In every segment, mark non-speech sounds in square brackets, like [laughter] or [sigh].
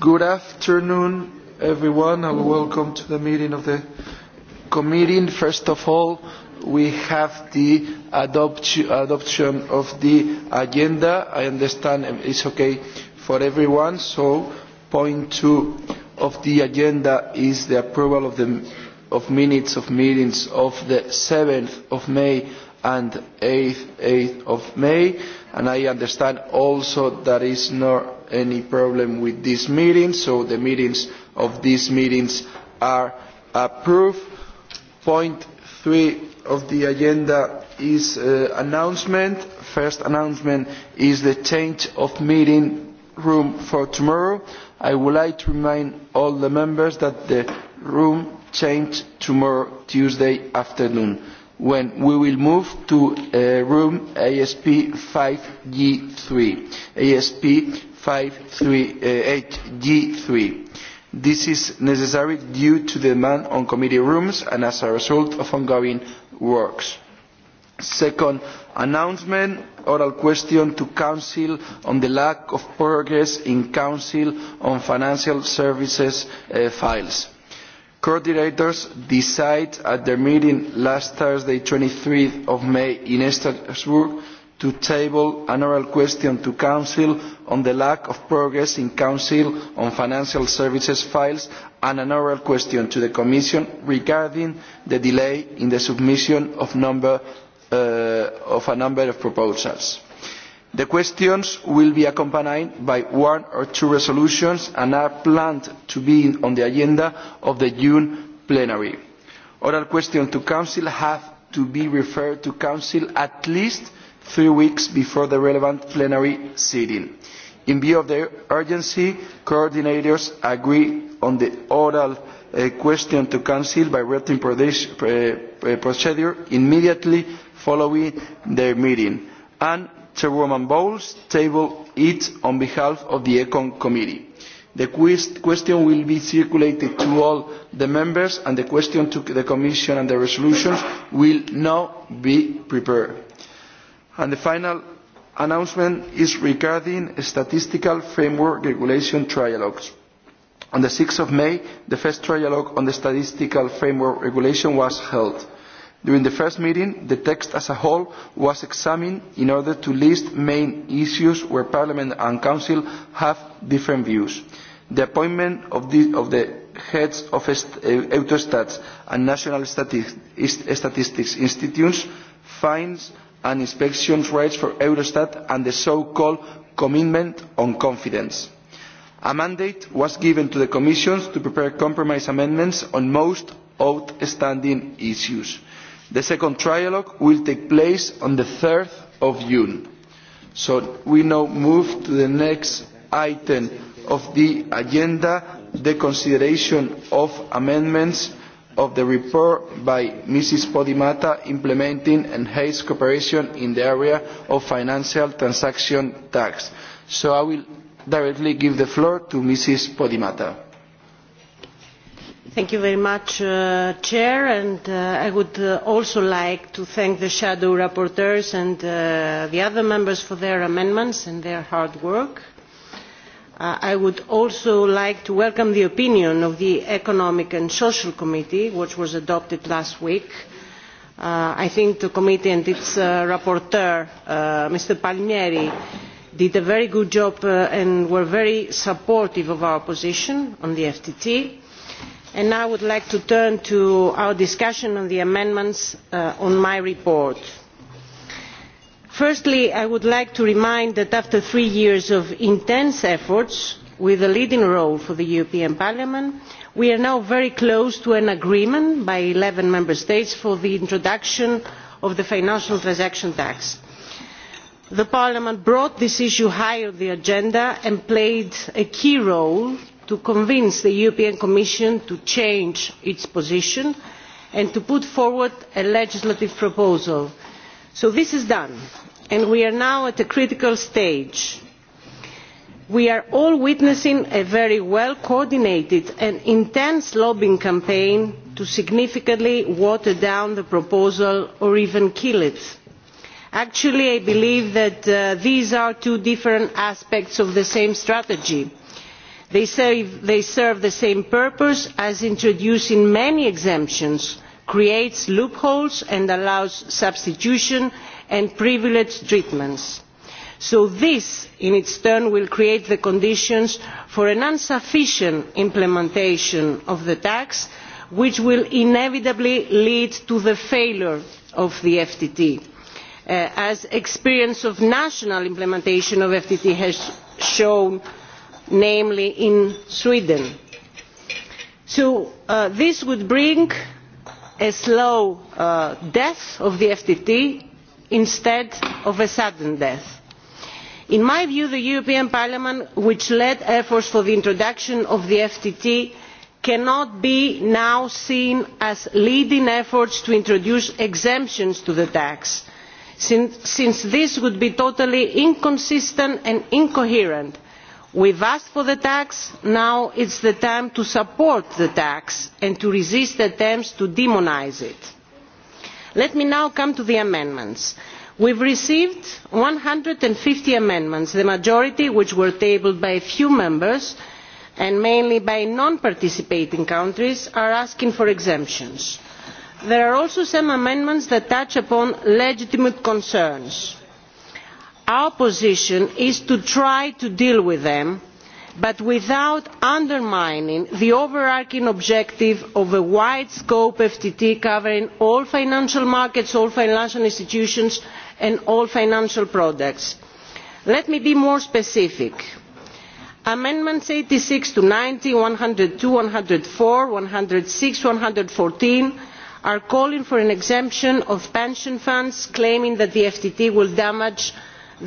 Good afternoon, everyone, and welcome to the meeting of the committee. First of all, we have the adoption of the agenda. I understand it's okay for everyone, so point two of the agenda is the approval of the of minutes of meetings of the 7th of May and eight of May. And I understand also that there is not any problem with this meeting, so the meetings of these meetings are approved. Point three of the agenda is uh, announcement. First announcement is the change of meeting room for tomorrow. I would like to remind all the members that the room changed tomorrow, Tuesday afternoon when we will move to uh, room ASP 5G3, ASP 538G3. This is necessary due to the demand on committee rooms and as a result of ongoing works. Second announcement, oral question to Council on the lack of progress in Council on financial services uh, files coordinators decided at their meeting last thursday twenty three may in strasbourg to table an oral question to council on the lack of progress in council on financial services files and an oral question to the commission regarding the delay in the submission of uh, a number of proposals the questions will be accompanied by one or two resolutions and are planned to be on the agenda of the june plenary. oral questions to council have to be referred to council at least three weeks before the relevant plenary sitting. in view of the urgency coordinators agree on the oral eh, question to council by written eh, eh, procedure immediately following their meeting and chairwoman bowles tabled it on behalf of the econ committee. the question will be circulated to all the members and the question to the commission and the resolutions will now be prepared. And the final announcement is regarding statistical framework regulation trialogues. on six may the first trialogue on the statistical framework regulation was held During the first meeting, the text as a whole was examined in order to list main issues where Parliament and Council have different views. The appointment of the, of the heads of eh, Eurostats and National Statistics Institutes, fines and inspection rights for Eurostat and the so-called commitment on confidence. A mandate was given to the Commission to prepare compromise amendments on most outstanding issues the second trialogue will take place on the 3 of june so we now move to the next item of the agenda the consideration of amendments of the report by Mrs. Podimata implementing enhanced cooperation in the area of financial transaction tax. So I will directly give the floor to Mrs. Podimata. Thank you very much, uh, and uh, I would uh, also like to thank the shadow rapporteurs and the other members for their amendments and their hard work. I would also like to welcome the opinion of the Economic and Social Committee, which was adopted last week. I think the committee and its rapporteur, Mr. Palmieri, did a very good job and were very supportive of our position on the FTT and now i would like to turn to our discussion on the amendments uh, on my report. firstly i would like to remind you that after three years of intense efforts with a leading role for the european parliament we are now very close to an agreement by eleven member states for the introduction of the financial transaction tax. parliament brought this issue high on the agenda and played a key role to convince the european commission to change its position and to put forward a legislative proposal. so this is done and we are now at a critical stage. we are all witnessing a very well coordinated and intense lobbying campaign to significantly water down the proposal or even kill it. actually i believe that uh, these are two different aspects of the same strategy They serve, the same purpose as introducing many exemptions creates loopholes and allows substitution and privileged treatments. so this in its turn will create the conditions for an insufficient implementation of the tax which will inevitably lead to the failure of the ftt. Uh, as experience of national implementation of ftt has shown namely in sweden. so uh, this would bring a slow uh, death of the ftt instead of a sudden death. in my view the european parliament which led efforts for the introduction of the ftt cannot be now seen as leading efforts to introduce exemptions to the tax since this would be totally inconsistent and incoherent we have asked for the tax now is the time to support the tax and to resist attempts to demonise it. let me now come to the amendments. we have received one hundred and fifty amendments the majority of which were tabled by a few members and mainly by non participating countries are asking for exemptions. there are also some amendments that touch upon legitimate concerns our position is to try to deal with them but without undermining the overarching objective of a wide scope ftt covering all financial markets all financial institutions and all financial products. let me be more specific. amendments eighty six to ninety one hundred two one hundred and four one hundred and six one hundred and fourteen are calling for an exemption of pension funds claiming that the ftt will damage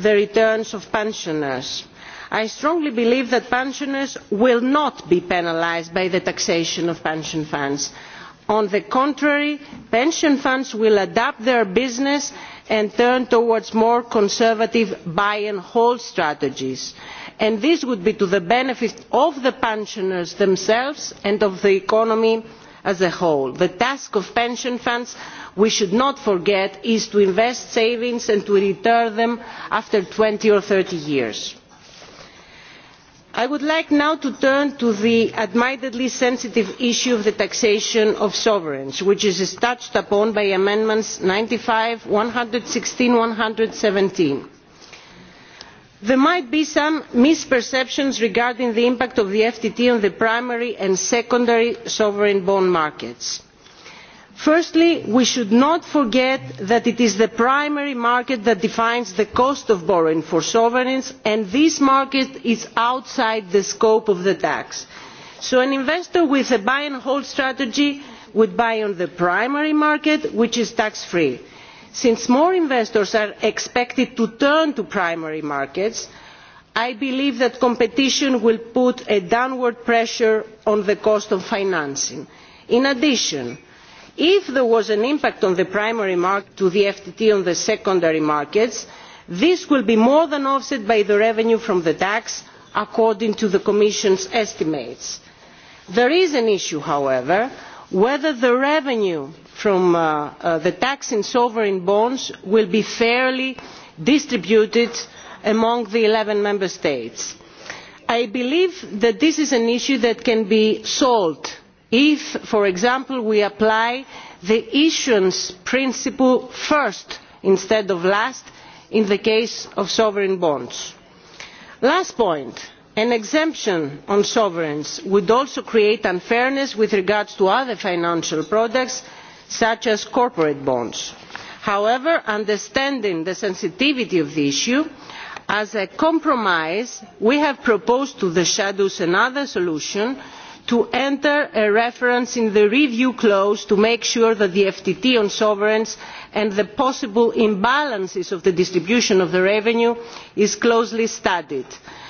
the returns of pensioners. i strongly believe that pensioners will not be penalised by the taxation of pension funds. on the contrary pension funds will adapt their business and turn towards more conservative buy and hold strategies and this would be to the benefit of the pensioners themselves and of the economy as a whole. the task of pension funds we should not forget is to invest savings and to return them after twenty or thirty years. i would like now to turn to the admittedly sensitive issue of the taxation of sovereigns which is touched upon by amendments ninety five one hundred and sixteen and one hundred and seventeen there might be some misperceptions regarding the impact of the ftt on the primary and secondary sovereign bond markets. firstly we should not forget that it is the primary market that defines the cost of borrowing for sovereigns and this market is outside the scope of the tax so an investor with a buy and hold strategy would buy on the primary market which is tax free since more investors are expected to turn to primary markets i believe that competition will put a downward pressure on the cost of financing. in addition if there was an impact on the primary market to the ftt on the secondary markets this will be more than offset by the revenue from the tax according to the commission's estimates. there is an issue however whether the revenue from uh, uh, the tax on sovereign bonds will be fairly distributed among the eleven member states. i believe that this is an issue that can be solved if for example we apply the issuance principle first instead of last in the case of sovereign bonds. last point an exemption on sovereigns would also create unfairness with regard to other financial products such as corporate bonds. however understanding the sensitivity of the issue as a compromise we have proposed to the shadows another solution to enter a reference in the review clause to make sure that the ftt on sovereigns and the possible imbalances of the distribution of the revenue is closely studied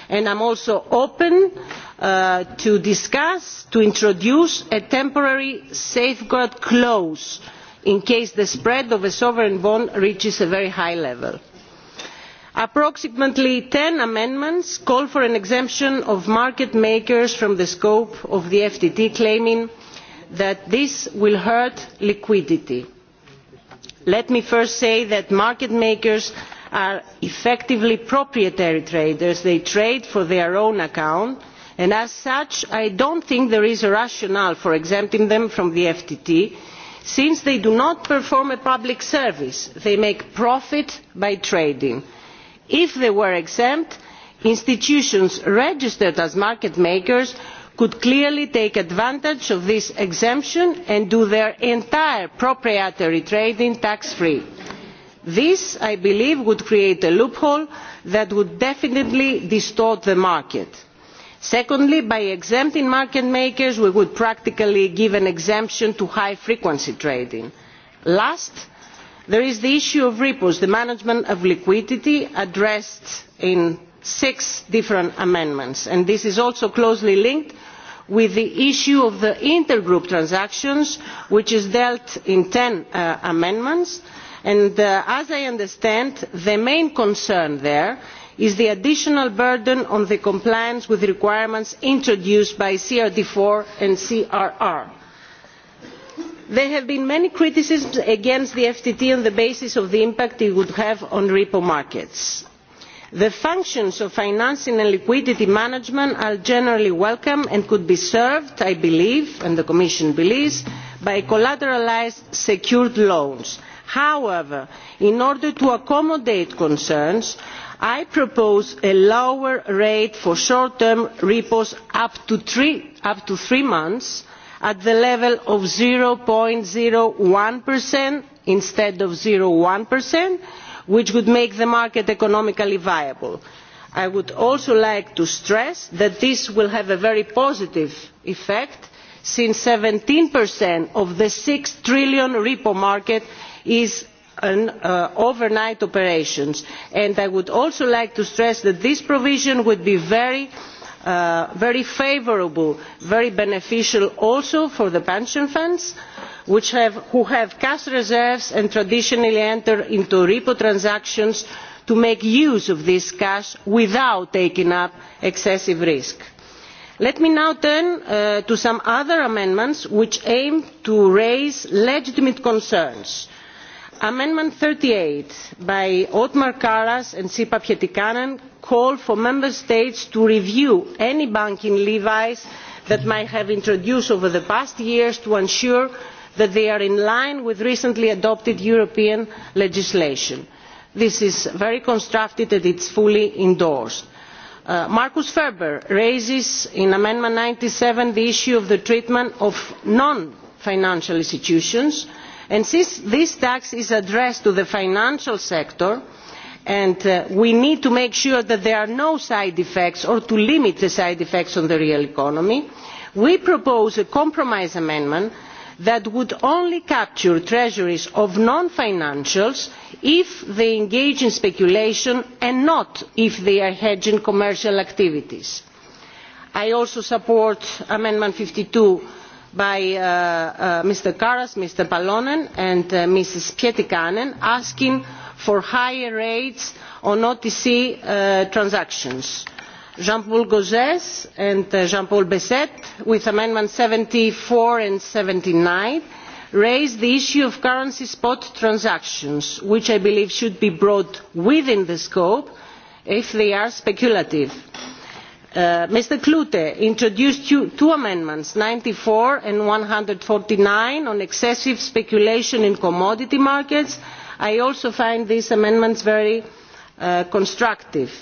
and i am also open Uh, to discuss to introduce a temporary safeguard clause in case the spread of a sovereign bond reaches a very high level. approximately ten amendments call for an exemption of market makers from the scope of the ftt claiming that this will hurt liquidity. let me first say that market makers are effectively proprietary traders they trade for their own account and as such i do not think there is a rationale for exempting them from the ftt since they do not perform a public service they make profit by trading. if they were exempt institutions registered as market makers could clearly take advantage of this exemption and do their entire proprietary trading tax free. this i believe would create a loophole that would definitely distort the market secondly by exempting market makers we would practically give an exemption to high frequency trading. last there is the issue of repos the management of liquidity addressed in six different amendments and this is also closely linked with the issue of the intergroup transactions which is dealt in ten uh, amendments and uh, as i understand the main concern there is the additional burden on the compliance with requirements introduced by crd iv and crr. there have been many criticisms against the ftt on the basis of the impact it would have on repo markets. the functions of financing and liquidity management are generally welcome and could be served i believe and the commission believes by collateralised secured loans. however in order to accommodate concerns i propose a lower rate for short term repos up to three, up to months at the level of zero zero one instead of zero one which would make the market economically viable. i would also like to stress that this will have a very positive effect since seventeen of the six trillion repo market is and uh, overnight operations and i would also like to stress that this provision would be very uh, very favourable very beneficial also for the pension funds which have, who have cash reserves and traditionally enter into repo transactions to make use of this cash without taking up excessive risk. let me now turn uh, to some other amendments which aim to raise legitimate concerns amendment thirty eight by othmar karas and sipa pietikinen called for member states to review any banking levies that might have been introduced over the past years to ensure that they are in line with recently adopted european legislation. this is very constructive and it is fully endorsed. Uh, markus ferber raises in amendment ninety seven the issue of the treatment of non financial institutions and since this tax is addressed to the financial sector and uh, we need to make sure that there are no side effects or to limit the side effects on the real economy we propose a compromise amendment that would only capture treasuries of non financials if they engage in speculation and not if they are hedging commercial activities. i also support amendment fifty two by uh, uh, mr karas mr Pallonen and uh, mrs pietikainen asking for higher rates on otc transactions. jean paul gauzs and jean paul besset with amendments seventy four and seventy nine raised the issue of currency spot transactions which i believe should be brought within the scope if they are speculative. Uh, mr klute introduced two, amendments ninety four and one hundred and forty nine on excessive speculation in commodity markets. i also find these amendments very uh, constructive.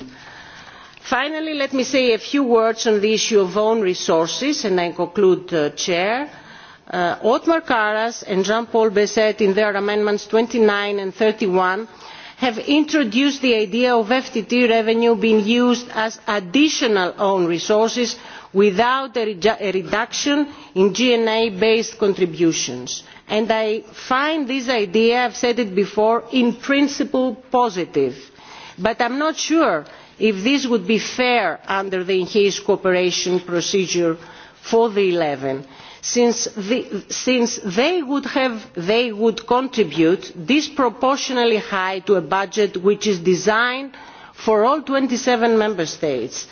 finally let me say a few words on the issue of own resources and i conclude uh, chair. othmar karas and jean paul besset in their amendments twenty nine and thirty one have introduced the idea of ftt revenue being used as additional own resources without a, reduction in gna based contributions and i find this idea i have said it before in principle positive but i am not sure if this would be fair under the enhanced cooperation procedure for the eleven since, they, would contribute disproportionately high to a budget which is designed for all twenty seven member states.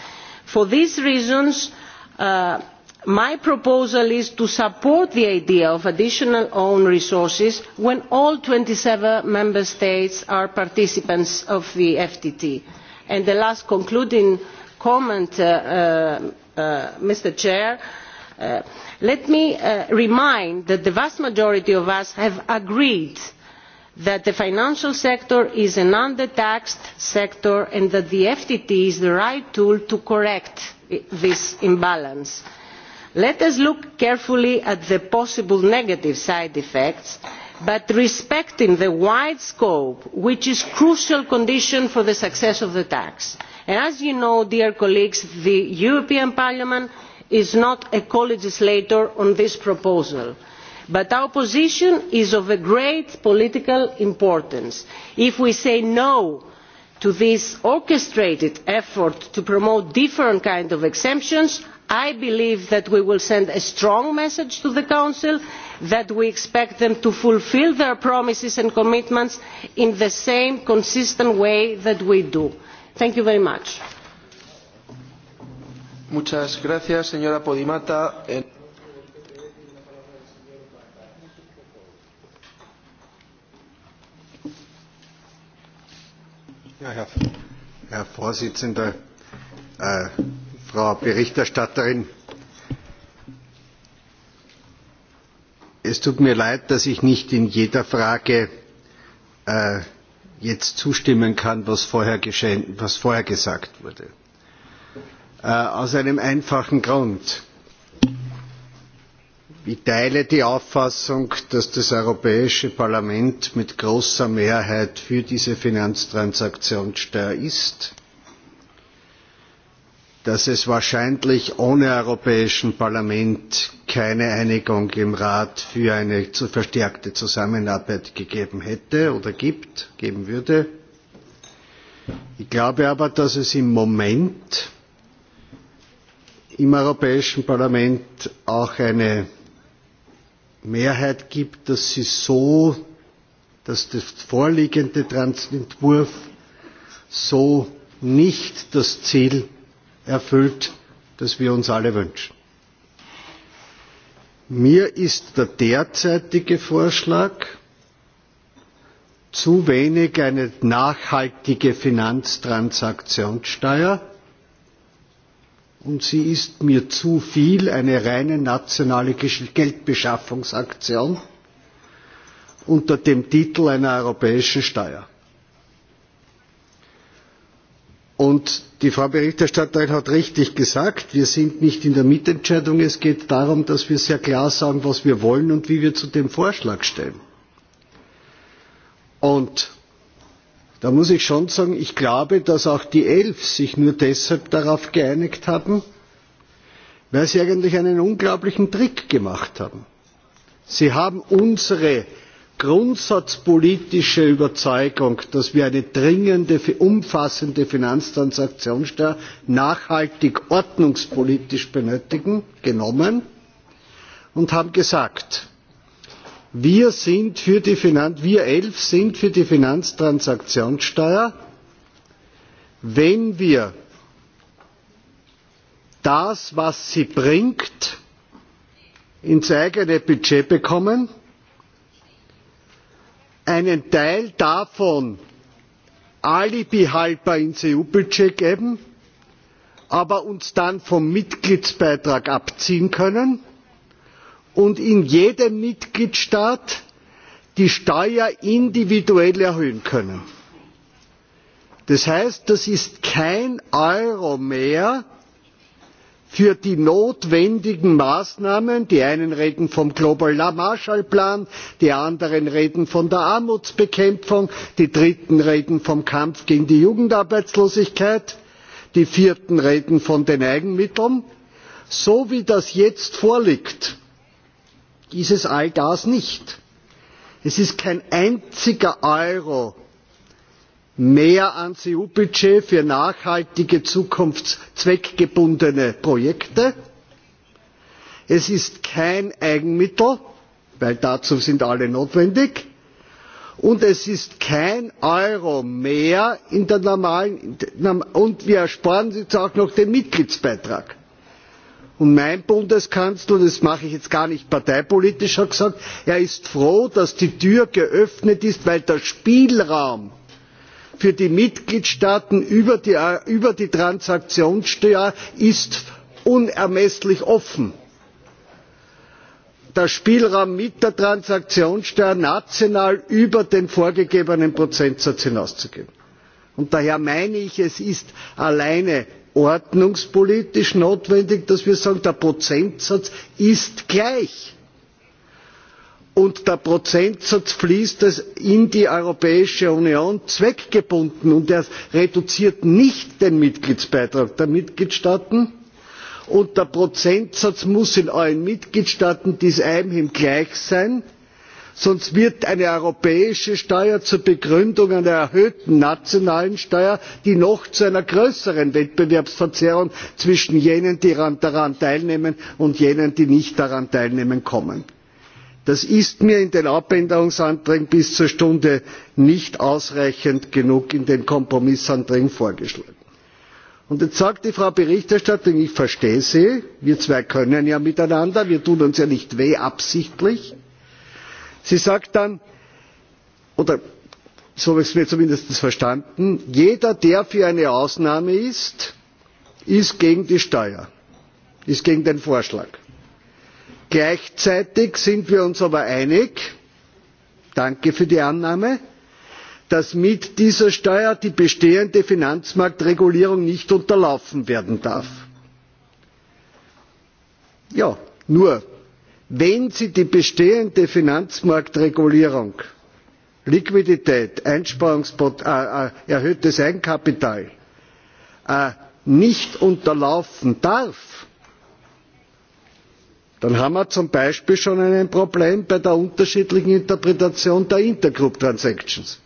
for these reasons uh, my proposal is to support the idea of additional own resources when all twenty seven member states are participants of the ftt. And the last concluding comment uh, uh, mr Uh, let me uh, remind that the vast majority of us have agreed that the financial sector is an under taxed sector and that the ftt is the right tool to correct this imbalance. let us look carefully at the possible negative side effects but respecting the wide scope which is a crucial condition for the success of the tax. as you know dear colleagues the european parliament is not a co legislator on this proposal but our position is of great political importance. if we say no' to this orchestrated effort to promote different kinds of exemptions i believe that we will send a strong message to the council that we expect them to fulfil their promises and commitments in the same consistent way that we do. thank you very much señora Podimata. Herr, Präsident, äh, Frau Berichterstatterin, es tut mir leid, dass ich nicht in jeder Frage äh, jetzt zustimmen kann, was vorher, was vorher gesagt wurde Äh, aus einem einfachen grund ich teile die auffassung dass das europäische parlament mit großer mehrheit für diese finanztransaktionssteuer ist dass es wahrscheinlich ohne europäischen parlament keine einigung im rat für eine verstärkte zusammenarbeit gegeben hätte oder gibt geben würde. ich glaube aber dass es im moment im europäischen parlament auch eine mehrheit gibt dass sie so dass der vorliegende entwurf so nicht das ziel erfüllt das wir uns alle wünschen. mir ist der derzeitige vorschlag zu wenig eine nachhaltige finanztransaktionssteuer und sie ist mir zu viel eine reine nationale Geldbeschaffungsaktion unter dem Titel einer europäischen Steuer. Und die Frau Berichterstatterin hat richtig gesagt, wir sind nicht in der Mitentscheidung. Es geht darum, dass wir sehr klar sagen, was wir wollen und wie wir zu dem Vorschlag stehen. Und da muss ich schon sagen ich glaube dass auch die elf sich nur deshalb darauf geeinigt haben weil sie eigentlich einen unglaublichen trick gemacht haben. sie haben unsere grundsatzpolitische überzeugung dass wir eine dringende umfassende finanztransaktionssteuer nachhaltig ordnungspolitisch benötigen genommen und haben gesagt wir sind für die Finanz wir elf sind für die finanztransaktionssteuer wenn wir das was sie bringt ins eigene budget bekommen einen teil davon alibihalber ins eu budget geben aber uns dann vom mitgliedsbeitrag abziehen können und in jedem mitgliedstaat die steuer individuell erhöhen können. das heißt das ist kein euro mehr für die notwendigen maßnahmen die einen reden vom global marshall plan die anderen reden von der armutsbekämpfung die dritten reden vom kampf gegen die jugendarbeitslosigkeit die vierten reden von den eigenmitteln so wie das jetzt vorliegt ist es all das nicht. es ist kein einziger euro mehr an eu budget für nachhaltige zukunftszweckgebundene projekte es ist kein eigenmittel weil dazu sind alle notwendig und es ist kein euro mehr in der normalen und wir ersparen jetzt auch noch den mitgliedsbeitrag und mein bundeskanzler das mache ich jetzt gar nicht parteipolitisch hat gesagt er ist froh dass die tür geöffnet ist weil der spielraum für die mitgliedstaaten über die, über die transaktionssteuer ist unermesslich offen. der spielraum mit der transaktionssteuer national über den vorgegebenen prozentsatz hinauszugehen. und daher meine ich es ist alleine ordnungspolitisch notwendig dass wir sagen der prozentsatz ist gleich und der prozentsatz fließt in die europäische union zweckgebunden und er reduziert nicht den mitgliedsbeitrag der mitgliedstaaten und der prozentsatz muss in allen mitgliedstaaten einem gleich sein sonst wird eine europäische steuer zur begründung einer erhöhten nationalen steuer die noch zu einer größeren wettbewerbsverzerrung zwischen jenen die daran teilnehmen und jenen die nicht daran teilnehmen kommen. das ist mir in den Abänderungsanträgen bis zur stunde nicht ausreichend genug in den kompromissanträgen vorgeschlagen. Und jetzt sagt die frau berichterstatterin ich verstehe sie wir zwei können ja miteinander wir tun uns ja nicht weh absichtlich sie sagt dann oder so habe ich es mir zumindest verstanden jeder der für eine ausnahme ist ist gegen die steuer ist gegen den vorschlag. gleichzeitig sind wir uns aber einig danke für die annahme dass mit dieser steuer die bestehende finanzmarktregulierung nicht unterlaufen werden darf. ja nur wenn sie die bestehende finanzmarktregulierung liquidität äh, äh, erhöhtes eigenkapital äh, nicht unterlaufen darf dann haben wir zum beispiel schon ein problem bei der unterschiedlichen interpretation der intergroup transactions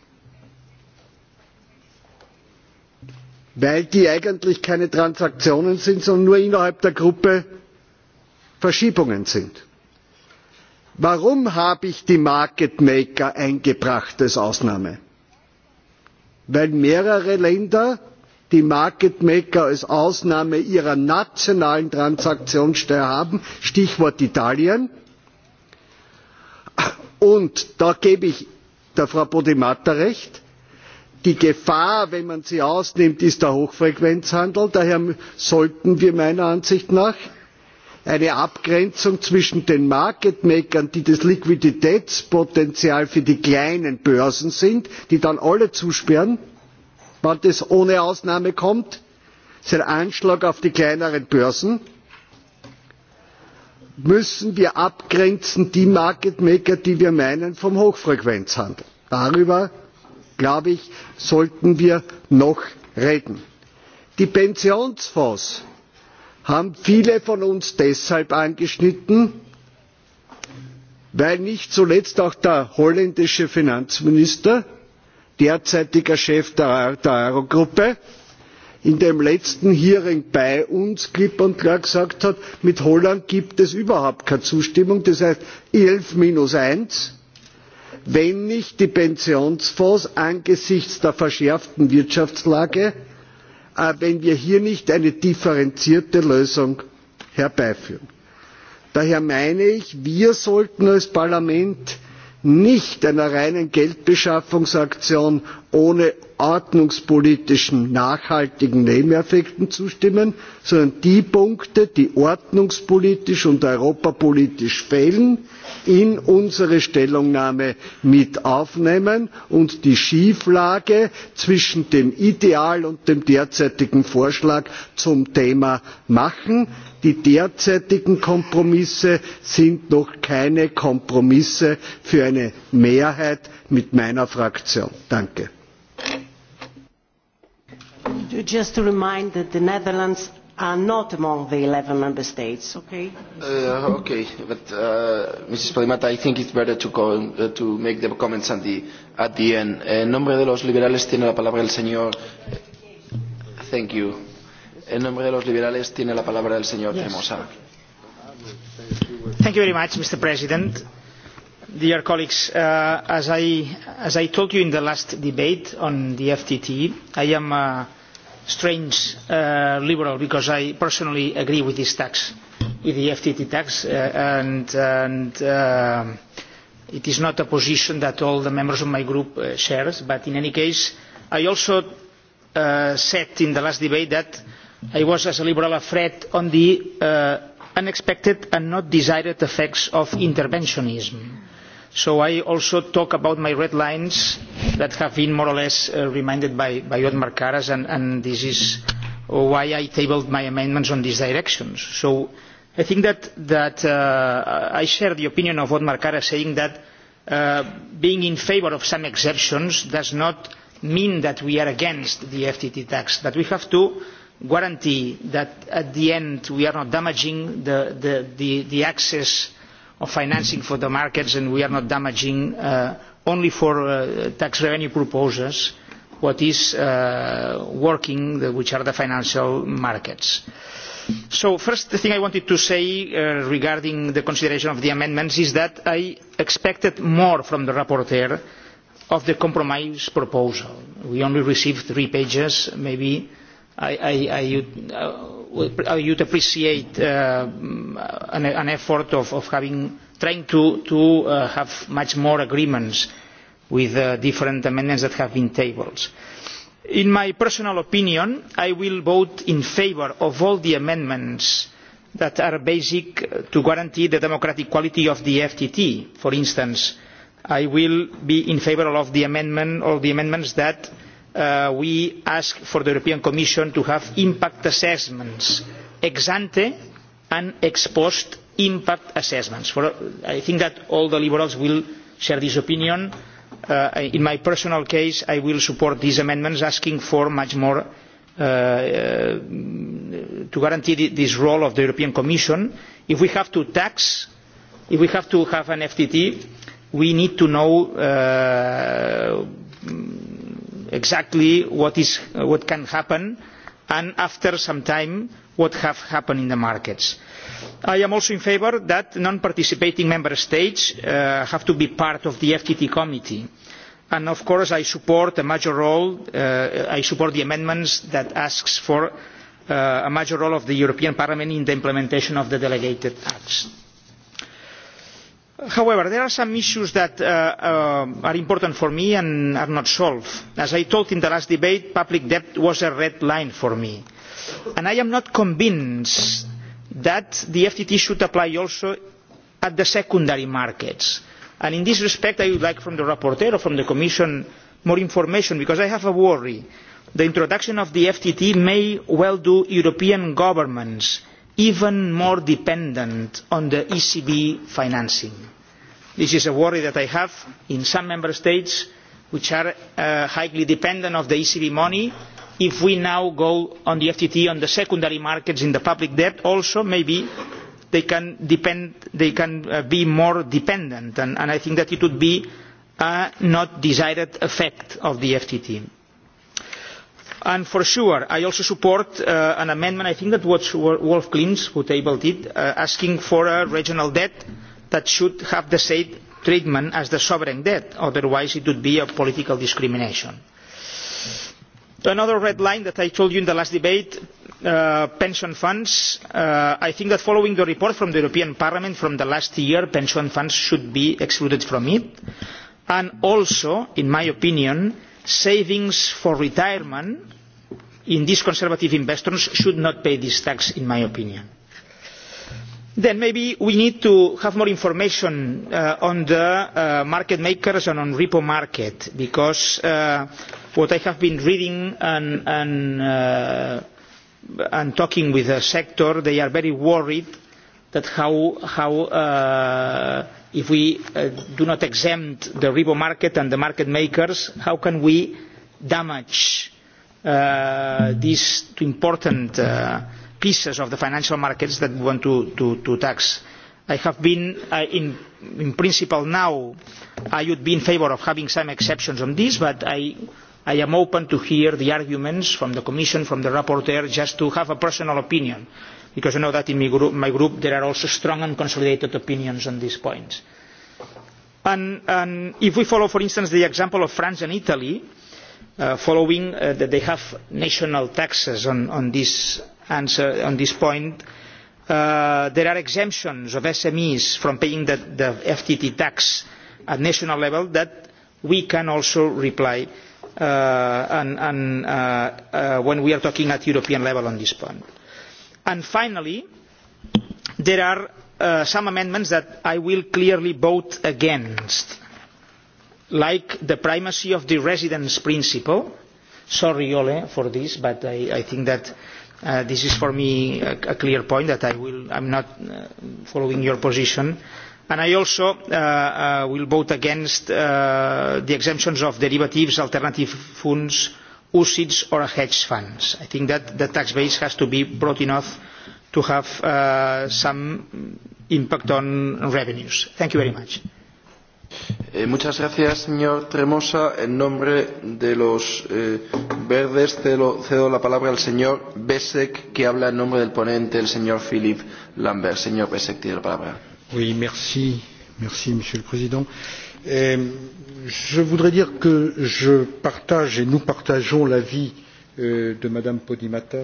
weil die eigentlich keine transaktionen sind sondern nur innerhalb der gruppe verschiebungen sind warum habe ich die market maker eingebracht als ausnahme? weil mehrere länder die market maker als ausnahme ihrer nationalen transaktionssteuer haben stichwort italien und da gebe ich der frau podimata recht die gefahr wenn man sie ausnimmt ist der hochfrequenzhandel daher sollten wir meiner ansicht nach eine abgrenzung zwischen den market makern die das liquiditätspotenzial für die kleinen börsen sind die dann alle zusperren wann das ohne ausnahme kommt das ist ein anschlag auf die kleineren börsen müssen wir abgrenzen die market maker die wir meinen vom hochfrequenzhandel. darüber glaube ich sollten wir noch reden. die pensionsfonds haben viele von uns deshalb angeschnitten weil nicht zuletzt auch der holländische finanzminister derzeitiger chef der euro gruppe in dem letzten hearing bei uns klipp und klar gesagt hat mit holland gibt es überhaupt keine zustimmung das heißt elf minus eins wenn nicht die pensionsfonds angesichts der verschärften wirtschaftslage Äh, wenn wir hier nicht eine differenzierte lösung herbeiführen. daher meine ich wir sollten als parlament nicht einer reinen geldbeschaffungsaktion ohne ordnungspolitischen nachhaltigen nebeneffekten zustimmen sondern die punkte die ordnungspolitisch und europapolitisch fehlen in unsere stellungnahme mit aufnehmen und die schieflage zwischen dem ideal und dem derzeitigen vorschlag zum thema machen die derzeitigen kompromisse sind noch keine kompromisse für eine mehrheit mit meiner fraktion. danke! just to remind that the netherlands are not among the 11 member states okay uh, okay but uh, mrs Podimata, i think it's better to call, uh, to make the comments at the at the end en nombre de los liberales tiene la palabra el señor thank you Mr. President. Dear colleagues, uh, as, I, told you in the last debate on the FTT, I am a strange uh, liberal because I personally agree with this tax, with the FTT tax, uh, and, it is not a position that all the members of my group share, but in any case, I also said in the last debate that i was as a liberal afraid on the uh, unexpected and not desired effects of interventionism so i also talk about my red lines that have been more or less uh, reminded by, othmar karas and, this is why i tabled my amendments on these directions. so i think that, uh, i share the opinion of othmar karas saying that being in favour of some exceptions does not mean that we are against the ftt tax that we have to guarantee that at the end we are not damaging the, the, the, the access of financing for the markets and we are not damaging uh, only for uh, tax revenue proposals what is uh, working which are the financial markets. So first thing I wanted to say uh, regarding the consideration of the amendments is that I expected more from the rapporteur of the compromise proposal. We only received three pages, maybe i, I, I would, uh, I would appreciate uh, an, effort of, having trying to, uh, have much more agreements with the different amendments that have been tabled. In my personal opinion, I will vote in favour of all the amendments that are basic to guarantee the democratic quality of the FTT. For instance, I will be in favour of the amendment, all the amendments that Uh, we ask for the European Commission to have impact assessments ex ante and ex post impact assessments. I think that all the Liberals will share this opinion. Uh, in my personal case, I will support these amendments asking for much more uh, to guarantee this role of the European Commission. If we have to tax, if we have to have an FTT, we need to know exactly uh, what, can happen and after some time what has happened in the markets. i am also in favour that non participating member states uh, have to be part of the ftt committee and of course i support a major role uh, i support the amendments that ask for a major role of the european parliament in the implementation of the delegated acts however there are some issues that uh, uh, are important for me and are not solved. as i told in the last debate public debt was a red line for me and i am not convinced that the ftt should apply also at the secondary markets. And in this respect i would like from the rapporteur or from the commission more information because i have a worry the introduction of the ftt may well do european governments even more dependent on the ecb financing this is a worry that i have in some member states which are uh, highly dependent on the ecb money if we now go on the ftt on the secondary markets in the public debt also maybe they can, uh, be more dependent and, i think that it would be a not desired effect of the ftt. and for sure i also support uh, an amendment i think that was wolf klinz who tabled it asking for a regional debt that should have the same treatment as the sovereign debt otherwise it would be a political discrimination. another red line that i told you in the last debate uh, pension funds uh, i think that following the report from the european parliament from the last year pension funds should be excluded from it and also in my opinion savings for retirement in these conservative investors should not pay this tax in my opinion then maybe we need to have more information uh, on the uh, market makers and on repo market because uh, what i have been reading and, and, and talking with the sector they are very worried that how, how if we do not exempt the repo market and the market makers how can we damage these two important pieces of the financial markets that we want to, to, to tax. I have been uh, in, in principle now I would be in favour of having some exceptions on this, but I, I am open to hear the arguments from the Commission, from the rapporteur, just to have a personal opinion, because I know that in my group, my group there are also strong and consolidated opinions on these points. And, and if we follow, for instance, the example of France and Italy, uh, following uh, that they have national taxes on, on these answer on this point. Uh, there are exemptions of SMEs from paying the, FTT tax at national level that we can also reply uh, uh, when we are talking at European level on this point. And finally, there are some amendments that I will clearly vote against, like the primacy of the residence principle. Sorry, Ole, for this, but I think that Uh, this is for me a, clear point that I will I'm not uh, following your position. And I also uh, will vote against the exemptions of derivatives, alternative funds, USIDs or hedge funds. I think that the tax base has to be broad enough to have some impact on revenues. Thank you very much. Eh, muchas gracias, señor Tremosa. En nombre de los eh, verdes cedo, la palabra al señor Besek, que habla en nombre del ponente, el señor Philippe Lambert. Señor Besek, tiene la palabra. monsieur le Président. Eh, je voudrais dire que je partage et nous partageons l'avis euh, de Madame Podimata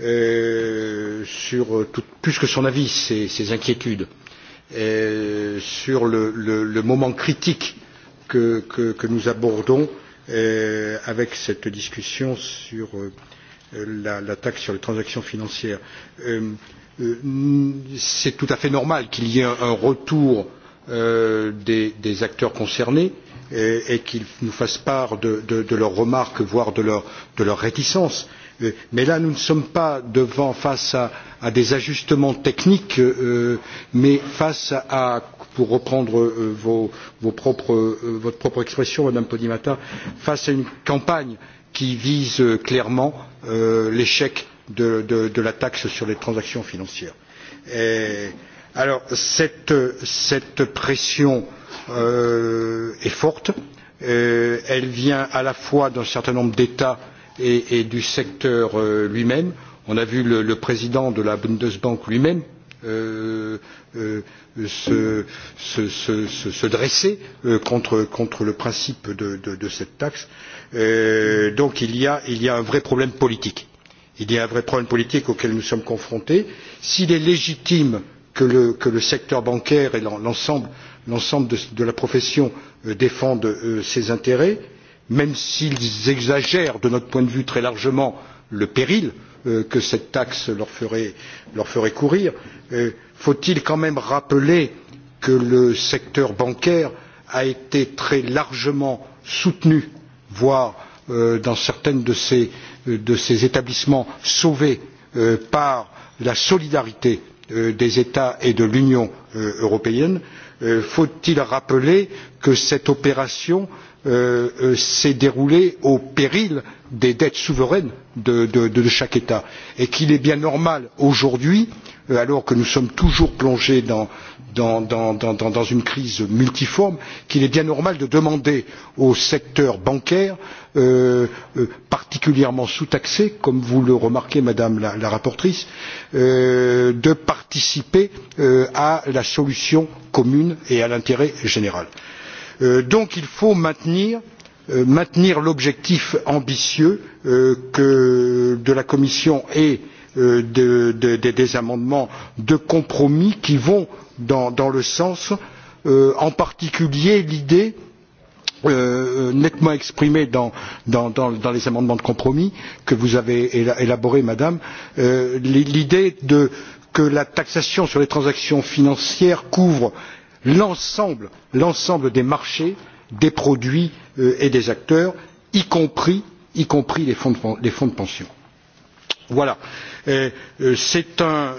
euh, sur euh, plus que son avis, ses inquiétudes. Euh, sur le, le, moment critique que, que, nous abordons euh, avec cette discussion sur euh, la, la taxe sur les transactions financières. c'est tout à fait normal qu'il y ait un retour des, des acteurs concernés et qu'ils nous fassent part de, de, leurs remarques voire de leurs leur réticences mais là nous ne sommes pas devant face à, des ajustements techniques euh, mais face à pour reprendre euh, euh, votre propre expression madame podimata face à une campagne qui vise clairement l'échec de, la taxe sur les transactions financières. alors cette, pression est forte elle vient à la fois d'un certain nombre d'états et, du secteur euh, lui même. on a vu le, président de la bundesbank lui même euh, euh, se, dresser contre, le principe de, cette taxe. donc il y, a, un vrai problème politique. il y a un vrai problème politique auquel nous sommes confrontés. s'il est légitime que le, secteur bancaire et l'ensemble de la profession défendent ses intérêts même s'ils exagèrent de notre point de vue très largement le péril euh, que cette taxe leur ferait, leur ferait courir euh, faut il quand même rappeler que le secteur bancaire a été très largement soutenu voire euh, dans certains de ces, de ces établissements sauvés par la solidarité des états et de l'union européenne faut il rappeler que cette opération Euh, euh, s'est déroulée au péril des dettes souveraines de, chaque état et qu'il est bien normal aujourd'hui euh, alors que nous sommes toujours plongés dans, une crise multiforme qu'il est bien normal de demander au secteur bancaire particulièrement sous taxé comme vous le remarquez madame la, rapporteure de participer à la solution commune et à l'intérêt général. Euh, donc il faut maintenir, euh, l'objectif ambitieux euh, de la commission et des amendements de compromis qui vont dans, le sens en particulier l'idée nettement exprimée dans, dans les amendements de compromis que vous avez élaborés madame l'idée que la taxation sur les transactions financières couvre l'ensemble des marchés des produits euh, et des acteurs y compris, les, fonds de, les fonds de pension. voilà euh, euh, c'est un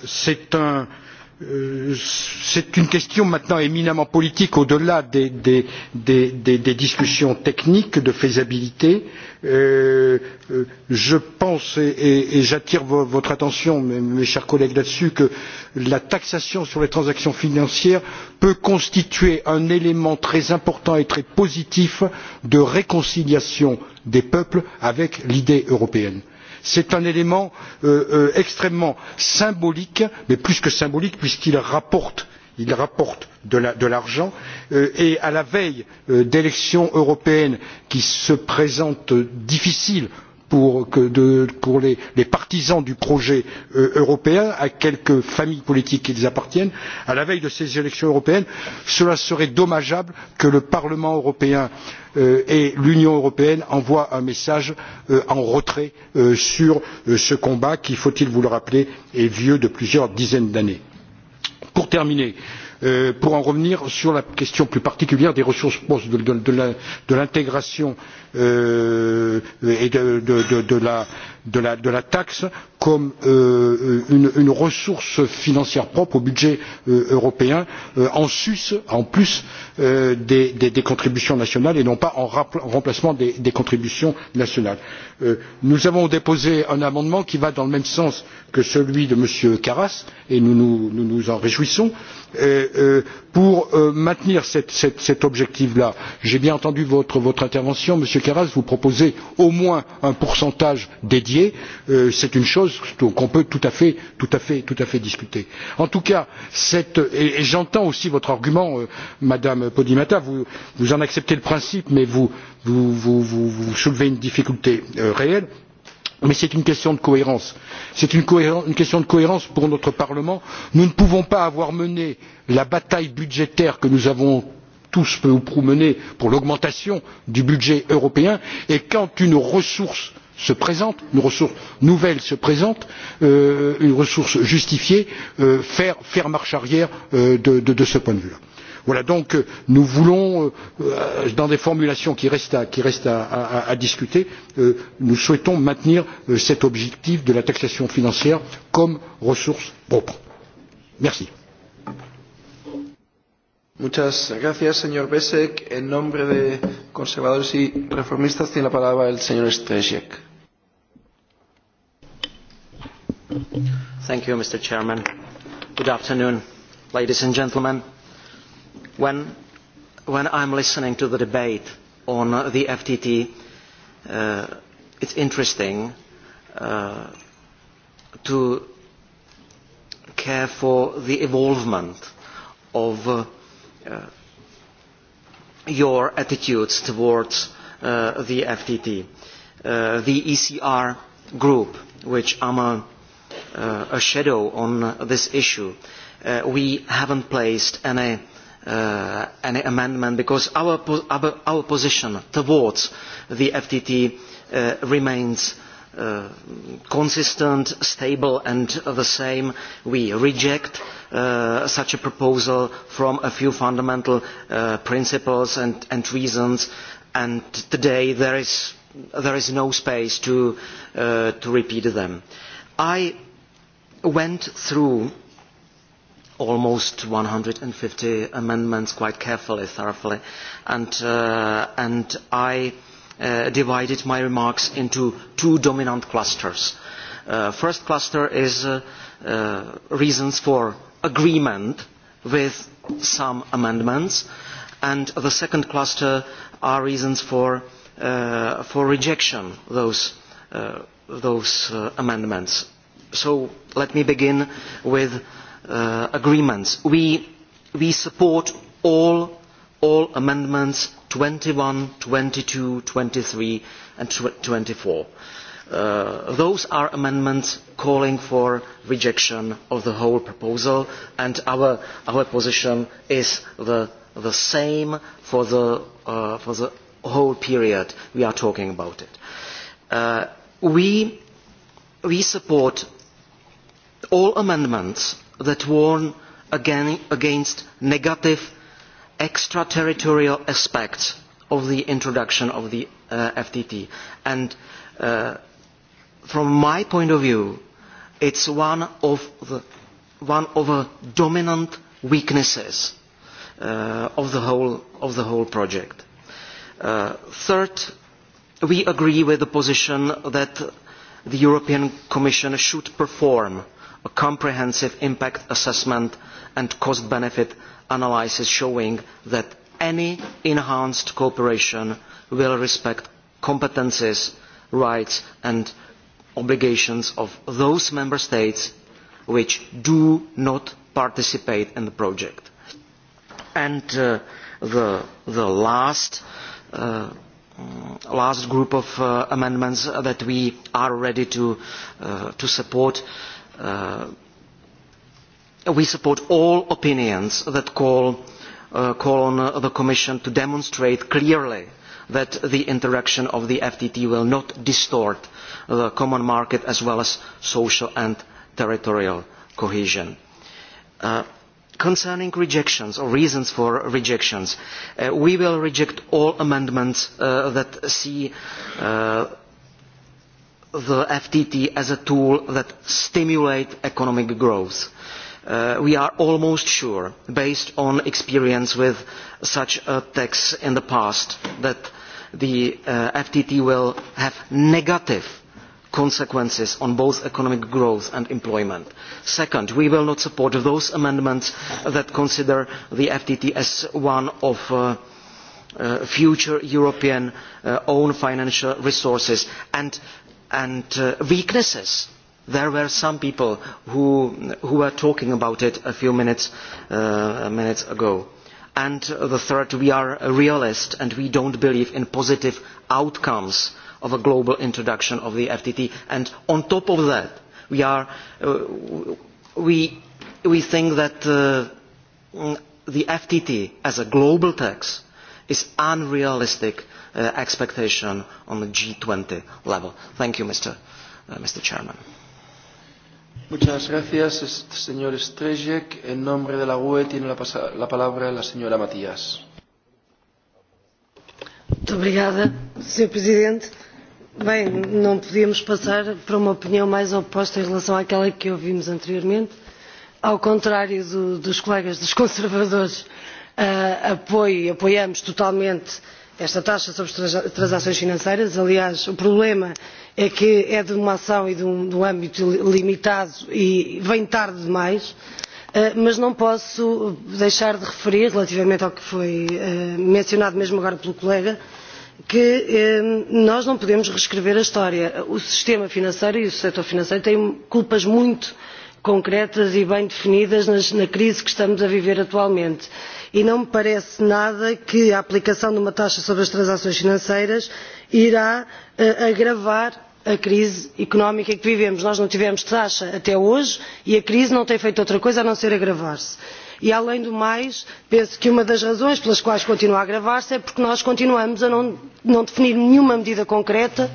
Euh, c'est une question maintenant éminemment politique au delà des, discussions techniques de faisabilité. Euh, euh, je pense et, j'attire votre attention mes chers collègues là dessus que la taxation sur les transactions financières peut constituer un élément très important et très positif de réconciliation des peuples avec l'idée européenne c'est un élément euh, euh, extrêmement symbolique mais plus que symbolique puisqu'il rapporte de l'argent euh, et à la veille d'élections européennes qui se présentent difficiles pour, les, partisans du projet européen à quelque famille politique qu'ils appartiennent à la veille de ces élections européennes cela serait dommageable que le parlement européen Euh, et l'union européenne envoie un message euh, en retrait euh, sur ce combat qui faut il vous le rappeler est vieux de plusieurs dizaines d'années. pour terminer pour en revenir sur la question plus particulière des ressources propres de, l'intégration et de la de la, taxe comme euh, une, ressource financière propre au budget euh, européen euh, en, sus, en plus des, contributions nationales et non pas en remplacement des, contributions nationales. nous avons déposé un amendement qui va dans le même sens que celui de m. karas et nous nous, en réjouissons pour maintenir cet objectif là. j'ai bien entendu votre, votre intervention monsieur karas vous proposez au moins un pourcentage des Euh, c'est une chose qu'on peut tout à, fait, tout, à fait, discuter. en tout cas et j'entends aussi votre argument euh, madame podimata vous, en acceptez le principe mais vous, soulevez une difficulté euh, réelle mais c'est une question de cohérence. c'est une, une question de cohérence pour notre parlement. nous ne pouvons pas avoir mené la bataille budgétaire que nous avons tous peu ou prou menée pour l'augmentation du budget européen et quand une ressource se présente une ressource nouvelle se présente euh, une ressource justifiée euh, faire, faire marche arrière euh, de, ce point de vue voilà donc nous voulons dans des formulations qui restent à, qui restent à, discuter nous souhaitons maintenir cet objectif de la taxation financière comme ressource propre. merci. Mr. President, Good afternoon, ladies and gentlemen. When, I am listening to the debate on the FTT, uh, it is interesting uh, to care for the evolvement of uh, your attitudes towards the FTT. The ECR group, which am a Uh, a shadow on this issue. Uh, we haven't placed any, uh, any amendment because our, our, position towards the FTT remains consistent, stable and the same. We reject such a proposal from a few fundamental principles and, and reasons and today there is, there is no space to, to repeat them. I went through almost 150 amendments quite carefully, thoroughly, and, uh, and I uh, divided my remarks into two dominant clusters. The uh, first cluster is uh, reasons for agreement with some amendments, and the second cluster are reasons for, for rejection those, those amendments so let me begin with uh, agreements. We, support all, amendments twenty one, twenty two, twenty three and twenty four. Uh, those are amendments calling for rejection of the whole proposal and our, our position is the, same for the, uh, for the whole period we are talking about it. we, we support all amendments that warn against negative extraterritorial aspects of the introduction of the uh, FTT. And uh, from my point of view, it's one of the one of the dominant weaknesses uh, of the whole of the whole project. Uh, third, we agree with the position that the European Commission should perform a comprehensive impact assessment and cost benefit analysis showing that any enhanced cooperation will respect competences rights and obligations of those member states which do not participate in the project. And uh, the, the last, uh, last group of uh, amendments that we are ready to, to support Uh, we support all opinions that call, uh, on uh, the Commission to demonstrate clearly that the interaction of the FTT will not distort the common market as well as social and territorial cohesion. concerning rejections or reasons for rejections, we will reject all amendments that see the FTT as a tool that stimulates economic growth. Uh, we are almost sure, based on experience with such a tax in the past, that the uh, FTT will have negative consequences on both economic growth and employment. Second, we will not support those amendments that consider the FTT as one of uh, future European own financial resources and and uh, weaknesses. There were some people who, who were talking about it a few minutes, uh, minutes ago. And uh, the third, we are a realist and we don't believe in positive outcomes of a global introduction of the FTT. And on top of that, we, are, we, we think that the FTT as a global tax is unrealistic Uh, expectation on the G20 level. Thank you, Mr. Uh, Mr. Chairman. Muchas gracias, señor Strejek. En nombre de la UE tiene la, la palabra la señora Matías. Muito obrigada, Sr. Presidente. Bem, não podíamos passar para uma opinião mais oposta em relação àquela que ouvimos anteriormente. Ao contrário do, dos colegas dos conservadores, uh, apoio, apoiamos totalmente uh, esta taxa sobre transações financeiras aliás o problema é que é de uma ação e de um, de um âmbito limitado e vem tarde demais eh, mas não posso deixar de referir relativamente ao que foi eh, mencionado mesmo agora pelo colega que eh, nós não podemos reescrever a história o sistema financeiro e o setor financeiro têm culpas muito concretas e bem definidas na crise que estamos a viver atualmente e não me parece nada que a aplicação de uma taxa sobre as transações financeiras irá eh, agravar a crise económica que vivemos. nós não tivemos taxa até hoje e a crise não tem feito outra coisa a não ser agravar se e além do mais penso que uma das razões pelas quais continua a agravar se é porque nós continuamos a não, definir nenhuma medida concreta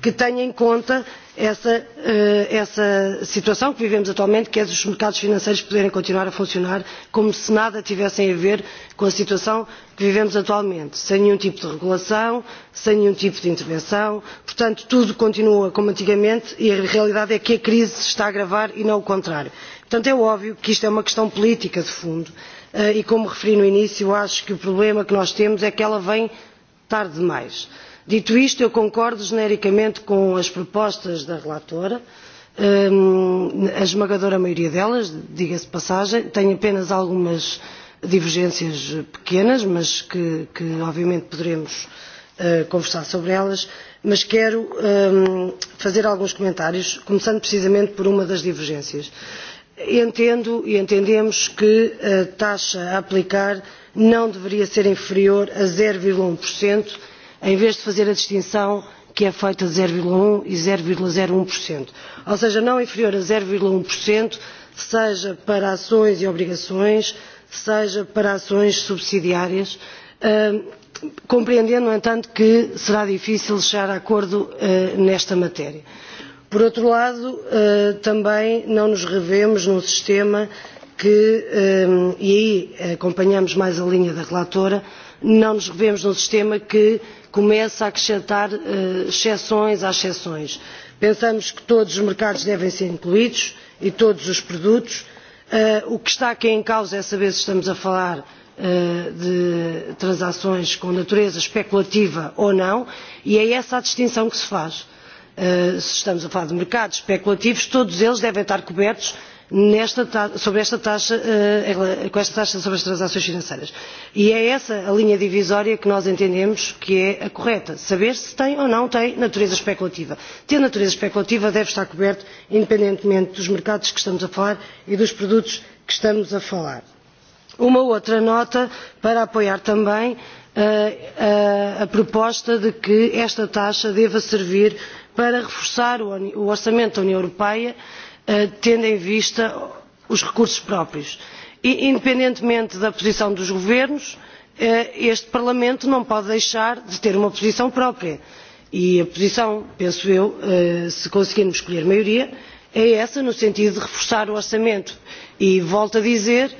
que tenha em conta essa, eh, essa situação que vivemos atualmente que é dos mercados financeiros poderem continuar a funcionar como se nada tivesse a ver com a situação que vivemos atualmente sem nenhum tipo de regulação sem nenhum tipo de intervenção portanto tudo continua como antigamente e a realidade é que a crise se está a agravar e não o contrário portanto é óbvio que isto é uma questão política de fundo eh, e como referi no início acho que o problema que nós temos é que ela vem tarde demais. dito isto eu concordo genericamente com as propostas da relatora ehm, a esmagadora maioria delas diga se de passagem tenho apenas algumas divergências pequenas mas que, que obviamente poderemos eh, conversar sobre elas mas quero ehm, fazer alguns comentários começando precisamente por uma das divergências entendo e entendemos que a taxa a aplicar não deveria ser inferior a 0,1%, um em vez de fazer a distinção que é feita de 0,1% um e 0,01%. Um Ou seja, não inferior a 0,1%, seja para ações e obrigações, seja para ações subsidiárias, compreendendo, no entanto, que será difícil chegar a acordo nesta matéria por outro lado eh, também não nos revemos num sistema que ehm, e aí acompanhamos mais a linha da relatora não nos revemos num sistema que começa a acrescentar eh, exceções às exceções. pensamos que todos os mercados devem ser incluídos e todos os produtos eh, o que está aqui em causa é saber se estamos a falar de transações com natureza especulativa ou não e é essa a distinção que se faz se eh, estamos a falar de mercados especulativos todos eles devem estar cobertos sobre esta taxa, eh, com esta taxa sobre as transações financeiras e é essa a linha divisória que nós entendemos que é a correta saber se tem ou não tem natureza especulativa. ter natureza especulativa deve estar coberto independentemente dos mercados que estamos a falar e dos produtos que estamos a falar. uma outra nota para apoiar também eh, a proposta de que esta taxa deva servir para reforçar o orçamento da união europeia eh, tendo em vista os recursos próprios. E, independentemente da posição dos governos eh, este parlamento não pode deixar de ter uma posição própria e a posição penso eu eh, se conseguirmos escolher maioria é essa no sentido de reforçar o orçamento e volto a dizer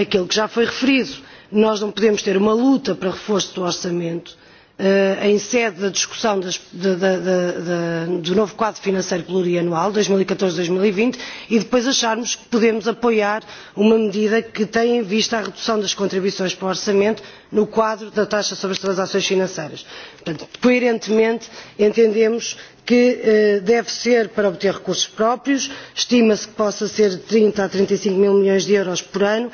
aquilo que já foi referido nós não podemos ter uma luta para reforço do orçamento Eh, em sede da discussão do novo quadro financeiro plurianual dois mil e dois mil e vinte e depois acharmos que podemos apoiar uma medida que tem em vista a redução das contribuições para o orçamento no quadro da taxa sobre as transações financeiras. portanto coerentemente entendemos que eh, deve ser para obter recursos próprios estima se que possa ser de trinta a trinta e cinco mil milhões de euros por ano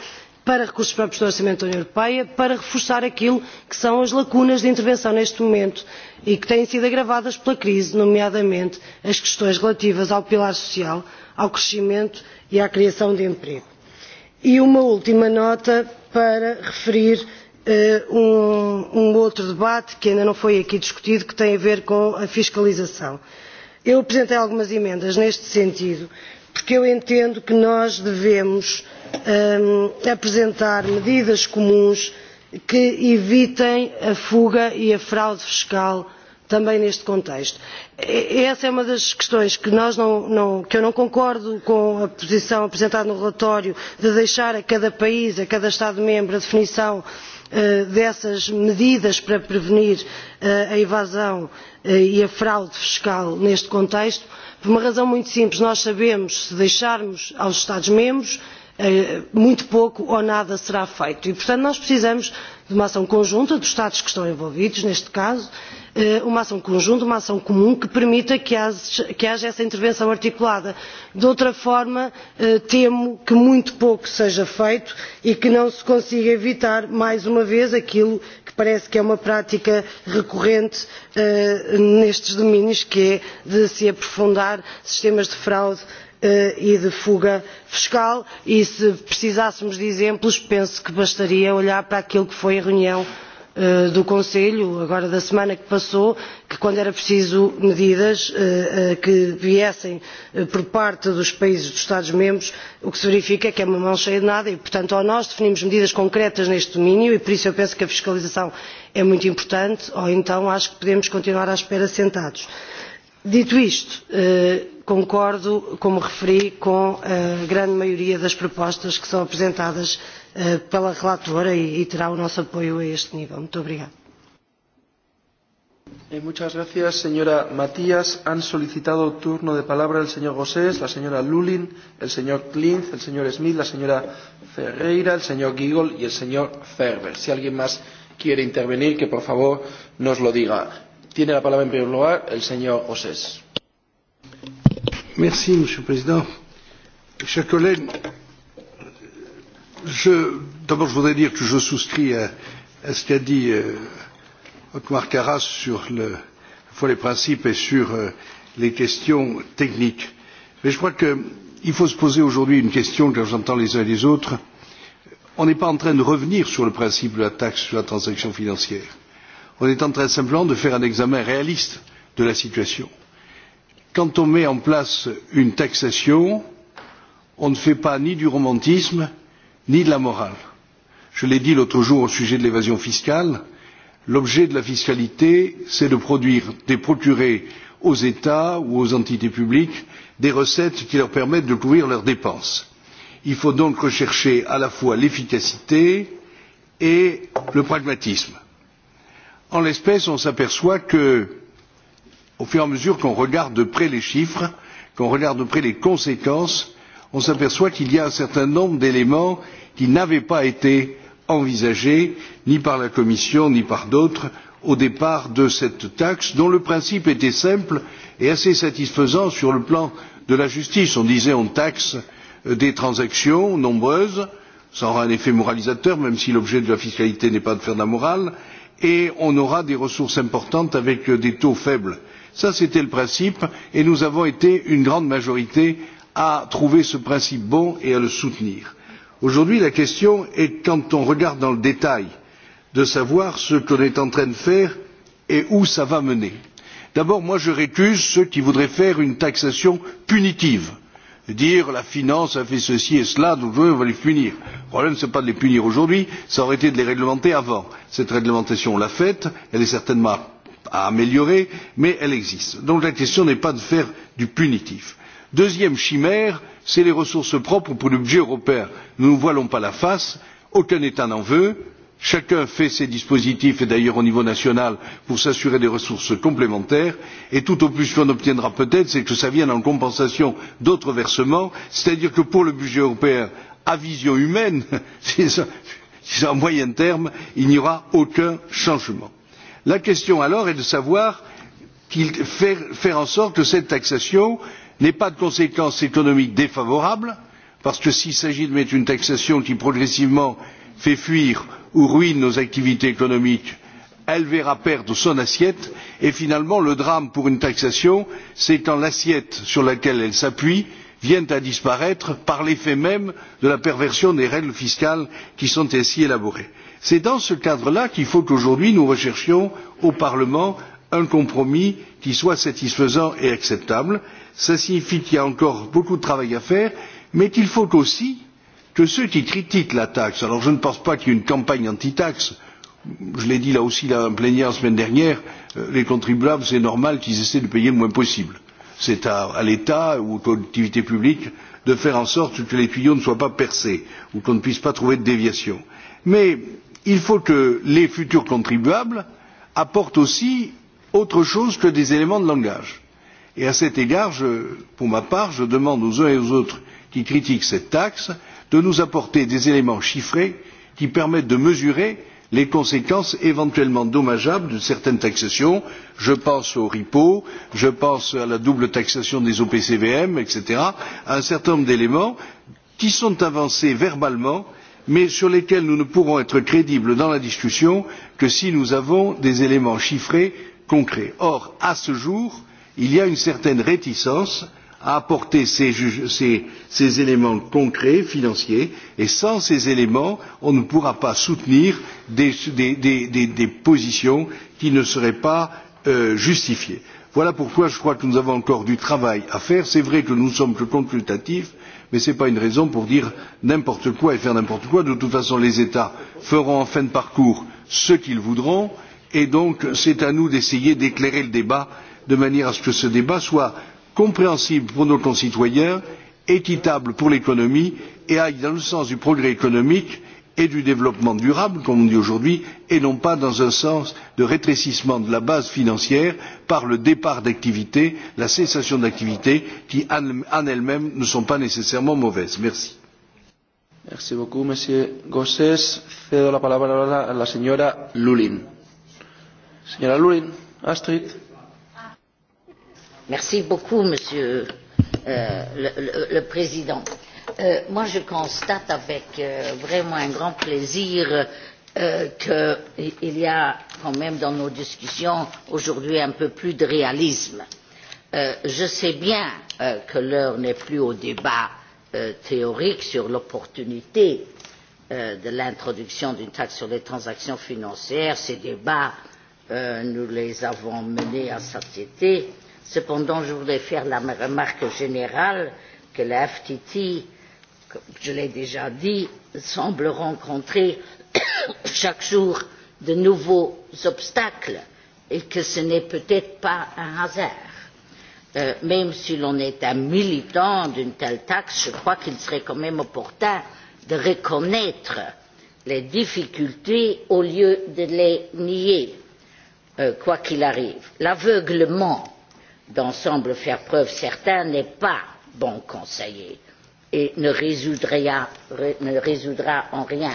para recursos próprios do orçamento da união europeia para reforçar aquilo que são as lacunas de intervenção neste momento e que têm sido agravadas pela crise nomeadamente as questões relativas ao pilar social ao crescimento e à criação de emprego. e uma última nota para referir uh, um, um outro debate que ainda não foi aqui discutido que tem a ver com a fiscalização. eu apresentei algumas emendas neste sentido porque eu entendo que nós devemos Ehm, apresentar medidas comuns que evitem a fuga e a fraude fiscal também neste contexto. E, essa é uma das questões que, nós não, que eu não concordo com a posição apresentada no relatório de deixar a cada país, a cada Estado membro, a definição eh, dessas medidas para prevenir eh, a evasão eh, e a fraude fiscal neste contexto, por uma razão muito simples nós sabemos, se deixarmos aos Estados membros Eh, muito pouco ou nada será feito e portanto nós precisamos de uma ação conjunta dos estados que estão envolvidos neste caso eh, uma ação conjunta uma ação comum que permita que haja essa intervenção articulada de outra forma eh, temo que muito pouco seja feito e que não se consiga evitar mais uma vez aquilo que parece que é uma prática recorrente nestes domínios que é de se aprofundar sistemas de fraude Eh, e de fuga fiscal e se precisássemos de exemplos penso que bastaria olhar para aquilo que foi a reunião eh, do conselho agora da semana que passou que quando era preciso medidas eh, que viessem por parte dos países dos estados membros o que se verifica é que é uma mão cheia de nada e portanto ou nós definimos medidas concretas neste domínio e por isso eu penso que a fiscalização é muito importante ou então acho que podemos continuar à espera sentados. dito isto concordo como referi com a grande maioria das propostas que são apresentadas eh, pela relatora e, e terá o nosso apoio a este nível. Muito obrigada. Eh, muchas gracias, señora Matías. Han solicitado turno de palabra el señor Gossés, la señora Lulin, el señor Klinz, el señor Smith, la señora Ferreira, el señor Giegel y el señor Ferber. Si alguien más quiere intervenir, que por favor nos lo diga. Tiene la palabra en primer lugar el señor Gossés. Merci, Monsieur le Président. Chers collègues, d'abord je voudrais dire que je souscris à, ce qu'a dit euh, Otmar Karas sur le, les principes et sur euh, les questions techniques. Mais je crois qu'il faut se poser aujourd'hui une question que j'entends les uns et les autres. On n'est pas en train de revenir sur le principe de la taxe sur la transaction financière. On est en train simplement de faire un examen réaliste de la situation quand on met en place une taxation on ne fait pas ni du romantisme ni de la morale. je l'ai dit l'autre jour au sujet de l'évasion fiscale l'objet de la fiscalité c'est de produire de procurer aux états ou aux entités publiques des recettes qui leur permettent de couvrir leurs dépenses. il faut donc rechercher à la fois l'efficacité et le pragmatisme. en l'espèce on s'aperçoit que au fur et à mesure qu'on regarde de près les chiffres qu'on regarde de près les conséquences on s'aperçoit qu'il y a un certain nombre d'éléments qui n'avaient pas été envisagés ni par la commission ni par d'autres au départ de cette taxe dont le principe était simple et assez satisfaisant sur le plan de la justice on disait on taxe euh, des transactions nombreuses ça aura un effet moralisateur même si l'objet de la fiscalité n'est pas de faire de la morale et on aura des ressources importantes avec euh, des taux faibles ça c'était le principe et nous avons été une grande majorité à trouver ce principe bon et à le soutenir. aujourd'hui la question est quand on regarde dans le détail de savoir ce qu'on est en train de faire et où cela va mener. d'abord moi je récuse ceux qui voudraient faire une taxation punitive dire la finance a fait ceci et cela donc euh, on va les punir. le problème ce n'est pas de les punir aujourd'hui ça aurait été de les réglementer avant. cette réglementation l'a faite elle est certainement à améliorer mais elle existe. donc la question n'est pas de faire du punitif. deuxième chimère c'est les ressources propres pour le budget européen. ne nous voilons pas la face aucun état n'en veut chacun fait ses dispositifs et d'ailleurs au niveau national pour s'assurer des ressources complémentaires et tout au plus ce qu'on obtiendra peut être c'est que cela vienne en compensation d'autres versements c'est à dire que pour le budget européen à vision humaine c'est [laughs] à moyen terme il n'y aura aucun changement la question alors est de savoir faire, faire en sorte que cette taxation n'ait pas de conséquences économiques défavorables parce que s'il s'agit de mettre une taxation qui progressivement fait fuir ou ruine nos activités économiques elle verra perdre son assiette et finalement le drame pour une taxation c'est quand l'assiette sur laquelle elle s'appuie vient à disparaître par l'effet même de la perversion des règles fiscales qui sont ainsi élaborées c'est dans ce cadre là qu'il faut qu'aujourd'hui nous recherchions au parlement un compromis qui soit satisfaisant et acceptable. cela signifie qu'il y a encore beaucoup de travail à faire mais qu'il faut aussi que ceux qui critiquent la taxe alors je ne pense pas qu'il y ait une campagne anti taxe je l'ai dit là aussi en plénière la semaine dernière euh, les contribuables c'est normal qu'ils essaient de payer le moins possible. c'est à, à l'état ou aux collectivités publiques de faire en sorte que les tuyaux ne soient pas percés ou qu'on ne puisse pas trouver de déviation. mais il faut que les futurs contribuables apportent aussi autre chose que des éléments de langage. Et à cet égard, pour ma part, je demande aux uns et aux autres qui critiquent cette taxe de nous apporter des éléments chiffrés qui permettent de mesurer les conséquences éventuellement dommageables de certaines taxations je pense au repo je pense à la double taxation des opcvm etc. à un certain nombre d'éléments qui sont avancés verbalement mais sur lesquels nous ne pourrons être crédibles dans la discussion que si nous avons des éléments chiffrés concrets. or à ce jour il y a une certaine réticence à apporter ces, éléments concrets financiers et sans ces éléments on ne pourra pas soutenir des, positions qui ne seraient pas euh, justifiées. voilà pourquoi je crois que nous avons encore du travail à faire. c'est vrai que nous ne sommes que consultatifs mais ce n'est pas une raison pour dire n'importe quoi et faire n'importe quoi. de toute façon les états feront en fin de parcours ce qu'ils voudront et donc c'est à nous d'essayer d'éclairer le débat de manière à ce que ce débat soit compréhensible pour nos concitoyens équitable pour l'économie et aille dans le sens du progrès économique et du développement durable comme on dit aujourd'hui et non pas dans un sens de rétrécissement de la base financière par le départ d'activités la cessation d'activités qui en elles mêmes ne sont pas nécessairement mauvaises. merci. Merci beaucoup, Monsieur Cedo la palabra ahora a la señora Lulin. Señora Lulin, Astrid. Merci beaucoup, Monsieur euh, le, le Président. Euh, moi, je constate avec euh, vraiment un grand plaisir euh, qu'il y a quand même dans nos discussions aujourd'hui un peu plus de réalisme. Je sais bien que l'heure n'est plus au débat théorique sur l'opportunité de l'introduction d'une taxe sur les transactions financières. Ces débats, nous les avons menés à satiété. Cependant, je voudrais faire la remarque générale que la FTT comme je l'ai déjà dit semble rencontrer [coughs] chaque jour de nouveaux obstacles et que ce n'est peut être pas un hasard. Euh, même si l'on est un militant d'une telle taxe je crois qu'il serait quand même opportun de reconnaître les difficultés au lieu de les nier euh, quoi qu'il arrive. l'aveuglement d'ensemble faire preuve certains n'est pas bon conseiller et ne résoudra, ne résoudra en rien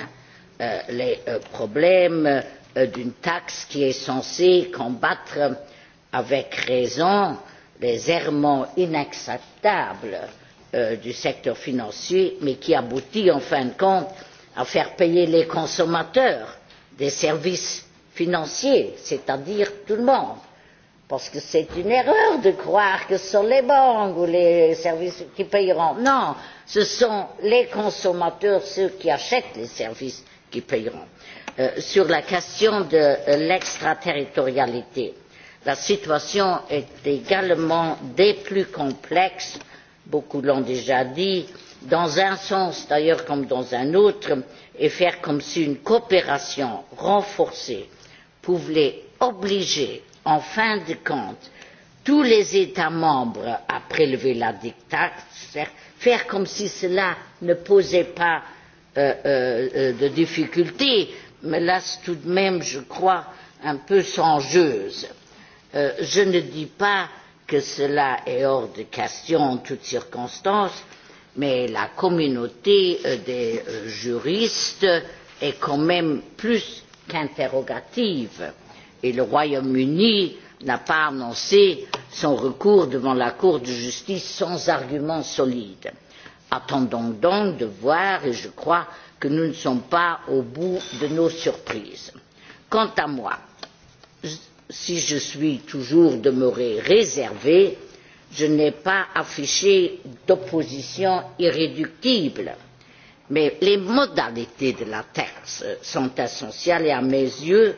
euh, les euh, problèmes euh, d'une taxe qui est censée combattre avec raison les errements inacceptables du secteur financier mais qui aboutit en fin de compte à faire payer les consommateurs des services financiers c'est à dire tout le monde Parce que c'est une erreur de croire que ce sont les banques ou les services qui payeront. Non, ce sont les consommateurs, ceux qui achètent les services, qui payeront. Euh, sur la question de euh, l'extraterritorialité, la situation est également des plus complexes, beaucoup l'ont déjà dit, dans un sens d'ailleurs comme dans un autre, et faire comme si une coopération renforcée pouvait obliger en fin de compte tous les états membres à prélever la taxe faire comme si cela ne posait pas euh, euh, euh, de difficultés me laisse tout de même je crois un peu songeuse. je ne dis pas que cela est hors de question en toutes circonstances mais la communauté des juristes est quand même plus qu'interrogative et le royaume uni n'a pas annoncé son recours devant la cour de justice sans argument solide. attendons donc de voir et je crois que nous ne sommes pas au bout de nos surprises. quant à moi si je suis toujours demeurée réservée je n'ai pas affiché d'opposition irréductible mais les modalités de la taxe sont essentielles et à mes yeux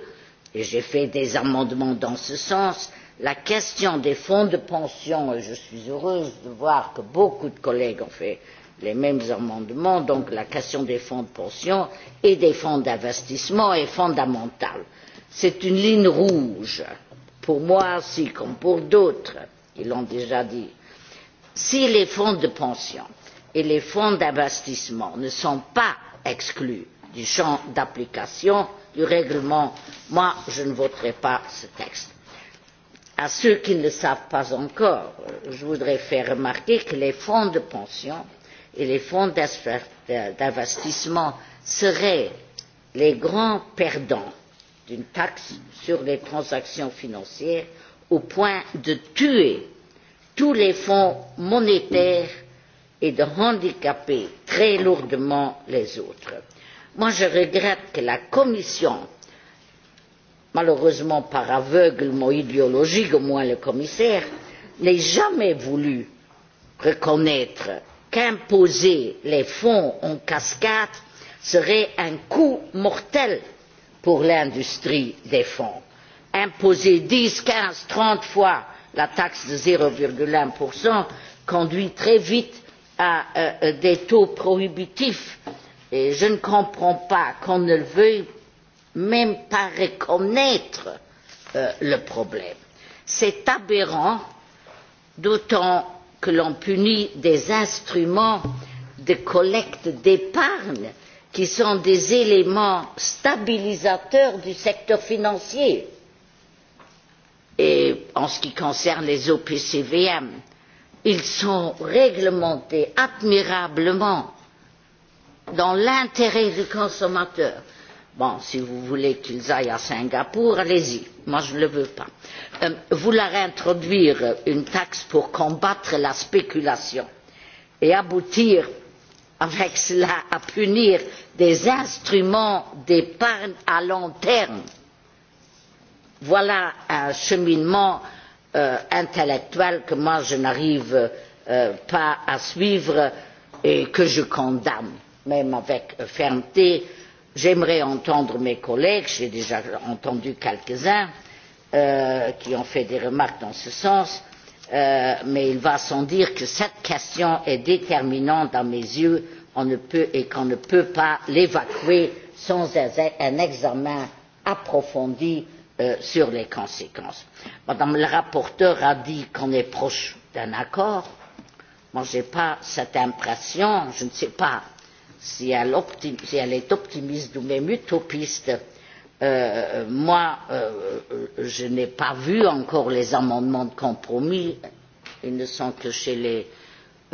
et j'ai fait des amendements dans ce sens la question des fonds de pension et je suis heureuse de voir que beaucoup de collègues ont fait les mêmes amendements donc la question des fonds de pension et des fonds d'investissement est fondamentale. c'est une ligne rouge pour moi aussi comme pour d'autres ils l'ont déjà dit. si les fonds de pension et les fonds d'investissement ne sont pas exclus du champ d'application du règlement moi je ne voterai pas ce texte. à ceux qui ne le savent pas encore je voudrais faire remarquer que les fonds de pension et les fonds d'investissement seraient les grands perdants d'une taxe sur les transactions financières au point de tuer tous les fonds monétaires et de handicaper très lourdement les autres. Moi, je regrette que la Commission, malheureusement par aveuglement idéologique, au moins le commissaire, n'ait jamais voulu reconnaître qu'imposer les fonds en cascade serait un coup mortel pour l'industrie des fonds. Imposer dix, quinze, trente fois la taxe de zéro un conduit très vite à euh, euh, des taux prohibitifs je ne comprends pas qu'on ne veuille même pas reconnaître euh, le problème. c'est aberrant d'autant que l'on punit des instruments de collecte d'épargne qui sont des éléments stabilisateurs du secteur financier. Et en ce qui concerne les OPCVM, ils sont réglementés admirablement dans l'intérêt du consommateur. Bon, si vous voulez qu'ils aillent à Singapour, allez-y. Moi, je ne le veux pas. Euh, vouloir introduire une taxe pour combattre la spéculation et aboutir avec cela à punir des instruments d'épargne à long terme, voilà un cheminement euh, intellectuel que moi, je n'arrive euh, pas à suivre et que je condamne même avec euh, fermeté j'aimerais entendre mes collègues j'ai déjà entendu quelques uns euh, qui ont fait des remarques dans ce sens euh, mais il va sans dire que cette question est déterminante à mes yeux on ne peut, et qu'on ne peut pas l'évacuer sans un examen approfondi sur les conséquences. madame la rapporteure a dit qu'on est proche d'un accord. moi je n'ai pas cette impression je ne sais pas si elle, est optimiste ou même utopiste, euh, euh, moi, euh, je n'ai pas vu encore les amendements de compromis. Ils ne sont que chez les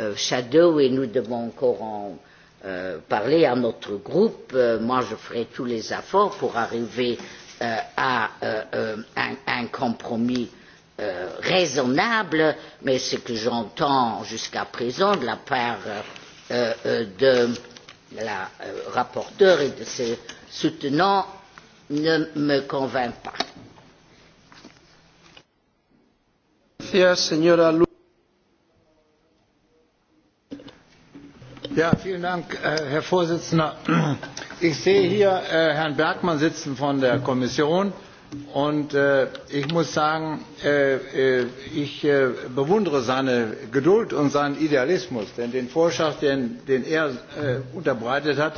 euh, shadows et nous devons encore en parler à notre groupe. Moi, je ferai tous les efforts pour arriver à un, un compromis raisonnable, mais ce que j'entends jusqu'à présent de la part de la euh, rapporteure et de ses soutenants ne me convainc pas. Ja, vielen Dank, äh, Herr Vorsitzender. Ich sehe hier äh, Herrn Bergmann sitzen von der Kommission und äh, ich muss sagen äh, äh, ich bewundere seine geduld und seinen idealismus denn den vorschlag den, er unterbreitet hat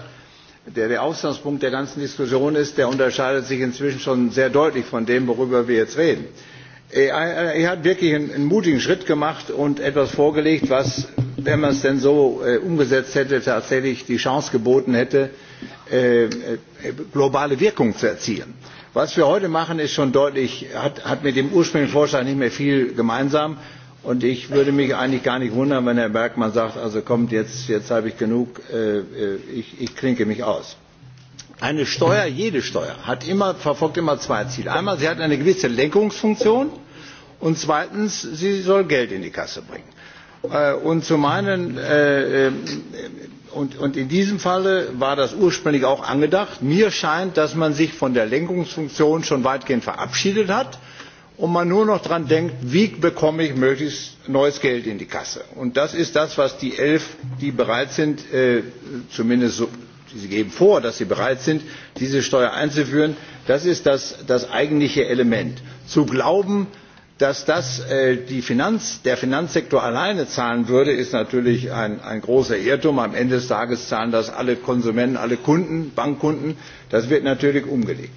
der der ausgangspunkt der ganzen diskussion ist der unterscheidet sich inzwischen schon sehr deutlich von dem worüber wir jetzt reden. er, er, er hat wirklich einen mutigen schritt gemacht und etwas vorgelegt was wenn man es denn so umgesetzt hätte tatsächlich die chance geboten hätte globale wirkung zu erzielen was wir heute machen ist schon deutlich hat, mit dem ursprünglichen vorschlag nicht mehr viel gemeinsam und ich würde mich eigentlich gar nicht wundern wenn herr bergmann sagt also kommt jetzt jetzt habe ich genug äh, äh, ich, klinke mich aus. eine steuer jede steuer hat immer, verfolgt immer zwei ziele einmal sie hat eine gewisse lenkungsfunktion und zweitens sie soll geld in die kasse bringen. Äh, und zu meinen Und, in diesem falle war das ursprünglich auch angedacht. mir scheint dass man sich von der lenkungsfunktion schon weitgehend verabschiedet hat und man nur noch daran denkt wie bekomme ich möglichst neues geld in die kasse? Und das ist das was die elf die bereit sind äh, zumindest sie geben vor dass sie bereit sind diese steuer einzuführen das ist das eigentliche element zu glauben dass das äh, der finanzsektor alleine zahlen würde ist natürlich ein, großer irrtum. am ende des tages zahlen das alle konsumenten alle kunden bankkunden das wird natürlich umgelegt.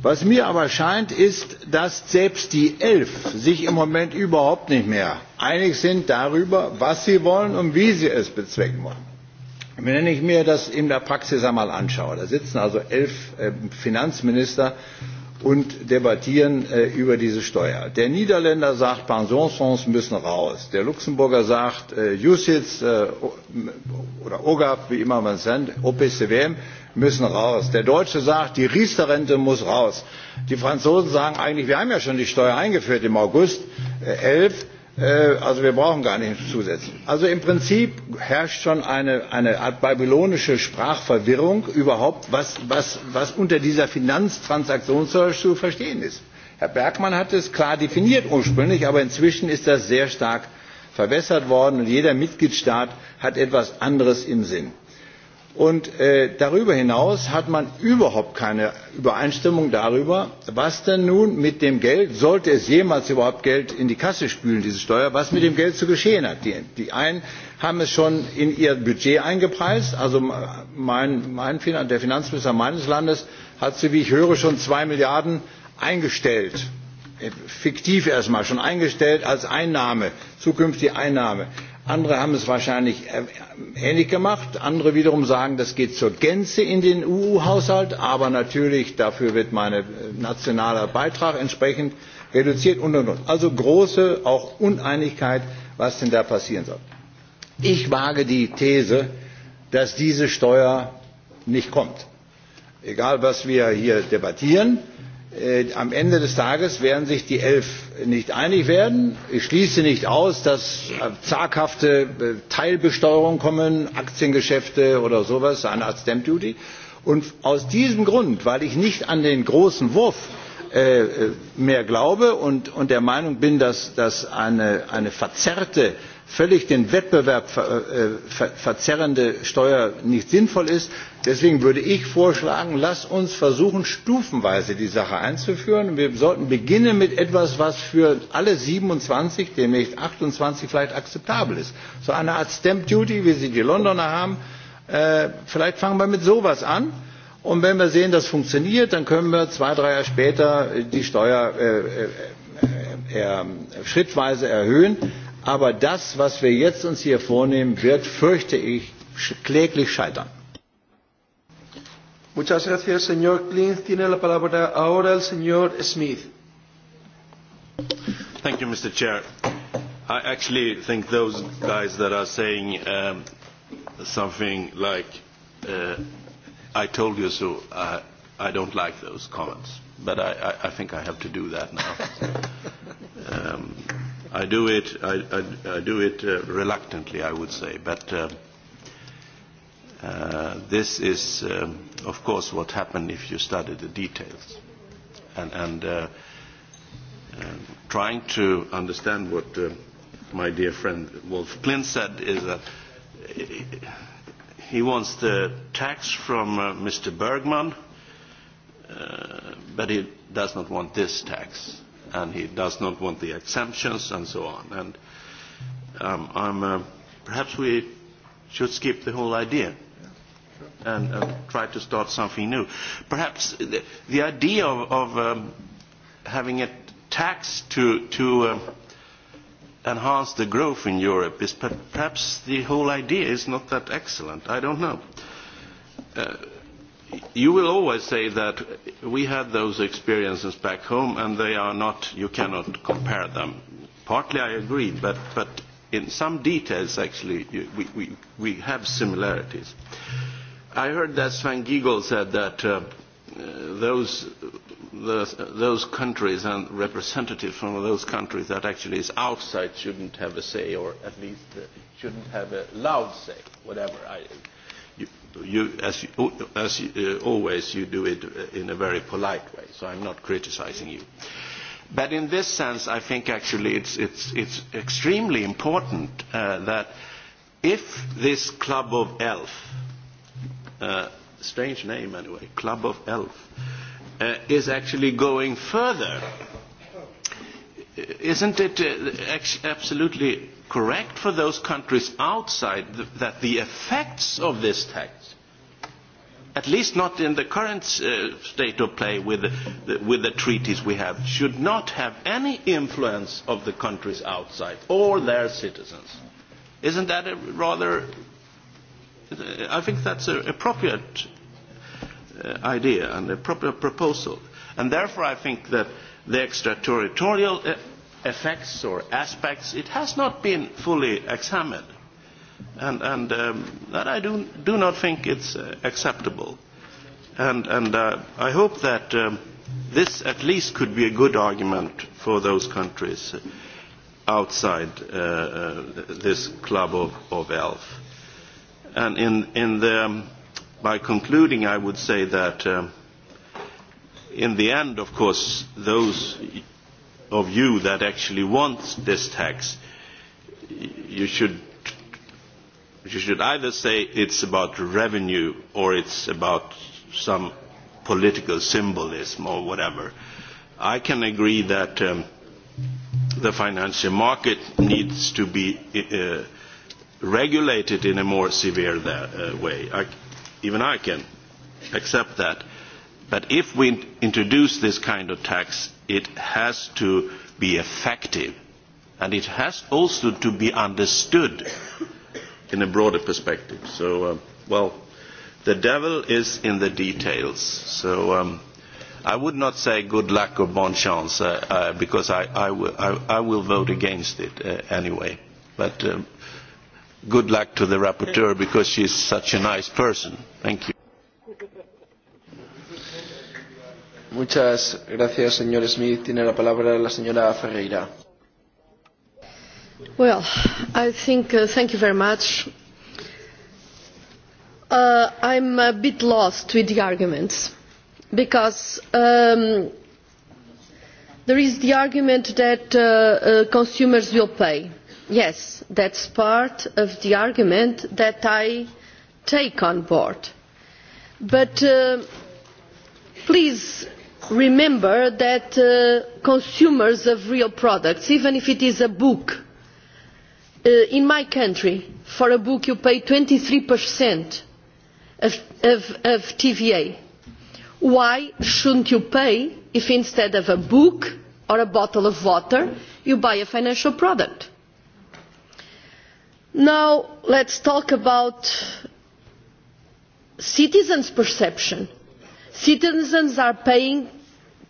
was mir aber scheint ist dass selbst die elf sich im moment überhaupt nicht mehr einig sind darüber was sie wollen und wie sie es bezwecken wollen. wenn ich mir das in der praxis einmal anschaue da sitzen also elf äh, finanzminister und debattieren äh, über diese Steuer. Der Niederländer sagt, Pensionsfonds müssen raus. Der Luxemburger sagt, äh, äh oder OGAP, wie immer man es nennt, OPCWM müssen raus. Der Deutsche sagt, die Riester-Rente muss raus. Die Franzosen sagen eigentlich, wir haben ja schon die Steuer eingeführt im August 11 äh, Äh, also wir brauchen gar nicht zusätzlich. also im prinzip herrscht schon eine, eine art babylonische sprachverwirrung überhaupt was, was, was unter dieser finanztransaktionssteuer zu verstehen ist. herr bergmann hat es klar definiert ursprünglich aber inzwischen ist das sehr stark verwässert worden und jeder mitgliedstaat hat etwas anderes im sinn und äh, darüber hinaus hat man überhaupt keine übereinstimmung darüber was denn nun mit dem geld sollte es jemals überhaupt geld in die kasse spülen diese steuer was mit dem geld zu geschehen hat. die, einen haben es schon in ihr budget eingepreist also der finanzminister meines landes hat sie wie ich höre schon zwei milliarden eingestellt äh, fiktiv erst einmal schon eingestellt als einnahme zukünftige einnahme andere haben es wahrscheinlich äh, ähnlich gemacht andere wiederum sagen das geht zur gänze in den eu haushalt aber natürlich dafür wird mein äh, nationaler beitrag entsprechend reduziert und und und. also große auch uneinigkeit was denn da passieren soll. ich wage die these dass diese steuer nicht kommt egal was wir hier debattieren Äh, am ende des tages werden sich die elf nicht einig werden. ich schließe nicht aus dass äh, zaghafte äh, teilbesteuerungen kommen aktiengeschäfte oder so etwas eine art stamp duty. und aus diesem grund weil ich nicht an den großen wurf mehr glaube und der meinung bin dass eine verzerrte völlig den wettbewerb äh, verzerrende steuer nicht sinnvoll ist. deswegen würde ich vorschlagen lass uns versuchen stufenweise die sache einzuführen. wir sollten beginnen mit etwas was für alle siebenundzwanzig demnächst achtundzwanzig vielleicht akzeptabel ist so eine art stamp duty wie sie die londoner haben. Äh, vielleicht fangen wir mit so etwas an und wenn wir sehen das funktioniert dann können wir zwei drei jahre später die steuer äh, schrittweise erhöhen aber das was wir jetzt uns hier vornehmen wird fürchte ich kläglich scheitern. Muchas gracias, señor Klintz. Tiene la palabra ahora el señor Smith. Thank you, Mr. Chair. I actually think those guys that are saying um, something like, uh, I told you so, uh, I don't like those comments. But I, I, I think I have to do that now. [laughs] Um, i do it, I, I, I do it uh, reluctantly, I would say, but uh, uh this is, uh, of course, what happened if you study the details. And, and uh, uh trying to understand what uh, my dear friend Wolf Plint said is that he wants the tax from uh, Mr. Bergman, uh, but he does not want this tax and he does not want the exemptions and so on. And um, I'm, uh, perhaps we should skip the whole idea and, and uh, try to start something new. Perhaps the, the idea of, of um, having a tax to, to um, enhance the growth in Europe is perhaps the whole idea is not that excellent. I don't know. Uh, you will always say that we had those experiences back home and they are not you cannot compare them. Partly I agree, but but in some details actually we we we have similarities. I heard that Sven Giegel said that uh, those those those countries and representatives from those countries that actually is outside shouldn't have a say or at least uh, shouldn't have a loud say, whatever I you, as, as uh, always, you do it uh, in a very polite way, so I'm not criticizing you. But in this sense, I think actually it's, it's, it's extremely important uh, that if this Club of Elf, uh, strange name anyway, Club of Elf, uh, is actually going further, isn't it uh, absolutely correct for those countries outside that the effects of this tax at least not in the current uh, state of play with the, with the treaties we have should not have any influence of the countries outside or their citizens isn't that a rather uh, i think that's an appropriate uh, idea and a proper proposal and therefore i think that the extraterritorial uh, effects or aspects, it has not been fully examined. And, and um, that I do, not think it's uh, acceptable. And, and uh, I hope that um, this at least could be a good argument for those countries outside uh, this club of, of ELF. And in, in the, um, by concluding, I would say that in the end, of course, those of you that actually wants this tax, you should you should either say it's about revenue or it's about some political symbolism or whatever. I can agree that um, the financial market needs to be uh, regulated in a more severe uh, way. I, even I can accept that. But if we introduce this kind of tax, it has to be effective and it has also to be understood in a broader perspective. So, uh, well, the devil is in the details. So um, I would not say good luck or bon chance uh, uh, because I, I, will, I, I will vote against it anyway. But um, good luck to the rapporteur because she is such a nice person. Thank you. Muchas gracias, I think, uh, thank you very much. I uh, I'm a bit lost with the arguments because um, there is the argument that uh, consumers will pay. Yes, that's part of the argument that I take on board. But please remember that uh, consumers of real products even if it is a book uh, in my country for a book you pay twenty three of tva. why shouldn't you pay if instead of a book or a bottle of water you buy a financial product? now let's talk about citizens' perception. citizens are paying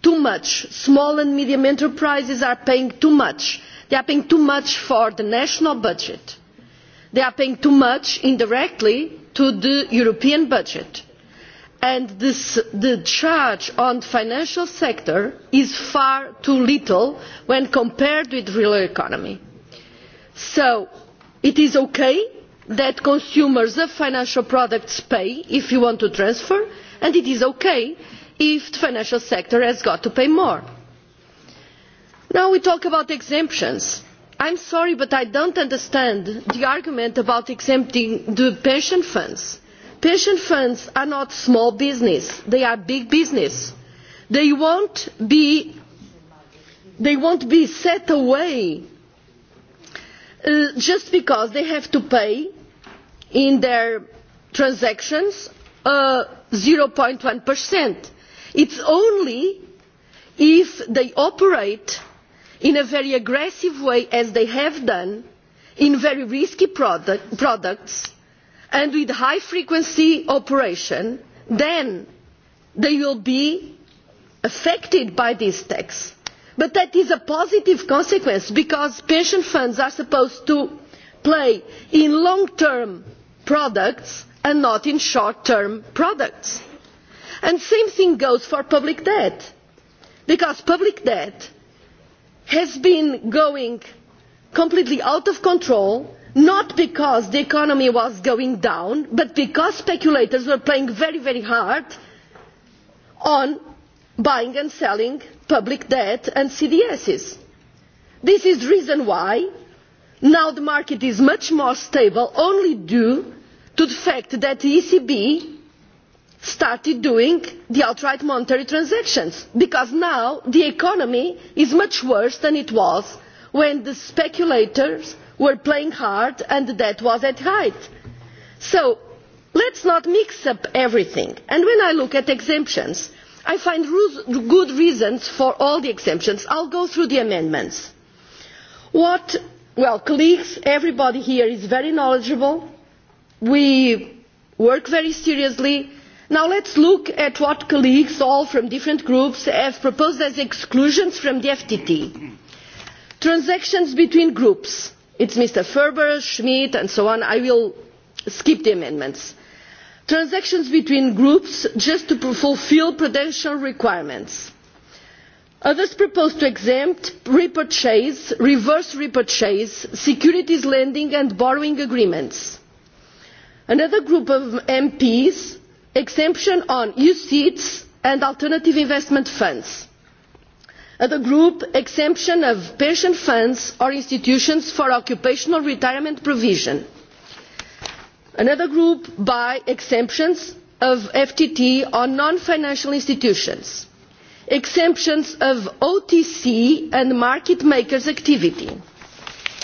too much. small and medium enterprises are paying too much. they are paying too much for the national budget. they are paying too much indirectly to the european budget and the charge on the financial sector is far too little when compared with the real economy. so it is okay that consumers of financial products pay if you want to transfer and it is okay if the financial sector has got to pay more. now we talk about exemptions. i am sorry but i do not understand the argument about exempting the pension funds. pension funds are not small business they are big business. they will not be set away uh, just because they have to pay in their transactions 0.1%. Uh, it is only if they operate in a very aggressive way as they have done in very risky products and with high frequency operation then they will be affected by this tax but that is a positive consequence because pension funds are supposed to play in long term products and not in short term products and the same thing goes for public debt because public debt has been going completely out of control not because the economy was going down but because speculators were playing very very hard on buying and selling public debt and cdss. this is the reason why now the market is much more stable only due to the fact that the ecb started doing the outright monetary transactions because now the economy is much worse than it was when the speculators were playing hard and the debt was at its height. so let us not mix up everything and when i look at exemptions i find good reasons for all the exemptions. i will go through the amendments. colleagues everybody here is very knowledgeable we work very seriously now let us look at what colleagues all from different groups have proposed as exclusions from the ftt transactions between groups it is mr ferber schmidt and so on i will skip the amendments transactions between groups just to fulfil prudential requirements. others propose to exempt repurchase reverse repurchase securities lending and borrowing agreements. another group of mps exemption on eu seats and alternative investment funds Another group exemption of pension funds or institutions for occupational retirement provision another group by exemptions of ftt on non financial institutions exemptions of otc and market makers activity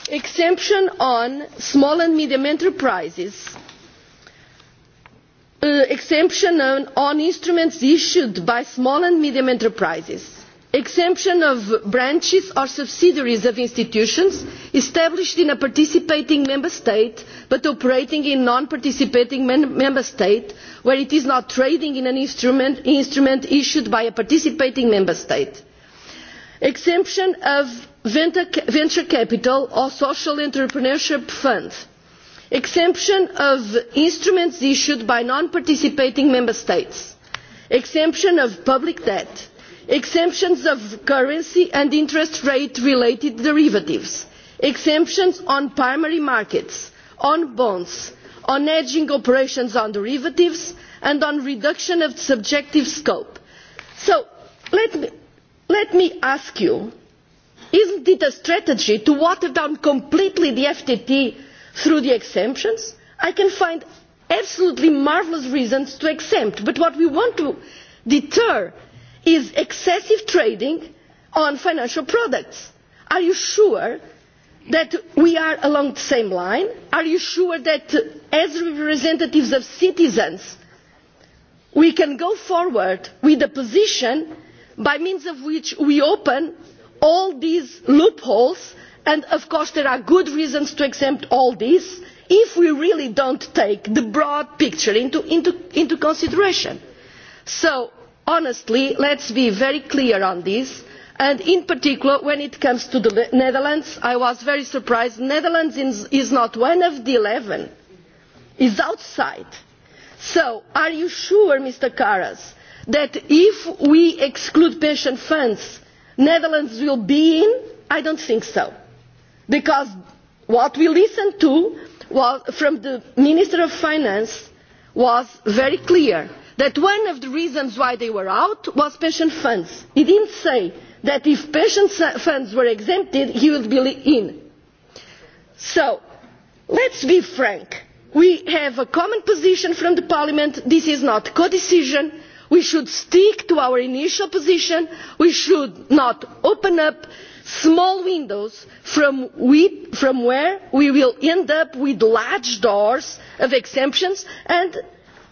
exemption on small and medium enterprises Uh, exemption on instruments issued by small and medium enterprises exemption of branches or subsidiaries of institutions established in a participating member state but operating in a non participating member state where it is not trading in an instrument, instrument issued by a participating member state exemption of venture capital or social entrepreneurship funds exemption of instruments issued by non participating member states exemption of public debt exemptions of currency and interest rate related derivatives exemptions on primary markets on bonds on edging operations on derivatives and on reduction of subjective scope. so let me, ask you is it a strategy to water down completely the ftt through the exemptions i can find absolutely marvellous reasons to exempt but what we want to deter is excessive trading on financial products. are you sure that we are along the same line? are you sure that as representatives of citizens we can go forward with a position by means of which we open all these loopholes and of course there are good reasons to exempt all this if we really do not take the broad picture into, into consideration. so honestly let us be very clear on this and in particular when it comes to the netherlands i was very surprised the netherlands is not one of the eleven it is outside. so are you sure mr karas that if we exclude pension funds the netherlands will be in? i do not think so because what we listened to from the minister of finance was very clear that one of the reasons why they were out was pension funds. he did not say that if pension funds were exempted he would be in. so let us be frank we have a common position from the parliament this is not codecision we should stick to our initial position we should not open up small windows from, where we will end up with large doors of exemptions and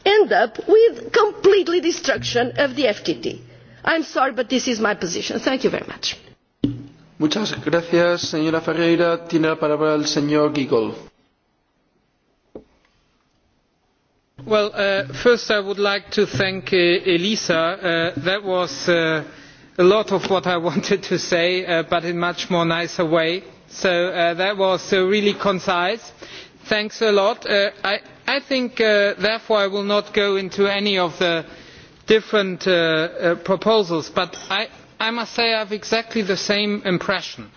end up with complete destruction of the ftt. i am sorry but this is my position. thank you very much. Muchas gracias, señora Ferreira. Tiene la palabra el señor Well, uh, first I would like to thank uh, Elisa. Uh, that was a lot of what i [laughs] wanted to say uh, but in a much more nicer way so uh, that was uh, really concise. thanks a lot. i, I think therefore i will not go into any of the different proposals but i, I must say i have exactly the same impression.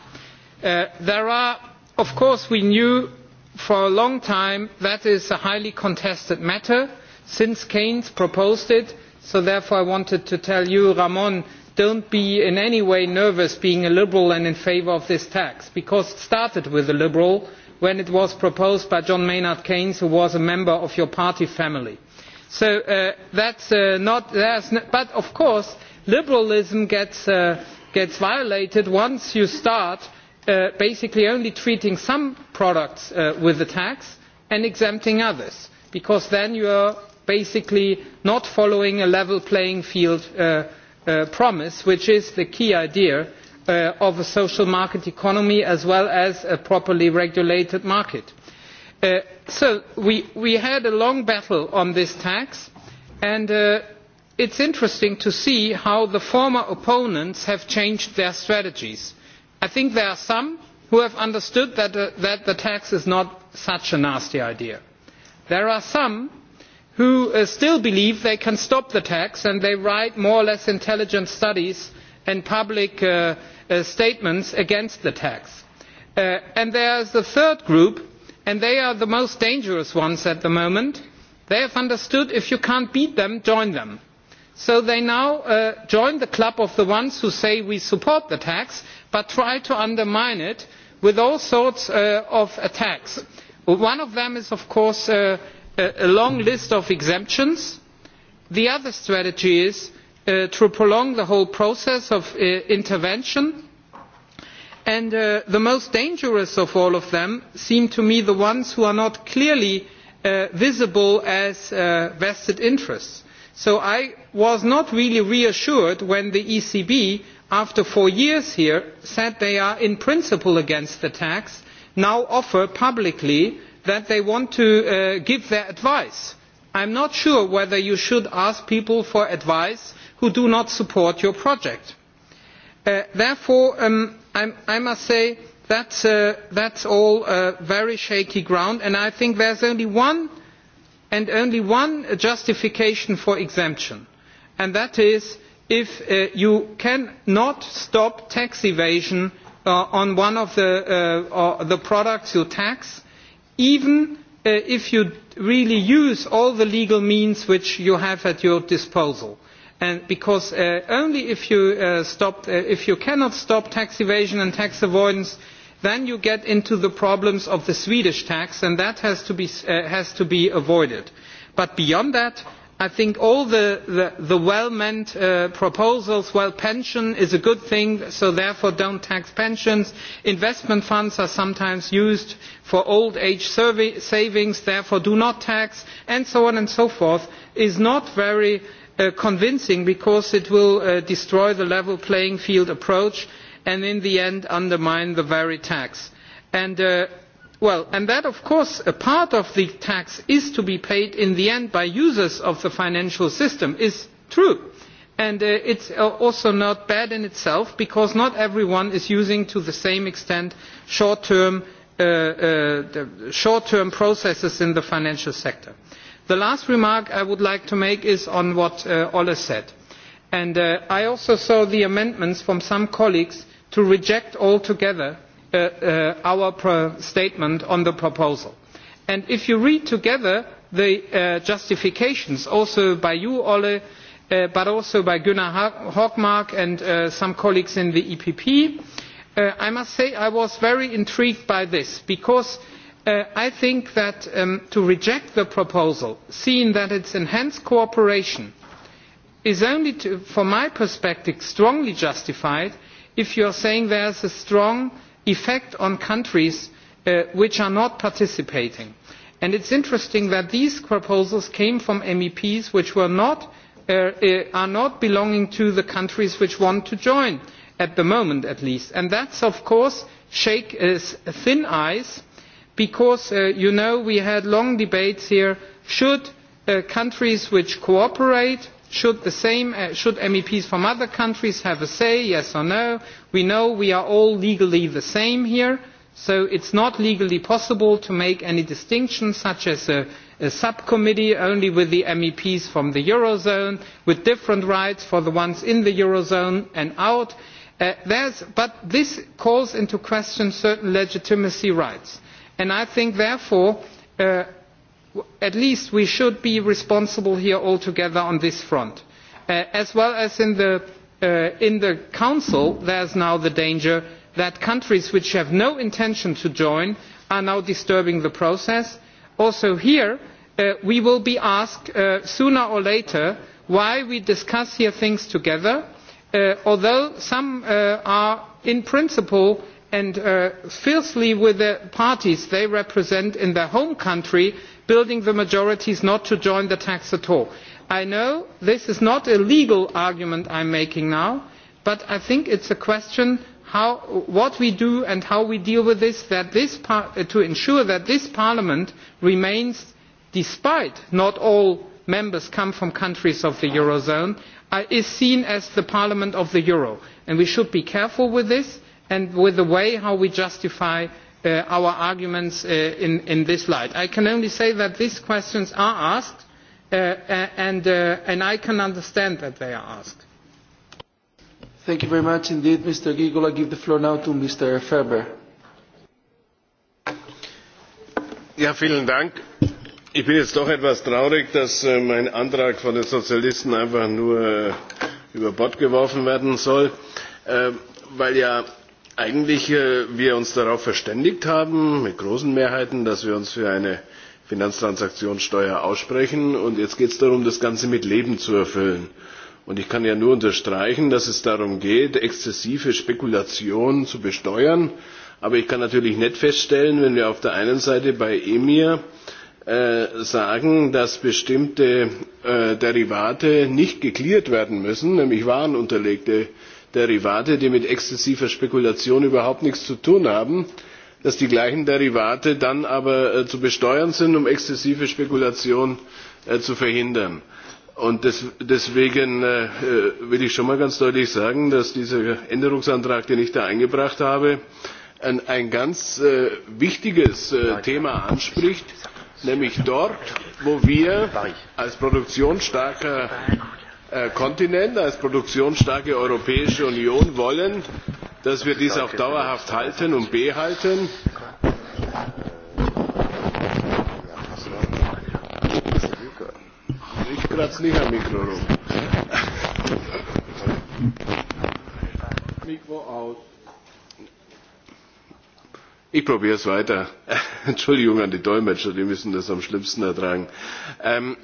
there are of course we knew for a long time that is a highly contested matter since keynes proposed it so therefore i wanted to tell you ramon do not be in any way nervous being a liberal and in favour of this tax because it started with a liberal when it was proposed by john maynard keynes who was a member of your party family. So, uh, that's, uh, not, but of course liberalism gets, uh, gets violated once you start basically only treating some products with the tax and exempting others because then you are basically not following a level playing field Uh, promise which is the key idea uh, of a social market economy as well as a properly regulated market. Uh, so we, had a long battle on this tax and it is interesting to see how the former opponents have changed their strategies. i think there are some who have understood that, that the tax is not such a nasty idea. there are some who uh, still believe they can stop the tax and they write more or less intelligent studies and public uh, uh, statements against the tax. and there is the third group and they are the most dangerous ones at the moment they have understood if you cannot beat them join them. so they now join the club of the ones who say we support the tax but try to undermine it with all sorts of attacks. one of them is of course a long list of exemptions. the other strategy is uh, to prolong the whole process of uh, intervention and uh, the most dangerous of all of them seem to me the ones who are not clearly visible as vested interests. so i was not really reassured when the ecb after four years here said they are in principle against the tax now offer publicly that they want to uh, give their advice. i am not sure whether you should ask people for advice who do not support your project. Uh, therefore um, i must say that is uh, all very shaky ground and i think there is only one and only one justification for exemption and that is if you cannot stop tax evasion on one of the products you tax even uh, if you really use all the legal means which you have at your disposal. because uh, only uh, if you, cannot stop tax evasion and tax avoidance then you get into the problems of the swedish tax and that has to be avoided. but beyond that i think all the, well meant uh, proposals well pension is a good thing so therefore do not tax pensions investment funds are sometimes used for old age savings therefore do not tax and so on and so forth is not very uh, convincing because it will uh, destroy the level playing field approach and in the end undermine the very tax. And, well and that of course a part of the tax is to be paid in the end by users of the financial system is true and uh, it is uh, also not bad in itself because not everyone is using to the same extent short term, uh, short -term processes in the financial sector. the last remark i would like to make is on what olle said and i also saw the amendments from some colleagues to reject altogether Uh, uh, our statement on the proposal. if you read together the uh, justifications also by you Olle, but also by Gunnar Hogmark and some colleagues in the EPP, I must say I was very intrigued by this because I think that um, to reject the proposal, seeing that it enhanced cooperation, is only from my perspective strongly justified if you are saying there is a strong effect on countries uh, which are not participating. And it is interesting that these proposals came from meps which not, uh, uh, are not belonging to the countries which want to join at the moment at least and that of course shakes thin ice because you know we had long debates here should countries which cooperate should, the same, should meps from other countries have a say yes or no? we know we are all legally the same here so it is not legally possible to make any distinction such as a, subcommittee only with the meps from the eurozone with different rights for the ones in the eurozone and out uh, but this calls into question certain legitimacy rights and i think therefore uh, at least we should be responsible here all together on this front uh, as well as in the Uh, in the council there is now the danger that countries which have no intention to join are now disturbing the process. also here uh, we will be asked uh, sooner or later why we discuss here things together although some are in principle and fiercely with the parties they represent in their home country building the majorities not to join the tax at all i know this is not a legal argument i am making now but i think it is a question of what we do and how we deal with this, uh, to ensure that this parliament remains despite not all members come from countries of the eurozone uh, is seen as the parliament of the euro and we should be careful with this and with the way how we justify uh, our arguments in this light. i can only say that these questions are asked Uh, uh, uh, and, I can understand that they are asked. Ich bin jetzt doch etwas traurig, dass äh, mein Antrag von den Sozialisten einfach nur äh, über Bord geworfen werden soll, äh, weil ja eigentlich uns darauf verständigt haben, mit großen Mehrheiten, dass wir uns für eine finanztransaktionssteuer aussprechen. Und jetzt geht es darum, das Ganze mit Leben zu erfüllen. Und ich kann ja nur unterstreichen, dass es darum geht, exzessive Spekulationen zu besteuern. Aber ich kann natürlich nicht feststellen, wenn wir auf der einen Seite bei EMIR äh, sagen, dass bestimmte äh, Derivate nicht geklärt werden müssen, nämlich unterlegte Derivate, die mit exzessiver Spekulation überhaupt nichts zu tun haben, dass die gleichen derivate dann aber äh, zu besteuern sind um exzessive spekulation äh, zu verhindern. Und deswegen äh, will ich schon mal ganz deutlich sagen dass dieser änderungsantrag den ich da eingebracht habe ein ganz wichtiges thema anspricht nämlich dort wo wir als produktionsstarker kontinent als produktionsstarke europäische union wollen dass wir dies auch dauerhaft halten und behalten. Ich kratze nicht am Mikro rum. Mikro aus. Ich probiere es weiter. [laughs] Entschuldigung an die Dolmetscher, die müssen das am schlimmsten ertragen. Ähm,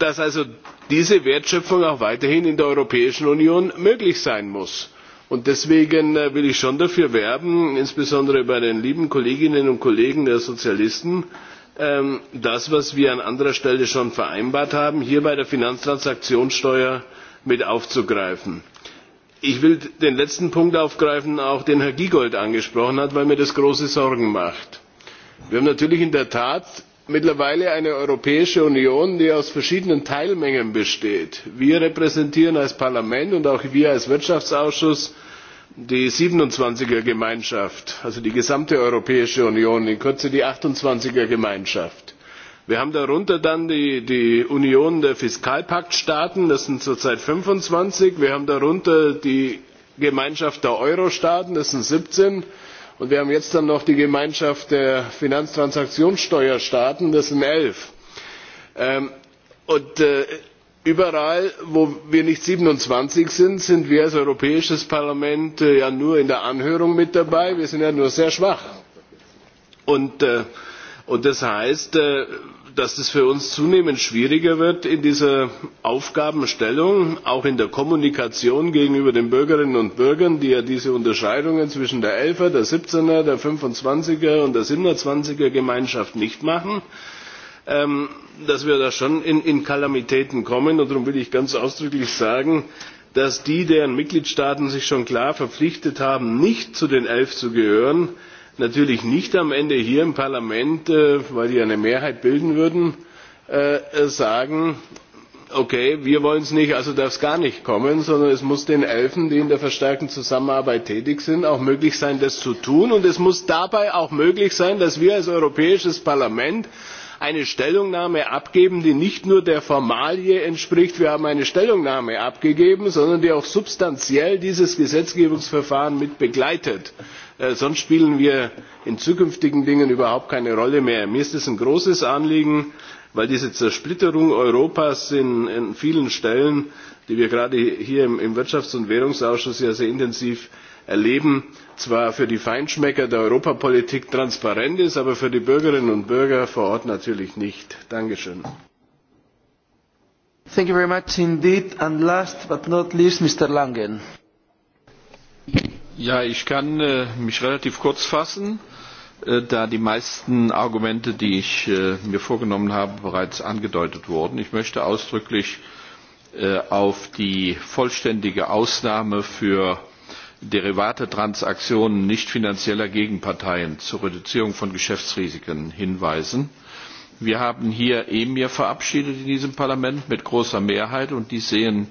dass also diese Wertschöpfung auch weiterhin in der Europäischen Union möglich sein muss und deswegen äh, will ich schon dafür werben insbesondere bei den lieben kolleginnen und kollegen der sozialisten ähm, das was wir an anderer stelle schon vereinbart haben hier bei der finanztransaktionssteuer mit aufzugreifen. ich will den letzten punkt aufgreifen auch den herr giegold angesprochen hat weil mir das große sorgen macht. wir haben natürlich in der tat mittlerweile eine europäische union die aus verschiedenen teilmengen besteht. wir repräsentieren als parlament und auch wir als wirtschaftsausschuss die siebenundzwanzig er gemeinschaft also die gesamte europäische union in kürze die achtundzwanzig er gemeinschaft. wir haben darunter dann die, union der fiskalpaktstaaten das sind zurzeit fünfundzwanzig wir haben darunter die gemeinschaft der eurostaaten das sind siebzehn und wir haben jetzt dann noch die gemeinschaft der finanztransaktionssteuerstaaten das sind elf ähm, und äh, überall wo wir nicht siebenundzwanzig sind sind wir als europäisches parlament äh, ja nur in der anhörung mit dabei wir sind ja nur sehr schwach. und äh, das heißt dass es für uns zunehmend schwieriger wird in dieser aufgabenstellung auch in der kommunikation gegenüber den bürgerinnen und bürgern die ja diese unterscheidungen zwischen der elfer der siebzehner der 25er und der er gemeinschaft nicht machen ähm, dass wir da schon in, kalamitäten kommen. darum will ich ganz ausdrücklich sagen dass die deren mitgliedstaaten sich schon klar verpflichtet haben nicht zu den elf zu gehören natürlich nicht am ende hier im parlament äh, weil die eine mehrheit bilden würden äh, sagen okay wir wollen es nicht also darf es gar nicht kommen sondern es muss den elfen die in der verstärkten zusammenarbeit tätig sind auch möglich sein das zu tun und es muss dabei auch möglich sein dass wir als europäisches parlament eine stellungnahme abgeben die nicht nur der formalie entspricht wir haben eine stellungnahme abgegeben sondern die auch substanziell dieses gesetzgebungsverfahren mit begleitet. Äh, sonst spielen wir in zukünftigen dingen überhaupt keine rolle mehr. mir ist es ein großes anliegen weil diese zersplitterung europas in, vielen stellen die wir gerade hier im, wirtschafts und währungsausschuss ja sehr intensiv erleben zwar für die feinschmecker der europapolitik transparent ist aber für die bürgerinnen und bürger vor ort natürlich nicht. danke schön. And last but not least, Mr. Langen. Ja, ich kann äh, mich relativ kurz fassen, äh, da die meisten Argumente, die ich äh, mir vorgenommen habe, bereits angedeutet wurden. Ich möchte ausdrücklich auf die vollständige Ausnahme für Derivatetransaktionen nichtfinanzieller nicht Gegenparteien zur Reduzierung von Geschäftsrisiken hinweisen. Wir haben hier EMIR verabschiedet in diesem Parlament mit großer Mehrheit und die sehen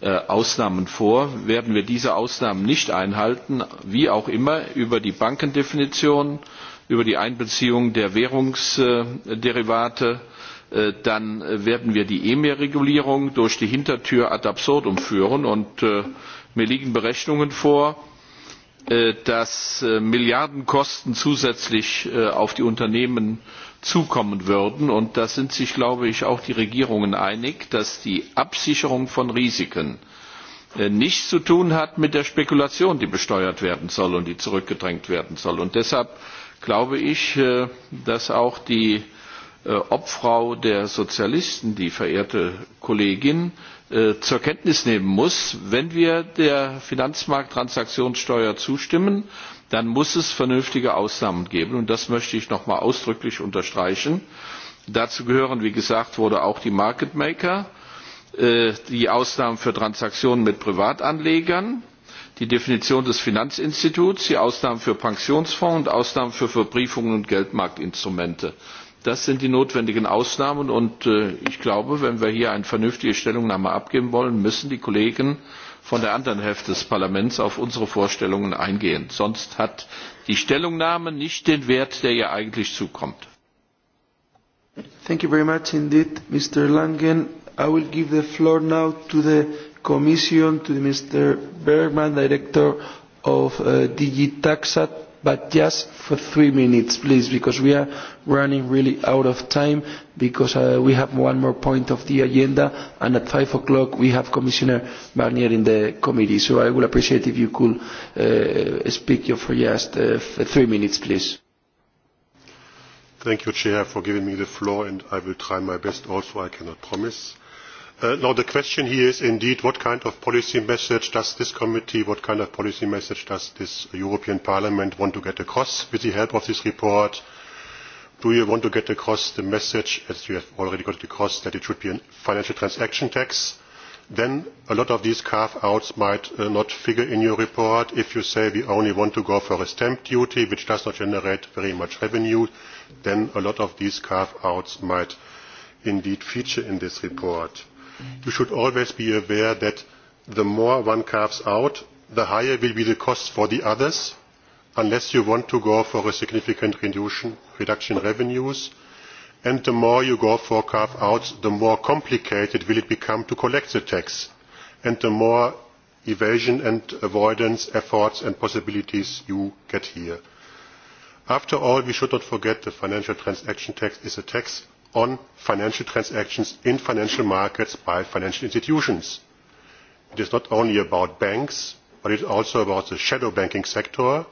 Äh, ausnahmen vor. werden wir diese ausnahmen nicht einhalten wie auch immer über die bankendefinition über die einbeziehung der währungsderivate äh, dann äh, werden wir die emir regulierung durch die hintertür ad absurdum führen. Und mir liegen berechnungen vor dass milliardenkosten zusätzlich auf die unternehmen zukommen würden. Und da sind sich, glaube ich, auch die Regierungen einig, dass die Absicherung von Risiken äh, nichts zu tun hat mit der Spekulation, die besteuert werden soll und die zurückgedrängt werden soll. Und deshalb glaube ich, äh, dass auch die äh, Obfrau der Sozialisten, die verehrte Kollegin, zur Kenntnis nehmen muss, wenn wir der Finanzmarkttransaktionssteuer zustimmen, dann muss es vernünftige ausnahmen geben und das möchte ich noch einmal ausdrücklich unterstreichen. dazu gehören wie gesagt wurde auch die market maker äh, die ausnahmen für transaktionen mit privatanlegern die definition des finanzinstituts die ausnahmen für pensionsfonds und ausnahmen für verbriefungen und geldmarktinstrumente. das sind die notwendigen ausnahmen und äh, ich glaube wenn wir hier eine vernünftige stellungnahme abgeben wollen müssen die kollegen von der anderen hälfte des parlaments auf unsere vorstellungen eingehen sonst hat die stellungnahme nicht den wert der ihr eigentlich zukommt. Thank you very much indeed, Mr. Langen. I will give the floor now to the Commission, to Mr. Bergman, Director of uh, but just for three minutes, please, because we are running really out of time, because uh, we have one more point of the agenda, and at five o'clock we have Commissioner Barnier in the committee. So I would appreciate if you could uh, speak for just uh, three minutes, please. Thank you, Chair, for giving me the floor, and I will try my best also. I cannot promise. Uh, now the question here is indeed what kind of policy message does this committee what kind of policy message does this european parliament want to get across with the help of this report? do you want to get across the message as you have already got across that it should be a financial transaction tax? then a lot of these carve outs might uh, not figure in your report. if you say we only want to go for a stamp duty which does not generate very much revenue then a lot of these carve outs might indeed feature in this report you should always be aware that the more one carves out the higher will be the cost for the others unless you want to go for a significant reduction in revenues and the more you go for carve outs the more complicated will it become to collect the tax and the more evasion and avoidance efforts and possibilities you get here. after all we should not forget the financial transaction tax is a tax on financial transactions in financial markets by financial institutions. It is not only about banks, but it is also about the shadow banking sector.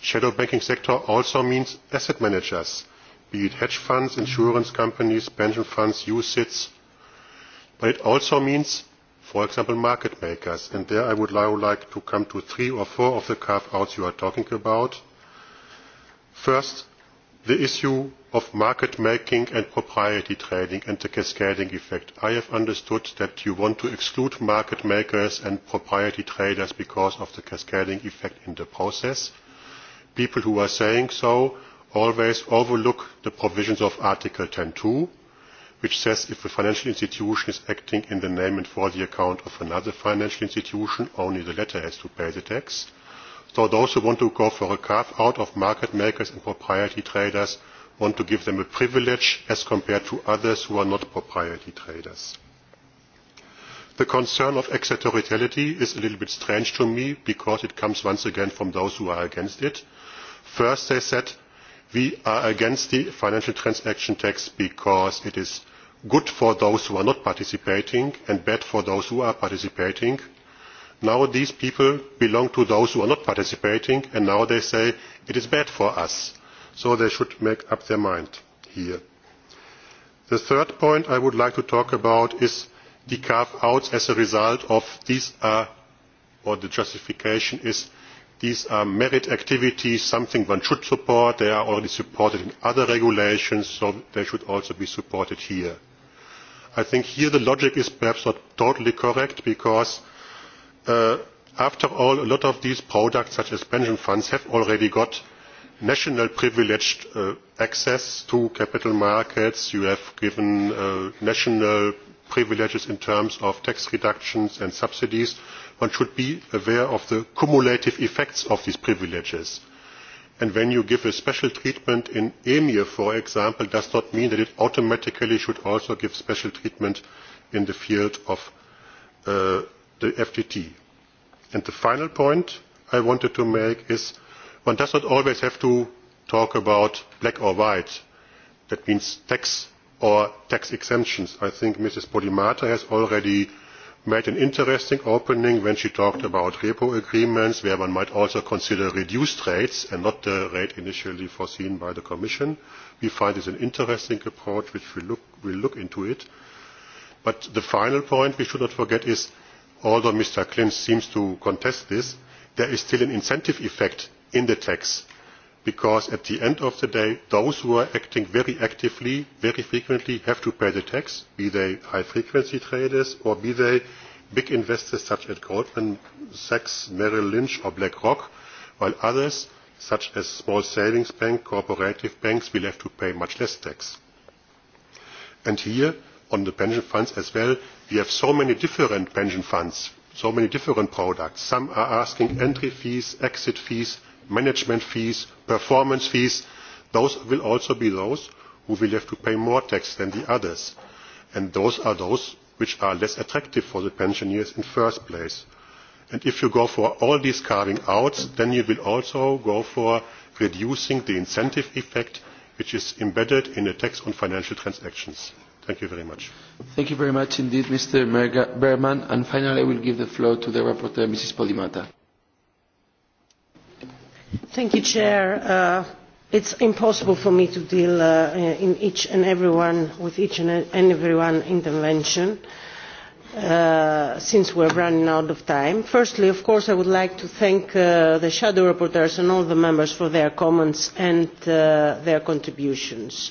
Shadow banking sector also means asset managers, be it hedge funds, insurance companies, pension funds, UCITS. But it also means, for example, market makers. And there I would like to come to three or four of the carve-outs you are talking about. First, the issue of market making and propriety trading and the cascading effect. I have understood that you want to exclude market makers and propriety traders because of the cascading effect in the process. People who are saying so always overlook the provisions of Article 10.2 which says if a financial institution is acting in the name and for the account of another financial institution, only the latter has to pay the tax. So those who want to go for a carve out of market makers and propriety traders want to give them a privilege as compared to others who are not proprietary traders. The concern of extraterritoriality is a little bit strange to me because it comes once again from those who are against it. First they said we are against the financial transaction tax because it is good for those who are not participating and bad for those who are participating. Now these people belong to those who are not participating and now they say it is bad for us so they should make up their mind here. the third point i would like to talk about is the carve outs as a result of these are or the justification is these are merit activities something one should support they are already supported in other regulations so they should also be supported here. i think here the logic is perhaps not totally correct because uh, after all a lot of these products such as pension funds have already got national privileged uh, access to capital markets you have given uh, national privileges in terms of tax reductions and subsidies one should be aware of the cumulative effects of these privileges and when you give a special treatment in emir for example does not mean that it automatically should also give special treatment in the field of uh, the ftt and the final point i wanted to make is one does not always have to talk about black or white that means tax or tax exemptions. i think mrs podimata has already made an interesting opening when she talked about repo agreements where one might also consider reduced rates and not the rate initially foreseen by the commission. we find this an interesting approach which we look, will look into it. but the final point we should not forget is although mr klinz seems to contest this there is still an incentive effect in the tax because at the end of the day those who are acting very actively very frequently have to pay the tax be they high frequency traders or be they big investors such as goldman sachs merrill lynch or blackrock while others such as small savings banks cooperative banks will have to pay much less tax. and here on the pension funds as well we have so many different pension funds so many different products. some are asking entry fees exit fees management fees performance fees those will also be those who will have to pay more tax than the others and those are those which are less attractive for the pensioners in the first place. And if you go for all these carving outs then you will also go for reducing the incentive effect which is embedded in the tax on financial transactions. Thank you very much. Thank you very much indeed Mr. Berman and finally I will give the floor to the rapporteur Mrs. Podimata. Thank you, Chair. Uh, it's impossible for me to deal uh, in each and one with each and one intervention uh, since we are running out of time. Firstly, of course, I would like to thank the shadow rapporteurs and all the members for their comments and their contributions.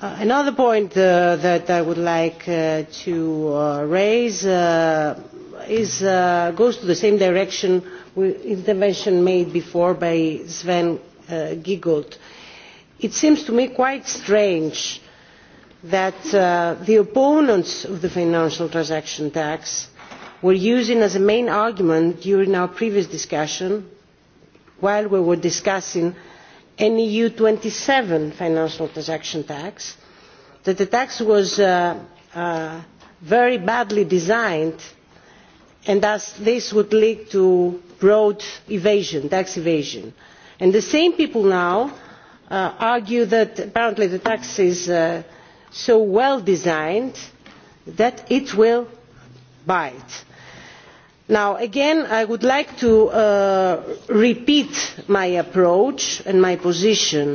Another point that I would like to raise is, goes to the same direction intervention made before by sven uh, giegold it seems to me quite strange that uh, the opponents of the financial transaction tax were using as a main argument during our previous discussion while we were discussing an eu twenty seven financial transaction tax that the tax was uh, very badly designed and thus this would lead to broad evasion, tax evasion. And the same people now uh, argue that apparently the tax is uh, so well designed that it will bite. Now again I would like to uh, repeat my approach and my position.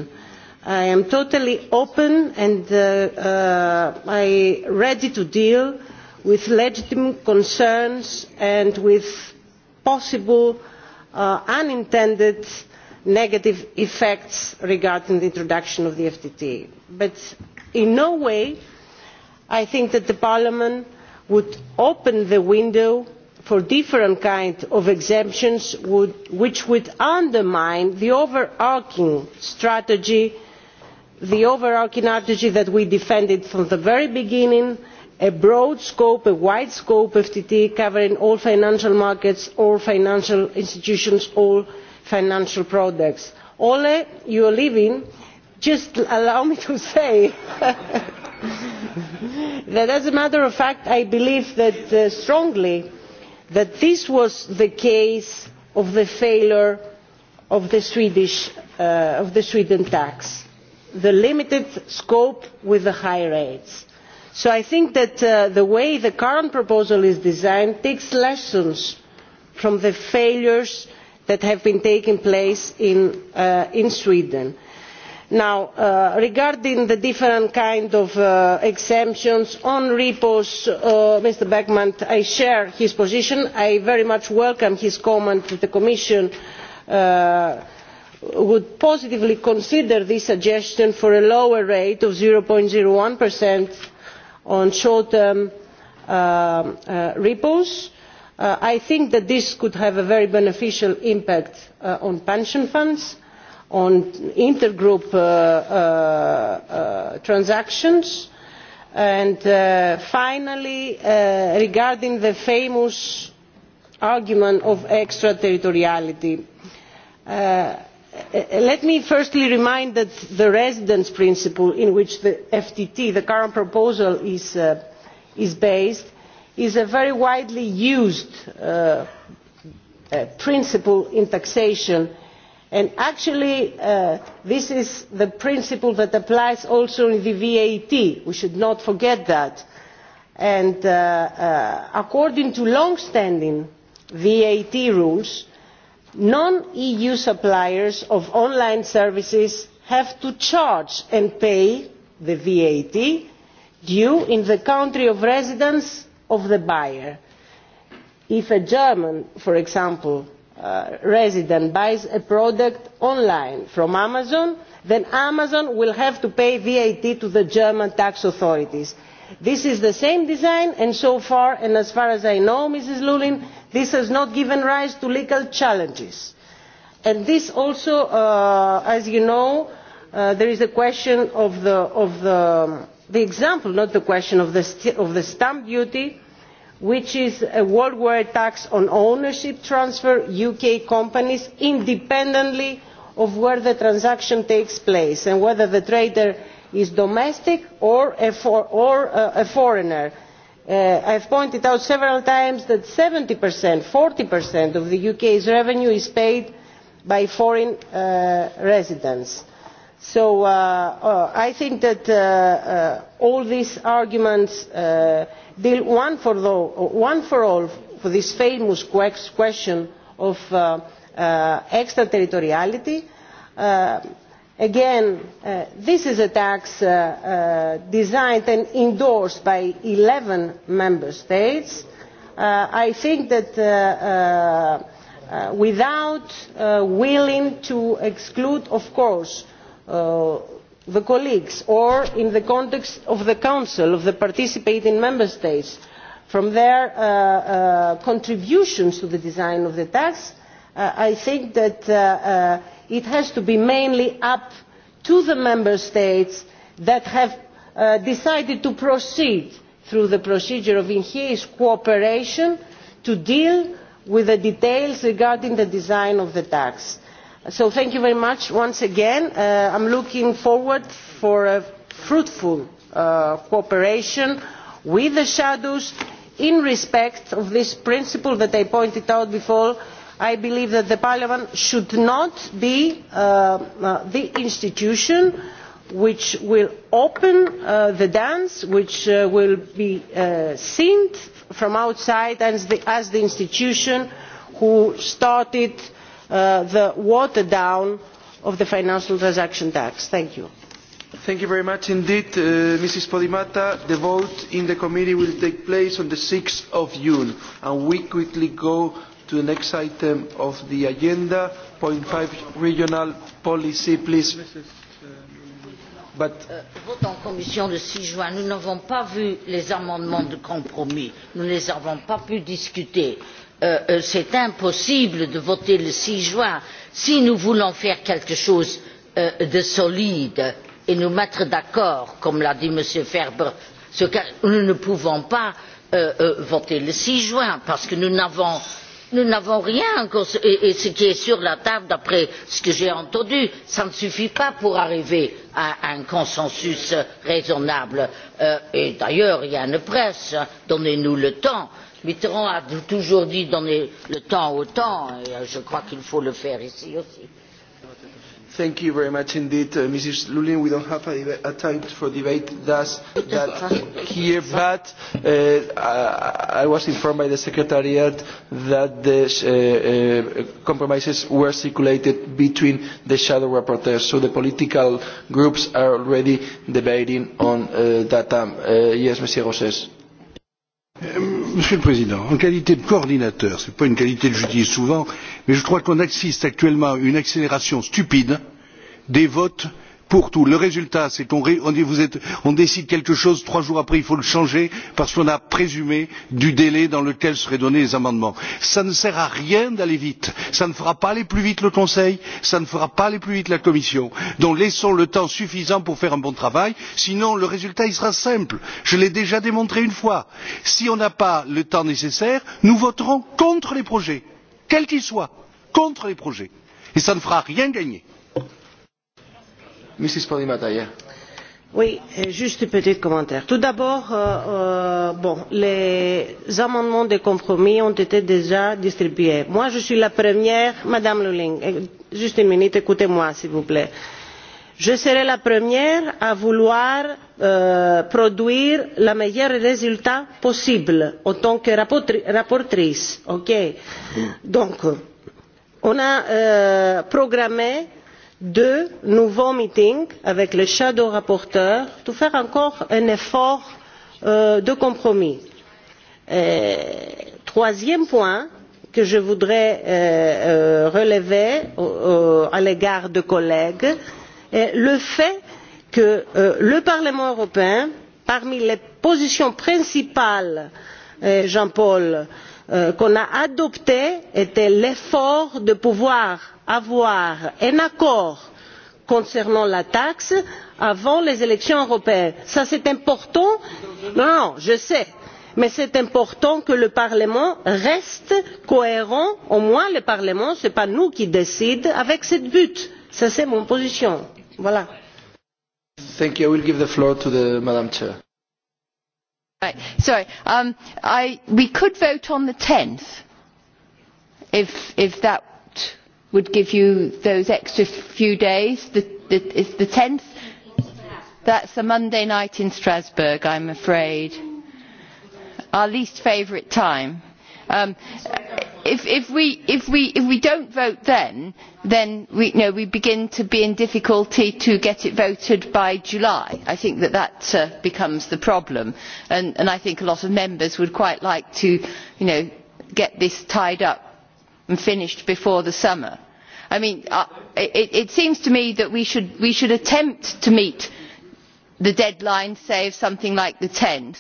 I am totally open and ready to deal with legitimate concerns and with possible uh, unintended negative effects regarding the introduction of the ftt. but in no way i think that parliament would open the window for different kinds of exemptions which would undermine the overarching strategy the overarching strategy that we defended from the very beginning a broad scope a wide scope ftt covering all financial markets all financial institutions all financial products. ole you are leaving just allow me to say [laughs] that as a matter of fact i believe uh, strongly that this was the case of the failure of the swedish uh, of the sweden tax the limited scope with the high rates so i think that uh, the way the current proposal is designed takes lessons from the failures that have been taking place in, uh, sweden. now uh, regarding the different kinds of exemptions on repos mr bergmann i share his position. i very much welcome his comment that the commission would positively consider this suggestion for a lower rate of. zero one on short term uh, uh, repos. Uh, i think that this could have a very beneficial impact on pension funds on intergroup transactions and finally regarding the famous argument of extraterritoriality Uh, uh, let me firstly remind that the residence principle on which the ftt the current proposal uh, is, based is a very widely used principle in taxation and actually this is the principle that applies also in the vat we should not forget that according to long standing vat rules non eu suppliers of online services have to charge and pay the vat due in the country of residence of the buyer. if a german for example uh, resident buys a product online from amazon then amazon will have to pay vat to the german tax authorities. this is the same design and so far and as far as i know ms lulling this has not given rise to legal challenges. and this also uh, as you know uh, there is a question of the, of the, the example not the question of the, of the stamp duty which is a worldwide tax on ownership transfer uk companies independently of where the transaction takes place and whether the trader is domestic or a, or a foreigner. Uh, i have pointed out several times that seventy forty of the uk's revenue is paid by foreign uh, residents. so uh, i think that all these arguments deal once for all with this famous question of extraterritoriality again uh, this is a tax uh, uh, designed and endorsed by eleven member states. i think that without willing to exclude of course the colleagues or in the context of the council of the participating member states from their contributions to the design of the tax i think that it has to be mainly up to the member states that have uh, decided to proceed through the procedure of enhanced cooperation to deal with the details regarding the design of the tax. so thank you very much once again. Uh, i am looking forward to a fruitful uh, cooperation with the shadows in respect of this principle that i pointed out before i believe that parliament should not be uh, uh, the institution which will open uh, the dance which will be seen from outside as the, as the institution who started the water down of the financial transaction tax. thank you. thank you very much indeed mrs podimata. the vote in the committee will take place on six june and we quickly go to the next item of the agenda, point five, regional policy, please. But... Euh, vote en commission le 6 juin, nous n'avons pas vu les amendements de compromis, nous ne les avons pas pu discuter. Euh, euh, c'est impossible de voter le 6 juin si nous voulons faire quelque chose de solide et nous mettre d'accord, comme l'a dit M. Ferber, nous ne pouvons pas voter le 6 juin parce que nous n'avons nous n'avons rien et ce qui est sur la table d'après ce que j'ai entendu ça ne suffit pas pour arriver à un consensus raisonnable euh, et d'ailleurs il y a une presse donnez nous le temps mitterrand a toujours dit donnez le temps au temps et euh, je crois qu'il faut le faire ici aussi. Thank you very much indeed, uh, Mrs. Lulin. We don't have a, time for debate thus that here, but uh, I, was informed by the Secretariat that the uh, compromises were circulated between the shadow rapporteurs, so the political groups are already debating on that. Um, yes, Mr. Gosses. Euh, Monsieur le Président, en qualité de coordinateur, ce n'est pas une qualité que j'utilise souvent, mais je crois qu'on assiste actuellement à une accélération stupide des votes pour tout. le résultat c'est qu'on on décide quelque chose trois jours après il faut le changer parce qu'on a présumé du délai dans lequel seraient donnés les amendements. cela ne sert à rien d'aller vite cela ne fera pas aller plus vite le conseil cela ne fera pas aller plus vite la commission. donc laissons le temps suffisant pour faire un bon travail sinon le résultat sera simple je l'ai déjà démontré une fois si on n'a pas le temps nécessaire nous voterons contre les projets quels qu'ils soient contre les projets et cela ne fera rien gagner. Oui, euh, juste un petit commentaire. Tout d'abord, euh, euh, les amendements de compromis ont été déjà distribués. Moi, je suis la première, Madame Lulling, juste une minute, écoutez-moi, s'il vous plaît. Je serai la première à vouloir produire le meilleur résultat possible en tant que rapporteure. ok? Mm. Donc, on a programmé deux nouveaux meetings avec les shadow rapporteurs pour faire encore un effort euh, de compromis. troisième point que je voudrais euh, euh, relever à l'égard de collègues est le fait que le parlement européen parmi les positions principales jean paul qu'on a adoptées était l'effort de pouvoir avoir un accord concernant la taxe avant les élections européennes. c'est important non, je sais mais c'est important que le parlement reste cohérent au moins le parlement ce n'est pas nous qui décidons avec ce but. c'est ma position. Voilà. Thank you. will give the floor to the Madam Chair. Right. Um, I, we could vote on the 10th if, if that would give you those extra few days. it's the 10th. That's a Monday night in Strasbourg, I'm afraid. Our least favourite time. Um, if, if, we, if, we, if we don't vote then, then we, know, we begin to be in difficulty to get it voted by July. I think that that uh, becomes the problem. And, and I think a lot of members would quite like to you know, get this tied up and finished before the summer i mean, uh, it, it seems to me that we should, attempt to meet the deadline say of something like the 10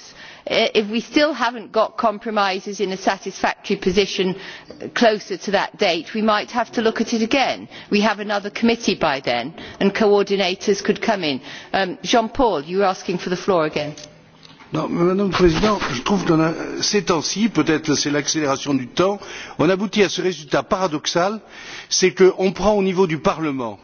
if we still have not got compromises in a satisfactory position uh, closer to that date we might have to look at it again. we have another committee by then and coordinators could come in. Um, jean paul you were asking for the floor again. Madame la Présidente, je trouve que ces temps-ci, peut-être c'est l'accélération du temps, on aboutit à ce résultat paradoxal, c'est qu'on prend au niveau du Parlement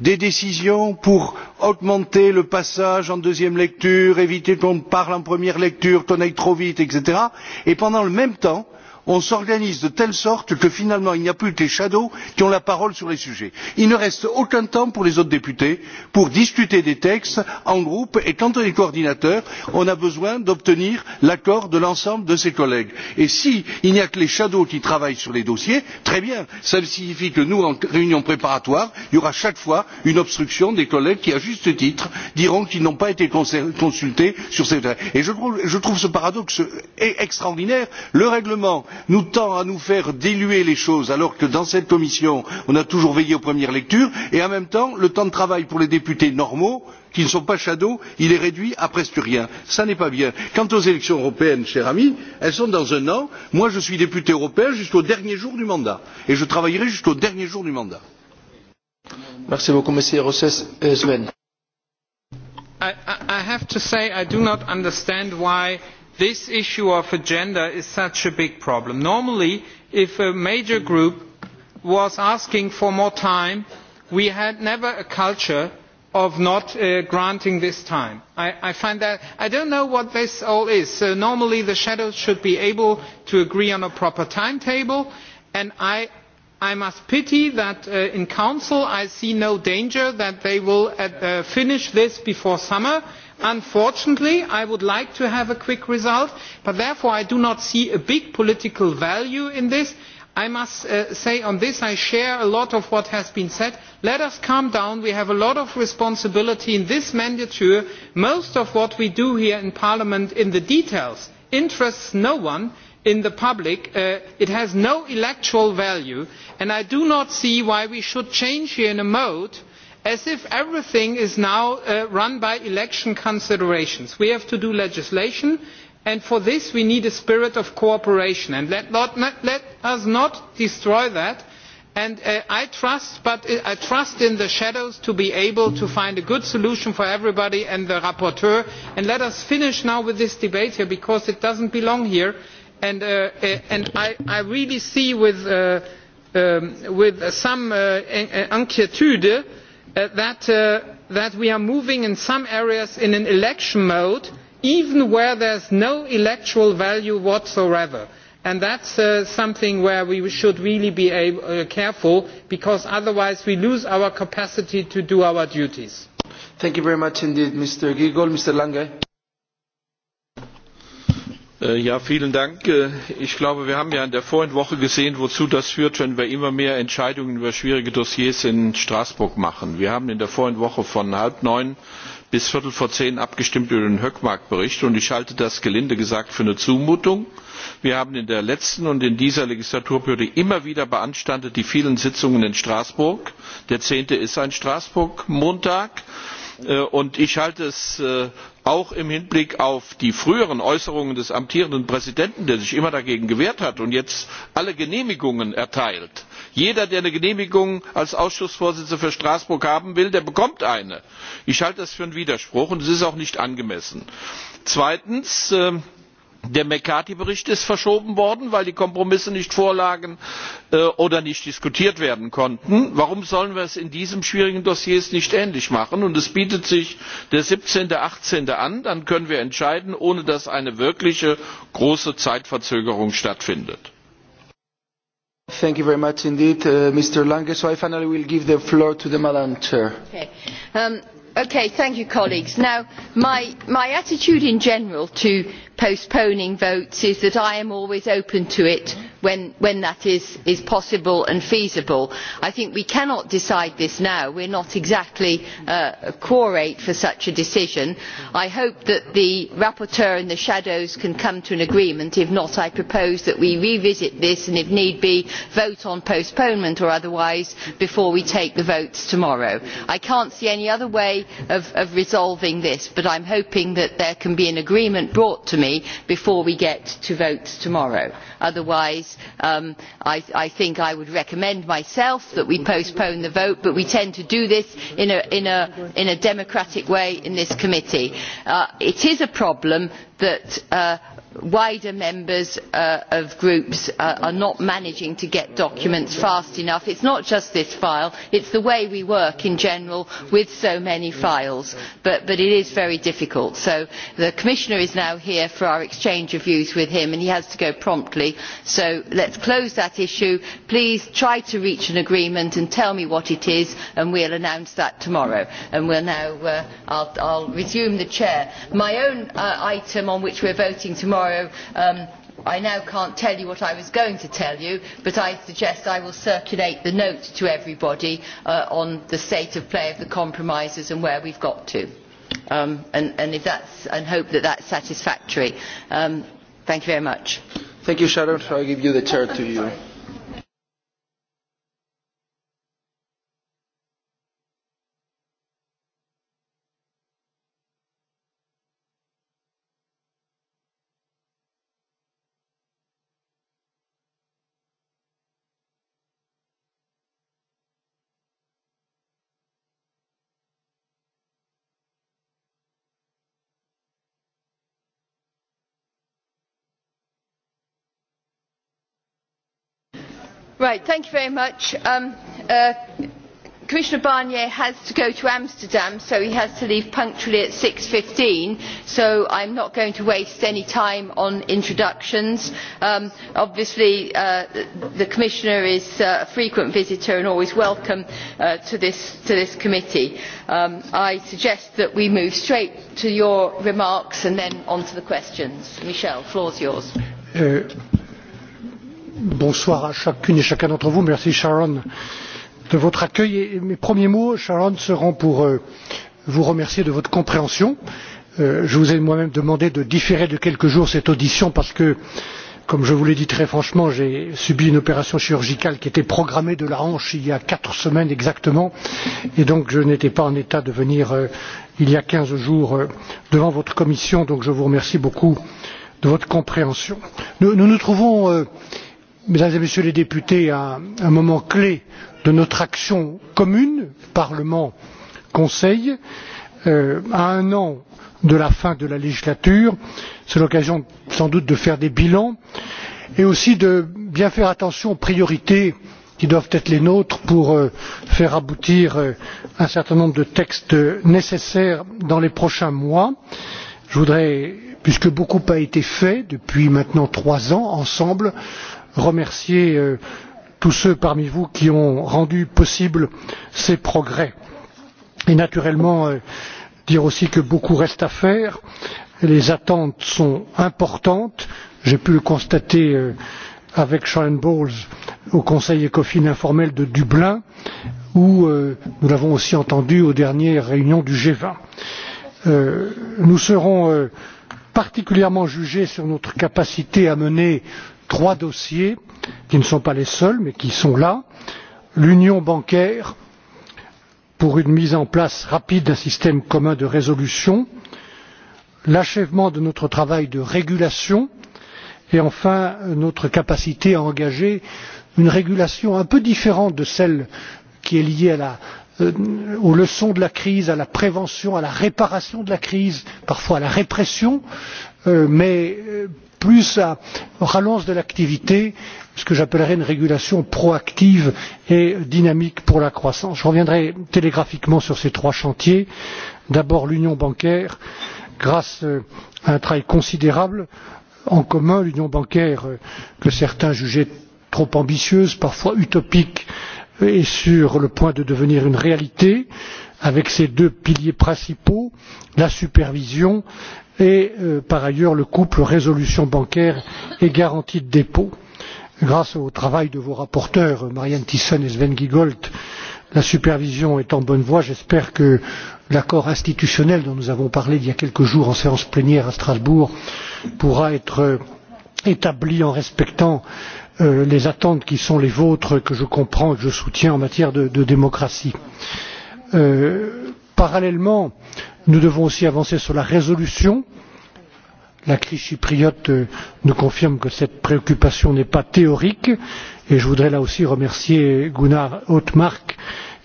des décisions pour augmenter le passage en deuxième lecture éviter qu'on parle en première lecture qu'on aille trop vite etc. et pendant le même temps on s'organise de telle sorte que finalement il n'y a plus que les shadows qui ont la parole sur les sujets. il ne reste aucun temps pour les autres députés pour discuter des textes en groupe et quand on est coordinateur on a besoin d'obtenir l'accord de l'ensemble de ses collègues. et s'il n'y a que les shadows qui travaillent sur les dossiers très bien cela signifie que nous en réunion préparatoire il y aura chaque fois une obstruction des collègues qui à juste titre diront qu'ils n'ont pas été consultés sur ces et je trouve ce paradoxe extraordinaire le règlement nous tend à nous faire diluer les choses alors que dans cette commission on a toujours veillé aux premières lectures et en même temps le temps de travail pour les députés normaux qui ne sont pas shadows il est réduit à presque rien. ce n'est pas bien. quant aux élections européennes cher ami elles sont dans un an. moi je suis député européen jusqu'au dernier jour du mandat et je travaillerai jusqu'au dernier jour du mandat. Monsieur this issue of agenda is such a big problem. normally if a major group was asking for more time we had never a culture of not uh, granting this time. I, I find that I don't know what this all is. So normally the shadows should be able to agree on a proper timetable and I, I must pity that uh, in Council I see no danger that they will uh, finish this before summer unfortunately i would like to have a quick result but therefore i do not see a big political value in this. i must uh, say on this i share a lot of what has been said. let us calm down we have a lot of responsibility in this mandature. most of what we do here in parliament in the details interests no one in the public uh, it has no electoral value and i do not see why we should change here in a mode as if everything is now uh, run by election considerations. we have to do legislation and for this we need a spirit of cooperation and let, us not destroy that and uh, i trust but uh, i trust in the shadows to be able to find a good solution for everybody and the rapporteur and let us finish now with this debate here because it does not belong here and, I, really see with, um, with some inquietude Uh, uh, that, we are moving in some areas in an election mode even where there is no electoral value whatsoever and that is uh, something where we should really be careful because otherwise we lose our capacity to do our duties. Thank you very much indeed, Mr. Herr äh, vielen Dank. Äh, ich glaube, wir haben ja in der vorigen Woche gesehen, wozu das führt, wenn wir immer mehr Entscheidungen über schwierige Dossiers in Straßburg machen. Wir haben in der vorigen Woche von halb neun bis viertel vor zehn abgestimmt über den Höckmark Bericht, und ich halte das gelinde gesagt für eine Zumutung. Wir haben in der letzten und in dieser Legislaturperiode immer wieder beanstandet die vielen Sitzungen in Straßburg. Der zehnte ist ein Straßburg Montag Äh, und ich halte es äh, auch im hinblick auf die früheren äußerungen des amtierenden präsidenten der sich immer dagegen gewehrt hat und jetzt alle genehmigungen erteilt jeder der eine genehmigung als ausschussvorsitzender für straßburg haben will der bekommt eine ich halte das für einen widerspruch und es ist auch nicht angemessen. zweitens äh, der mccarthy bericht ist verschoben worden weil die kompromisse nicht vorlagen äh, oder nicht diskutiert werden konnten. warum sollen wir es in diesem schwierigen dossier nicht ähnlich machen? und es bietet sich der. siebzehn. achtzehn an dann können wir entscheiden ohne dass eine wirkliche große zeitverzögerung stattfindet my, my attitude in general to postponing votes is that i am always open to it when, that is, possible and feasible. i think we cannot decide this now we are not exactly uh, a quorate for such a decision. i hope that the rapporteur and the shadows can come to an agreement if not i propose that we revisit this and if need be vote on postponement or otherwise before we take the votes tomorrow. i cannot see any other way of resolving this but i am hoping that there can be an agreement brought to me before we get to votes tomorrow otherwise Um, I, think i would recommend myself that we postpone the vote but we tend to do this in a, democratic way in this committee. Uh, it is a problem that uh, wider members uh, of groups are not managing to get documents fast enough. it is not just this file it is the way we work in general with so many files but, but it is very difficult. so the commissioner is now here for our exchange of views with him and he has to go promptly so let's let us close that issue. please try to reach an agreement and tell me what it is and we will announce that tomorrow. i will now uh, resume the chair. my own uh, item on which we are voting tomorrow um, i now cannot tell you what i was going to tell you but i suggest i will circulate the note to everybody uh, on the state of play of the compromises and where we have got to um, and, hope that that is satisfactory. Um, thank you very much. Thank you, Sharon. So I give you the chair to you. thank you very much. Um, uh, Commissioner Barnier has to go to Amsterdam, so he has to leave punctually at fifteen, so I am not going to waste any time on introductions. Um, obviously, uh, the Commissioner is uh, a frequent visitor and always welcome to, this, committee. Um, I suggest that we move straight to your remarks and then on to the questions. Michel, is yours bonsoir à chacune et chacun d'entre vous merci sharon de votre accueil et mes premiers mots sharon seront pour euh, vous remercier de votre compréhension. Euh, je vous ai moi même demandé de différer de quelques jours cette audition parce que comme je vous l'ai dit très franchement j'ai subi une opération chirurgicale qui était programmée de la hanche il y a quatre semaines exactement et donc je n'étais pas en état de venir euh, il y a quinze jours devant votre commission donc je vous remercie beaucoup de votre compréhension. nous nous trouvons mesdames et messieurs les députés un, un moment clé de notre action commune parlement conseil euh, à un an de la fin de la législature c'est l'occasion sans doute de faire des bilans et aussi de bien faire attention aux priorités qui doivent être les nôtres pour euh, faire aboutir euh, un certain nombre de textes nécessaires dans les prochains mois. je voudrais puisque beaucoup a été fait depuis maintenant trois ans ensemble remercier euh, tous ceux parmi vous qui ont rendu possibles ces progrès et naturellement euh, dire aussi que beaucoup reste à faire les attentes sont importantes j'ai pu le constater euh, avec sharon bowles au conseil ecofin informel de dublin où nous l'avons aussi entendu aux dernières réunions du g. vingt nous serons particulièrement jugés sur notre capacité à mener trois dossiers qui ne sont pas les seuls mais qui sont là l'union bancaire pour une mise en place rapide d'un système commun de résolution l'achèvement de notre travail de régulation et enfin notre capacité à engager une régulation un peu différente de celle qui est liée à euh, aux leçons de la crise à la prévention à la réparation de la crise parfois à la répression euh, mais euh, plus à relance de l'activité ce que j'appellerais une régulation proactive et dynamique pour la croissance. je reviendrai télégraphiquement sur ces trois chantiers d'abord l'union bancaire grâce euh, à un travail considérable en commun l'union bancaire euh, que certains jugeaient trop ambitieuse parfois utopique est sur le point de devenir une réalité avec ses deux piliers principaux la supervision et euh, par ailleurs le couple résolution bancaire et garantie de dépôt. grâce au travail de vos rapporteurs marianne thyssen et sven giegold la supervision est en bonne voie. j'espère que l'accord institutionnel dont nous avons parlé il y a quelques jours en séance plénière à strasbourg pourra être euh, établi en respectant euh, les attentes qui sont les vôtres que je comprends et que je soutiens en matière de, démocratie. parallèlement nous devons aussi avancer sur la résolution la crise chypriote euh, nous confirme que cette préoccupation n'est pas théorique et je voudrais là aussi remercier gunnar hkmark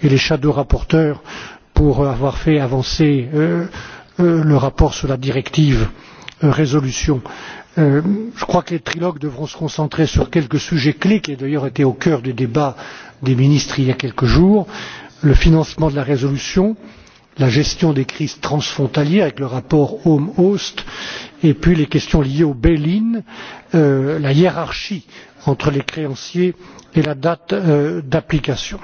et les rapporteurs fictifs pour avoir fait avancer euh, euh, le rapport sur la directive résolution. je crois que les trilogues devront se concentrer sur quelques sujets clés qui d'ailleurs étaient au cœur du débat des ministres il y a quelques jours le financement de la résolution la gestion des crises transfrontalières avec le rapport home host et puis les questions liées au bail in euh, la hiérarchie entre les créanciers et la date euh, d'application.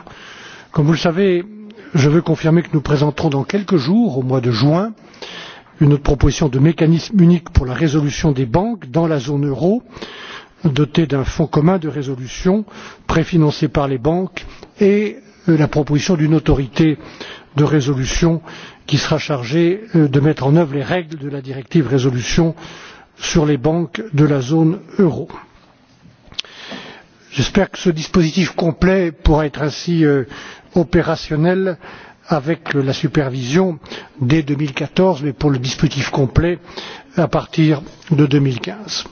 comme vous le savez je veux confirmer que nous présenterons dans quelques jours au mois de juin une proposition de mécanisme unique pour la résolution des banques dans la zone euro dotée d'un fonds commun de résolution préfinancé par les banques et euh, la proposition d'une autorité de résolution qui sera chargé euh, de mettre en œuvre les règles de la directive résolution sur les banques de la zone euro. j'espère que ce dispositif complet pourra être ainsi euh, opérationnel avec la supervision dès deux mille quatorze mais pour le dispositif complet à partir de. deux mille quinze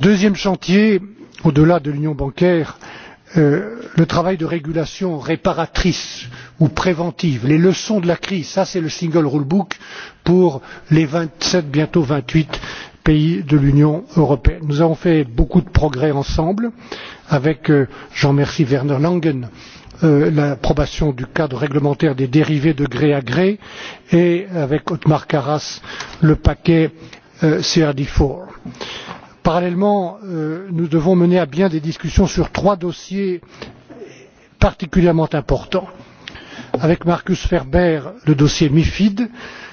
deuxième chantier au delà de l'union bancaire Euh, le travail de régulation réparatrice ou préventive les leçons de la crise ça c'est le single rule book pour les vingt sept bientôt vingt huit pays de l'union européenne. nous avons fait beaucoup de progrès ensemble avec euh, j'en remercie werner langen euh, l'approbation du cadre réglementaire des dérivés de gré à gré et avec othmar karas le paquet crd four parallèlement euh, nous devons mener à bien des discussions sur trois dossiers particulièrement importants avec markus ferber le dossier mifid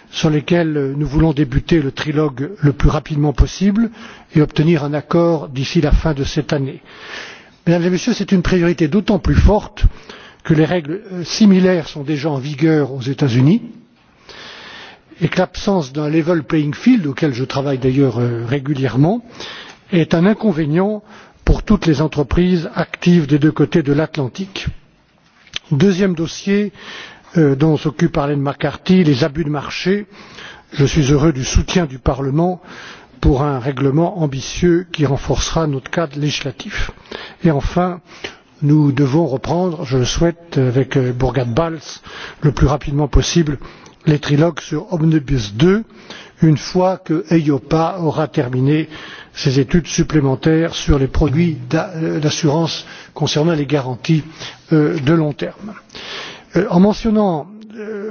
sur lequel euh, nous voulons débuter le trilogue le plus rapidement possible et obtenir un accord d'ici la fin de cette année. mesdames et messieurs c'est une priorité d'autant plus forte que les règles euh, similaires sont déjà en vigueur aux états unis et que l'absence d'un level playing field auquel je travaille d'ailleurs euh, régulièrement est un inconvénient pour toutes les entreprises actives des deux côtés de l'atlantique. deuxième dossier euh, dont s'occupe arlene mccarthy les abus de marché je suis heureux du soutien du parlement pour un règlement ambitieux qui renforcera notre cadre législatif. et enfin nous devons reprendre je le souhaite avec euh, burkhard balz le plus rapidement possible les trilogues sur omnibus ii une fois que eiopa aura terminé ses études supplémentaires sur les produits euh, d'assurance concernant les garanties euh, de long terme. Euh, en mentionnant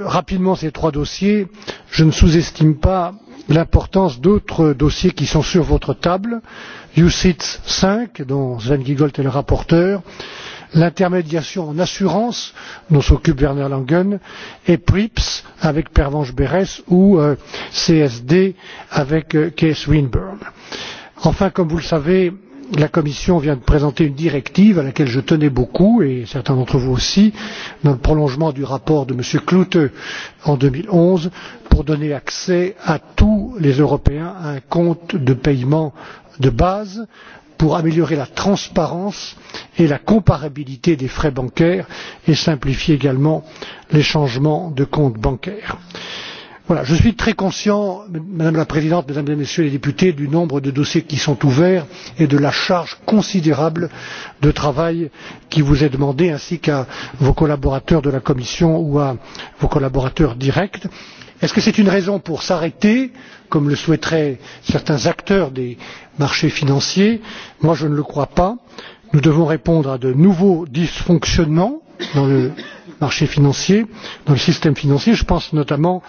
rapidement ces trois dossiers je ne sous estime pas l'importance d'autres dossiers qui sont sur votre table ucits v dont sven giegold est le rapporteur l'intermédiation en assurance dont s'occupe werner langen et prips avec pervenche berès ou euh, csd avec euh, kees keith winburn. enfin comme vous le savez la commission vient de présenter une directive à laquelle je tenais beaucoup et certains d'entre vous aussi dans le prolongement du rapport de m. klute en deux mille onze pour donner accès à tous les européens à un compte de paiement de base pour améliorer la transparence et la comparabilité des frais bancaires et simplifier également les changements de compte bancaire. je suis très conscient madame la présidente mesdames et messieurs les députés du nombre de dossiers qui sont ouverts et de la charge considérable de travail qui vous est demandée ainsi qu'à vos collaborateurs de la commission ou à vos collaborateurs directs. est ce que c'est une raison pour s'arrêter? comme le souhaiteraient certains acteurs des marchés financiers. Moi, je ne le crois pas. Nous devons répondre à de nouveaux dysfonctionnements dans le marché financier, dans le système financier. Je pense notamment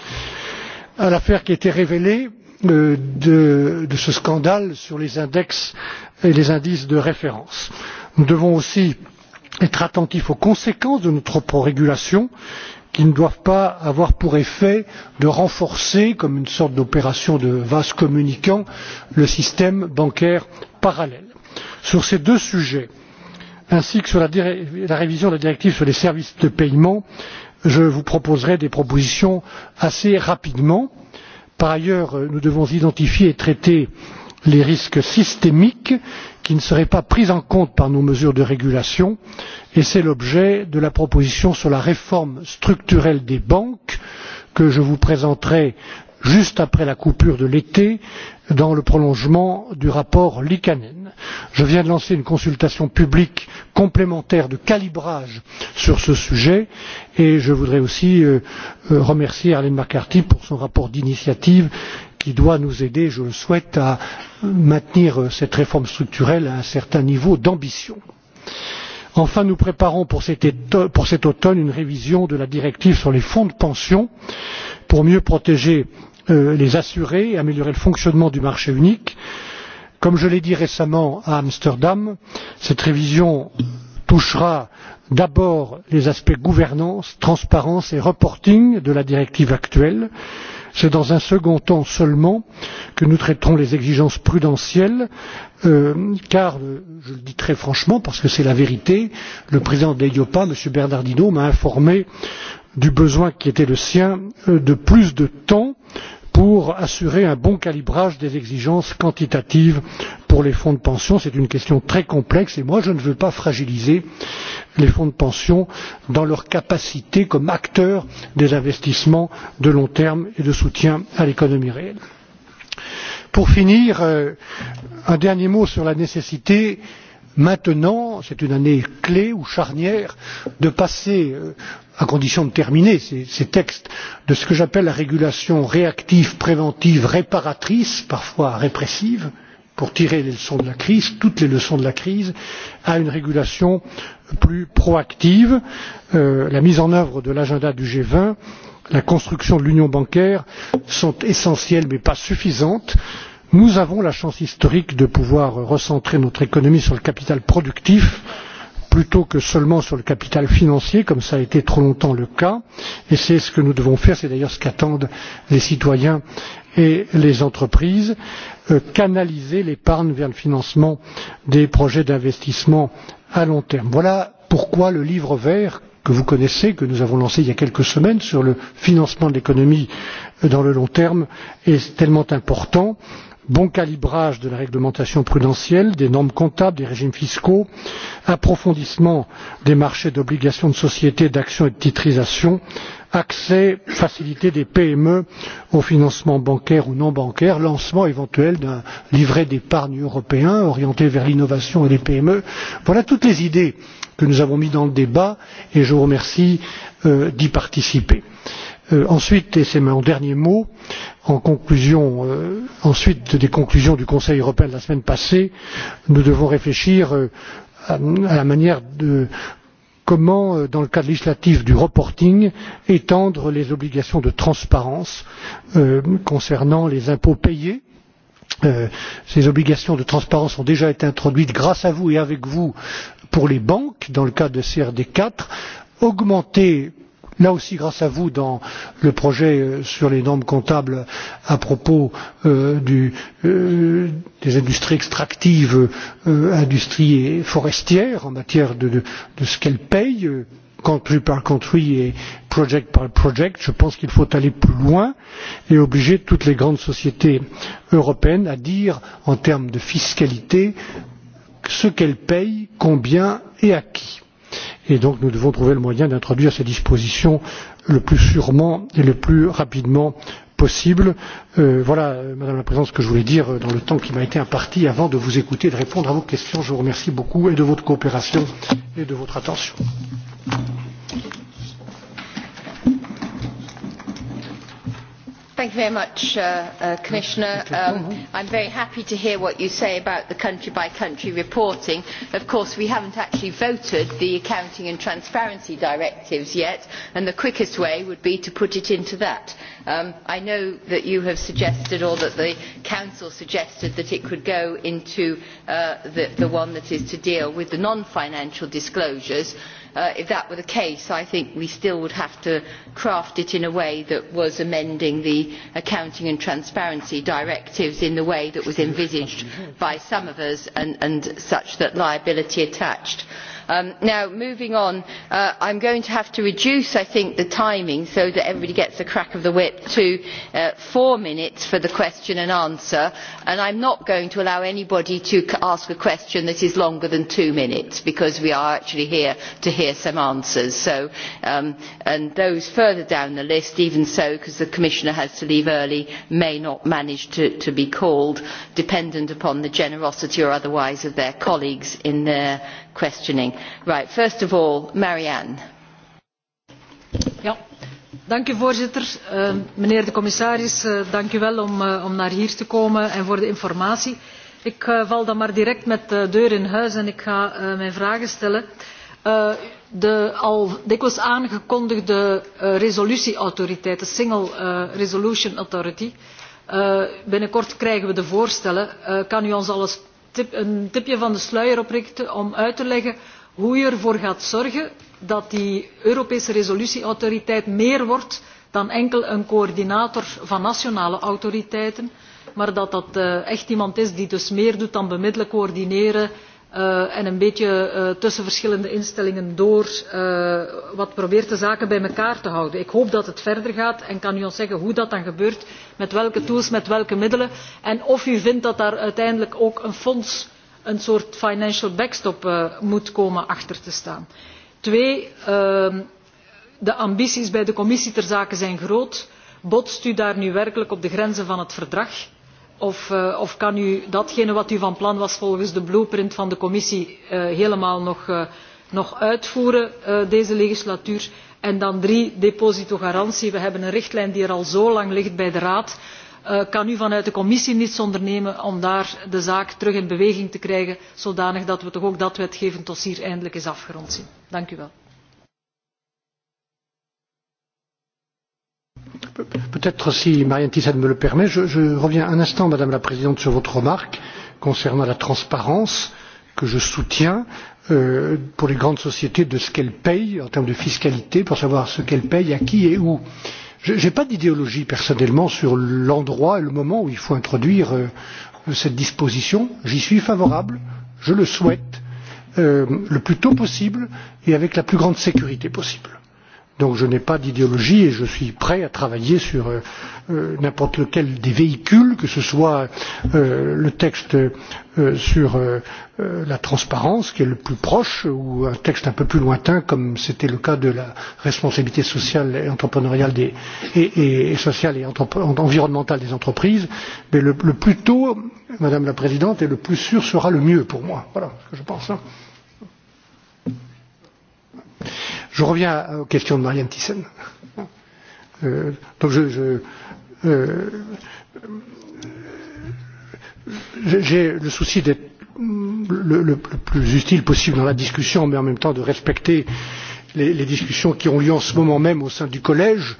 à l'affaire qui a été révélée euh, de, ce scandale sur les index et les indices de référence. Nous devons aussi être attentifs aux conséquences de notre propre régulation qui ne doivent pas avoir pour effet de renforcer comme une sorte d'opération de vase communicant le système bancaire parallèle. sur ces deux sujets ainsi que sur la, la révision de la directive sur les services de paiement je vous proposerai des propositions assez rapidement. par ailleurs nous devons identifier et traiter les risques systémiques qui ne seraient pas pris en compte par nos mesures de régulation et c'est l'objet de la proposition sur la réforme structurelle des banques que je vous présenterai juste après la coupure de l'été dans le prolongement du rapport liikanen. je viens de lancer une consultation publique complémentaire de calibrage sur ce sujet et je voudrais aussi euh, euh, remercier arlene mccarthy pour son rapport d'initiative qui doit nous aider je le souhaite à maintenir cette réforme structurelle à un certain niveau d'ambition. enfin nous préparons pour cet, automne une révision de la directive sur les fonds de pension pour mieux protéger euh, les assurés et améliorer le fonctionnement du marché unique. comme je l'ai dit récemment à amsterdam cette révision touchera d'abord les aspects gouvernance transparence et reporting de la directive actuelle c'est dans un second temps seulement que nous traiterons les exigences prudentielles euh, car euh, je le dis très franchement parce que c'est la vérité le président de l'eiopa m. bernardino m'a informé du besoin qui était le sien euh, de plus de temps pour assurer un bon calibrage des exigences quantitatives pour les fonds de pension. c'est une question très complexe et moi je ne veux pas fragiliser les fonds de pension dans leur capacité comme acteurs des investissements de long terme et de soutien à l'économie réelle. pour finir euh, un dernier mot sur la nécessité maintenant c'est une année clé ou charnière de passer euh, à condition de terminer ces, textes de ce que j'appelle la régulation réactive préventive réparatrice parfois répressive pour tirer les leçons de la crise toutes les leçons de la crise à une régulation plus proactive euh, la mise en œuvre de l'agenda du g vingt la construction de l'union bancaire sont essentielles mais pas suffisantes nous avons la chance historique de pouvoir recentrer notre économie sur le capital productif plutôt que seulement sur le capital financier comme cela a été trop longtemps le cas et c'est ce que nous devons faire c'est d'ailleurs ce qu'attendent les citoyens et les entreprises euh, canaliser l'épargne vers le financement des projets d'investissement à long terme. voilà pourquoi le livre vert que vous connaissez que nous avons lancé il y a quelques semaines sur le financement de l'économie dans le long terme est tellement important bon calibrage de la réglementation prudentielle des normes comptables des régimes fiscaux approfondissement des marchés d'obligations de société d'actions et de titrisation accès facilité des pme au financement bancaire ou non bancaire lancement éventuel d'un livret d'épargne européen orienté vers l'innovation et les pme voilà toutes les idées que nous avons mises dans le débat et je vous remercie euh, d'y participer. Euh, ensuite et c'est mon dernier mot en conclusion euh, ensuite des conclusions du conseil européen de la semaine passée nous devons réfléchir euh, à, la manière de comment euh, dans le cadre législatif du reporting étendre les obligations de transparence concernant les impôts payés ces obligations de transparence ont déjà été introduites grâce à vous et avec vous pour les banques dans le cadre de crd quatre augmenter là aussi grâce à vous dans le projet euh, sur les normes comptables à propos euh, euh, des industries extractives industrie industries et forestières en matière de, ce qu'elles payent country par country et project par project je pense qu'il faut aller plus loin et obliger toutes les grandes sociétés européennes à dire en termes de fiscalité ce qu'elles paient, combien et à qui et donc nous devons trouver le moyen d'introduire ces dispositions le plus sûrement et le plus rapidement possible. Euh, voilà madame la présidente ce que je voulais dire euh, dans le temps qui m'a été imparti avant de vous écouter et de répondre à vos questions. je vous remercie beaucoup et de votre coopération et de votre attention. Thank you very much, uh, uh, Commissioner. I um, I'm very happy to hear what you say about the country-by-country reporting. Of course, we haven't actually voted the Accounting and Transparency Directives yet, and the quickest way would be to put it into that. Um, I know that you have suggested, or that the Council suggested, that it could go into uh, the one that is to deal with the non-financial disclosures Uh, if that were the case i think we still would have to craft it in a way that was amending the accounting and transparency directives in the way that was envisaged by some of us and such that liability attached. Um, now moving on uh, i am going to have to reduce think the timing so that everybody gets a crack of the whip to uh, four minutes for the question and answer and i am not going to allow anybody to ask a question that is longer than two minutes because we are actually here to hear some answers um, and those further down the list even so because the commissioner has to leave early may not manage to be called dependent upon the generosity or otherwise of their colleagues in their questioning. Right, first of all, Marianne. Ja. Dank u voorzitter. Uh, meneer de commissaris, eh, dank u wel om, eh, om naar hier te komen en voor de informatie. Ik eh, val dan maar direct met de deur in huis en ik ga mijn vragen stellen. De al dikwijls aangekondigde resolutieautoriteit, de Single Resolution Authority. Binnenkort krijgen we de voorstellen. Kan u ons alles een tipje van de sluier oprichten om uit te leggen hoe je ervoor gaat zorgen dat die Europese resolutieautoriteit meer wordt dan enkel een coördinator van nationale autoriteiten, maar dat dat eh, echt iemand is die dus meer doet dan bemiddelen, coördineren Eh, en een beetje eh, tussen verschillende instellingen door eh, wat probeert de zaken bij elkaar te houden. Ik hoop dat het verder gaat en kan u ons zeggen hoe dat dan gebeurt, met welke tools, met welke middelen en of u vindt dat daar uiteindelijk ook een fonds, een soort financial backstop moet komen achter te staan. Twee, ehm, de ambities bij de commissie ter zake zijn groot. Botst u daar nu werkelijk op de grenzen van het verdrag? Eh, of, kan u datgene wat u van plan was volgens de blueprint van de commissie eh, helemaal nog, eh, uitvoeren deze legislatuur? en dan drie depositogarantie we hebben een richtlijn die er al zo lang ligt bij de raad. kan u vanuit de commissie niets ondernemen om daar de zaak terug in beweging te krijgen zodanig dat we toch ook dat wetgevend dossier eindelijk eens afgerond zien? dank u wel. Peut-être si Marianne Thyssen me le permet, je, reviens un instant, Madame la Présidente, sur votre remarque concernant la transparence que je soutiens euh, pour les grandes sociétés de ce qu'elles payent en termes de fiscalité, pour savoir ce qu'elles paient, à qui et où. Je n'ai pas d'idéologie personnellement sur l'endroit et le moment où il faut introduire euh, cette disposition. J'y suis favorable, je le souhaite, euh, le plus tôt possible et avec la plus grande sécurité possible donc je n'ai pas d'idéologie et je suis prêt à travailler sur euh, euh, n'importe lequel des véhicules que ce soit euh, le texte sur la transparence qui est le plus proche ou un texte un peu plus lointain comme c'était le cas de la responsabilité sociale et entrepreneuriale des, et, sociale et environnementale des entreprises mais le, plus tôt madame la présidente et le plus sûr sera le mieux pour moi voilà ce que je pense. Je reviens aux questions de Marianne Thyssen. Euh, donc je, je euh, j'ai le souci d'être le, le, le plus utile possible dans la discussion, mais en même temps de respecter les, les discussions qui ont lieu en ce moment même au sein du collège.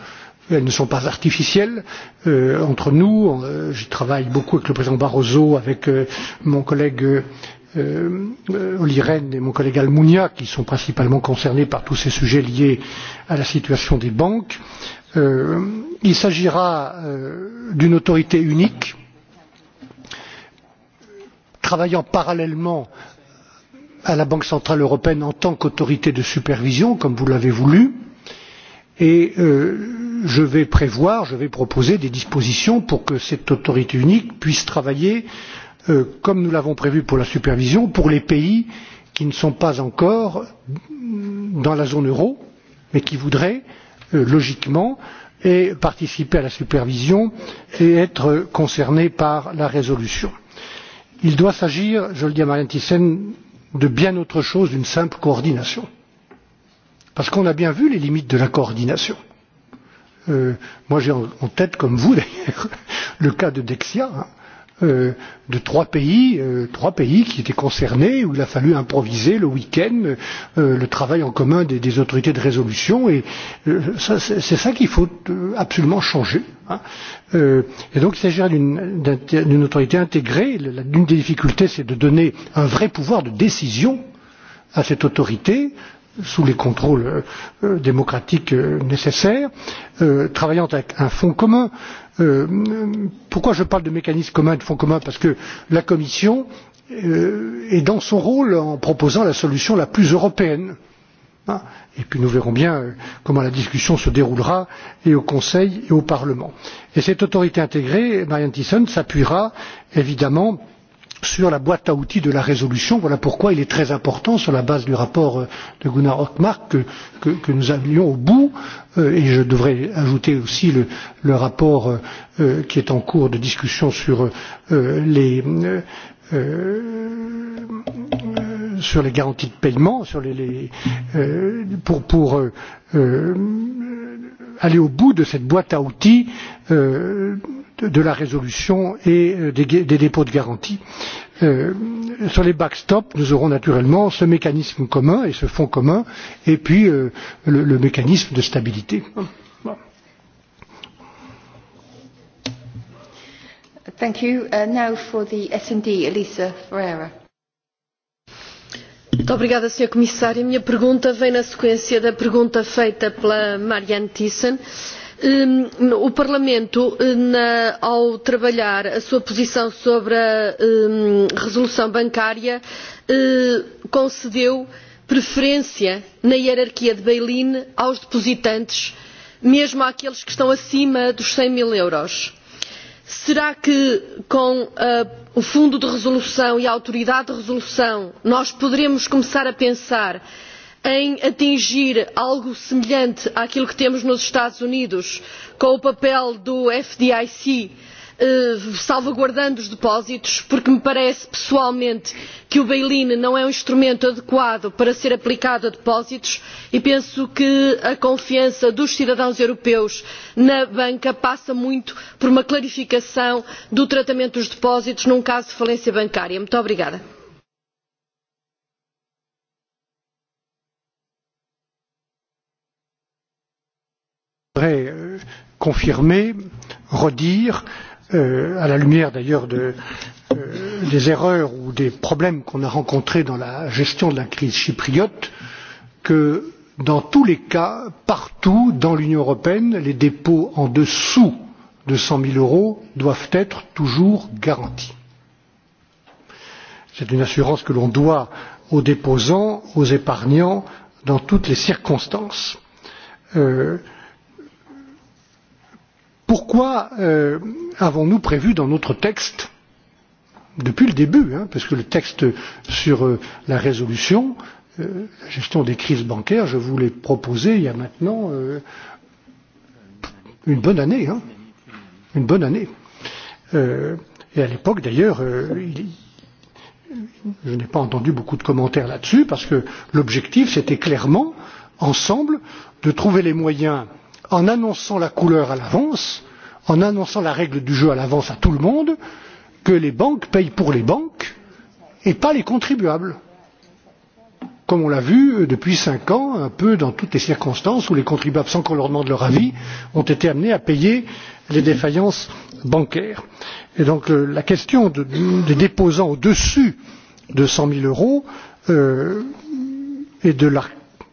Elles ne sont pas artificielles euh, entre nous. Euh, je travaille beaucoup avec le président Barroso, avec euh, mon collègue euh, Euh, euh, Olli Rehn et mon collègue Almunia, qui sont principalement concernés par tous ces sujets liés à la situation des banques. Euh, il s'agira d'une autorité unique, travaillant parallèlement à la Banque centrale européenne en tant qu'autorité de supervision, comme vous l'avez voulu, et je vais prévoir, je vais proposer des dispositions pour que cette autorité unique puisse travailler Euh, comme nous l'avons prévu pour la supervision pour les pays qui ne sont pas encore dans la zone euro mais qui voudraient euh, logiquement participer à la supervision et être concernés par la résolution. il doit s'agir je le dis à marianne thyssen de bien autre chose qu'une simple coordination parce qu'on a bien vu les limites de la coordination. Euh, moi j'ai en tête comme vous [laughs] d'ailleurs le cas de dexia Euh, de trois pays euh, trois pays qui étaient concernés où il a fallu improviser le week end euh, le travail en commun des, des autorités de résolution et c'est ça qu'il faut absolument changer hein. et donc il s'agit d'une autorité intégrée l'une des difficultés c'est de donner un vrai pouvoir de décision à cette autorité sous les contrôles démocratiques nécessaires travaillant avec un fonds commun Euh, pourquoi je parle de mécanisme commun et de fonds commun? parce que la commission euh, est dans son rôle en proposant la solution la plus européenne et puis nous verrons bien euh, comment la discussion se déroulera et au conseil et au parlement. cette autorité intégrée marianne thyssen s'appuiera évidemment sur la boîte à outils de la résolution. Voilà pourquoi il est très important, sur la base du rapport euh, de Gunnar Hockmark, que, nous allions au bout, euh, et je devrais ajouter aussi le, rapport euh, qui est en cours de discussion sur les garanties de paiement, pour aller au bout de cette boîte à outils de, la résolution et euh, des, dépôts de garantie. Euh, sur les backstops nous aurons naturellement ce mécanisme commun et ce fonds commun et puis euh, le, mécanisme de stabilité. Thank you. Uh, now for the Elisa Ferreira. Muito obrigada, Sr. Comissário. A minha pergunta vem na sequência da pergunta feita pela Marianne Thyssen o parlamento ao trabalhar a sua posição sobre a resolução bancária concedeu preferência na hierarquia de bail in aos depositantes mesmo àqueles que estão acima dos cem mil euros. será que com o fundo de resolução e a autoridade de resolução nós poderemos começar a pensar em atingir algo semelhante àquilo que temos nos Estados Unidos com o papel do FDIC eh, salvaguardando os depósitos porque me parece pessoalmente que o bail in não é um instrumento adequado para ser aplicado a depósitos e penso que a confiança dos cidadãos europeus na banca passa muito por uma clarificação do tratamento dos depósitos num caso de falência bancária. muito obrigada. voudrais euh, confirmer, redire, euh, à la lumière d'ailleurs de, euh, des erreurs ou des problèmes qu'on a rencontrés dans la gestion de la crise chypriote, que dans tous les cas, partout dans l'Union européenne, les dépôts en dessous de cent zéro euros doivent être toujours garantis. C'est une assurance que l'on doit aux déposants, aux épargnants, dans toutes les circonstances pourquoi euh, avons nous prévu dans notre texte depuis le début parce que le texte sur euh, la résolution euh, la gestion des crises bancaires je vous l'ai proposé il y a maintenant une bonne année une bonne année et à l'époque d'ailleurs je n'ai pas entendu beaucoup de commentaires là dessus parce que l'objectif c'était clairement ensemble de trouver les moyens en annonçant la couleur à l'avance en annonçant la règle du jeu à l'avance à tout le monde que les banques paient pour les banques et pas les contribuables comme on l'a vu euh, depuis cinq ans un peu dans toutes les circonstances où les contribuables sans qu'on leur demande leur avis ont été amenés à payer les défaillances bancaires. Et donc euh, la question des déposants au dessus de cent zéro euros euh, et de la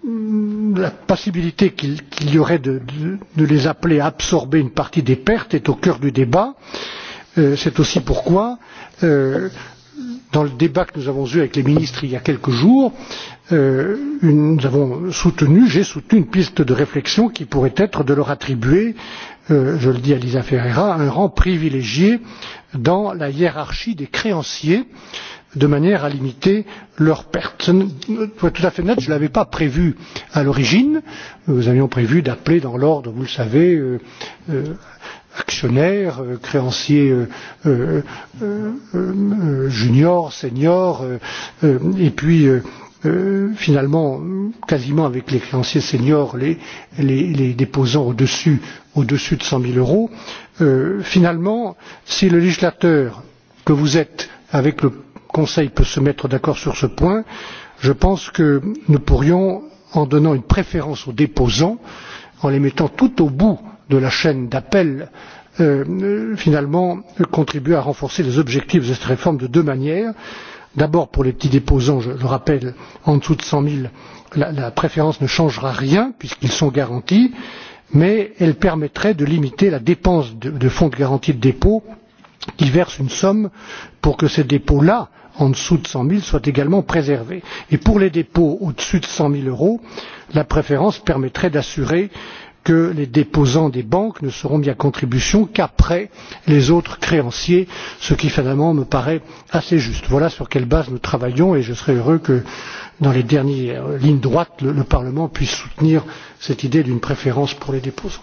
Mm, la possibilité qu'il y aurait de, les appeler à absorber une partie des pertes est au cœur du débat. Euh, c'est aussi pourquoi euh, dans le débat que nous avons eu avec les ministres il y a quelques jours euh, nous avons soutenu j'ai soutenu une piste de réflexion qui pourrait être de leur attribuer je le dis à lisa ferreira un rang privilégié dans la hiérarchie des créanciers de manière à limiter leurs pertes. pour être tout à fait honnête, je ne l'avais pas prévu à l'origine nous avions prévu d'appeler dans l'ordre vous le savez euh, euh, actionnaires euh, créanciers euh, euh, juniors seniors et puis finalement quasiment avec les créanciers seniors les, les, déposants au dessus au dessus de cent zéro euros finalement si le législateur que vous êtes avec le conseil peut se mettre d'accord sur ce point je pense que nous pourrions en donnant une préférence aux déposants en les mettant tout au bout de la chaîne d'appel euh, finalement contribuer à renforcer les objectifs de cette réforme de deux manières d'abord pour les petits déposants je le rappelle en dessous de cent zéro la, préférence ne changera rien puisqu'ils sont garantis mais elle permettrait de limiter la dépense de fonds de garantie de dépôt qui verse une somme pour que ces dépôts là en dessous de cent zéro soit également préservés. et pour les dépôts au dessus de cent zéro euros la préférence permettrait d'assurer que les déposants des banques ne seront mis à contribution qu'après les autres créanciers ce qui finalement me paraît assez juste. voilà sur quelle base nous travaillons et je serais heureux que dans les dernières lignes droites le parlement puisse soutenir cette idée d'une préférence pour les déposants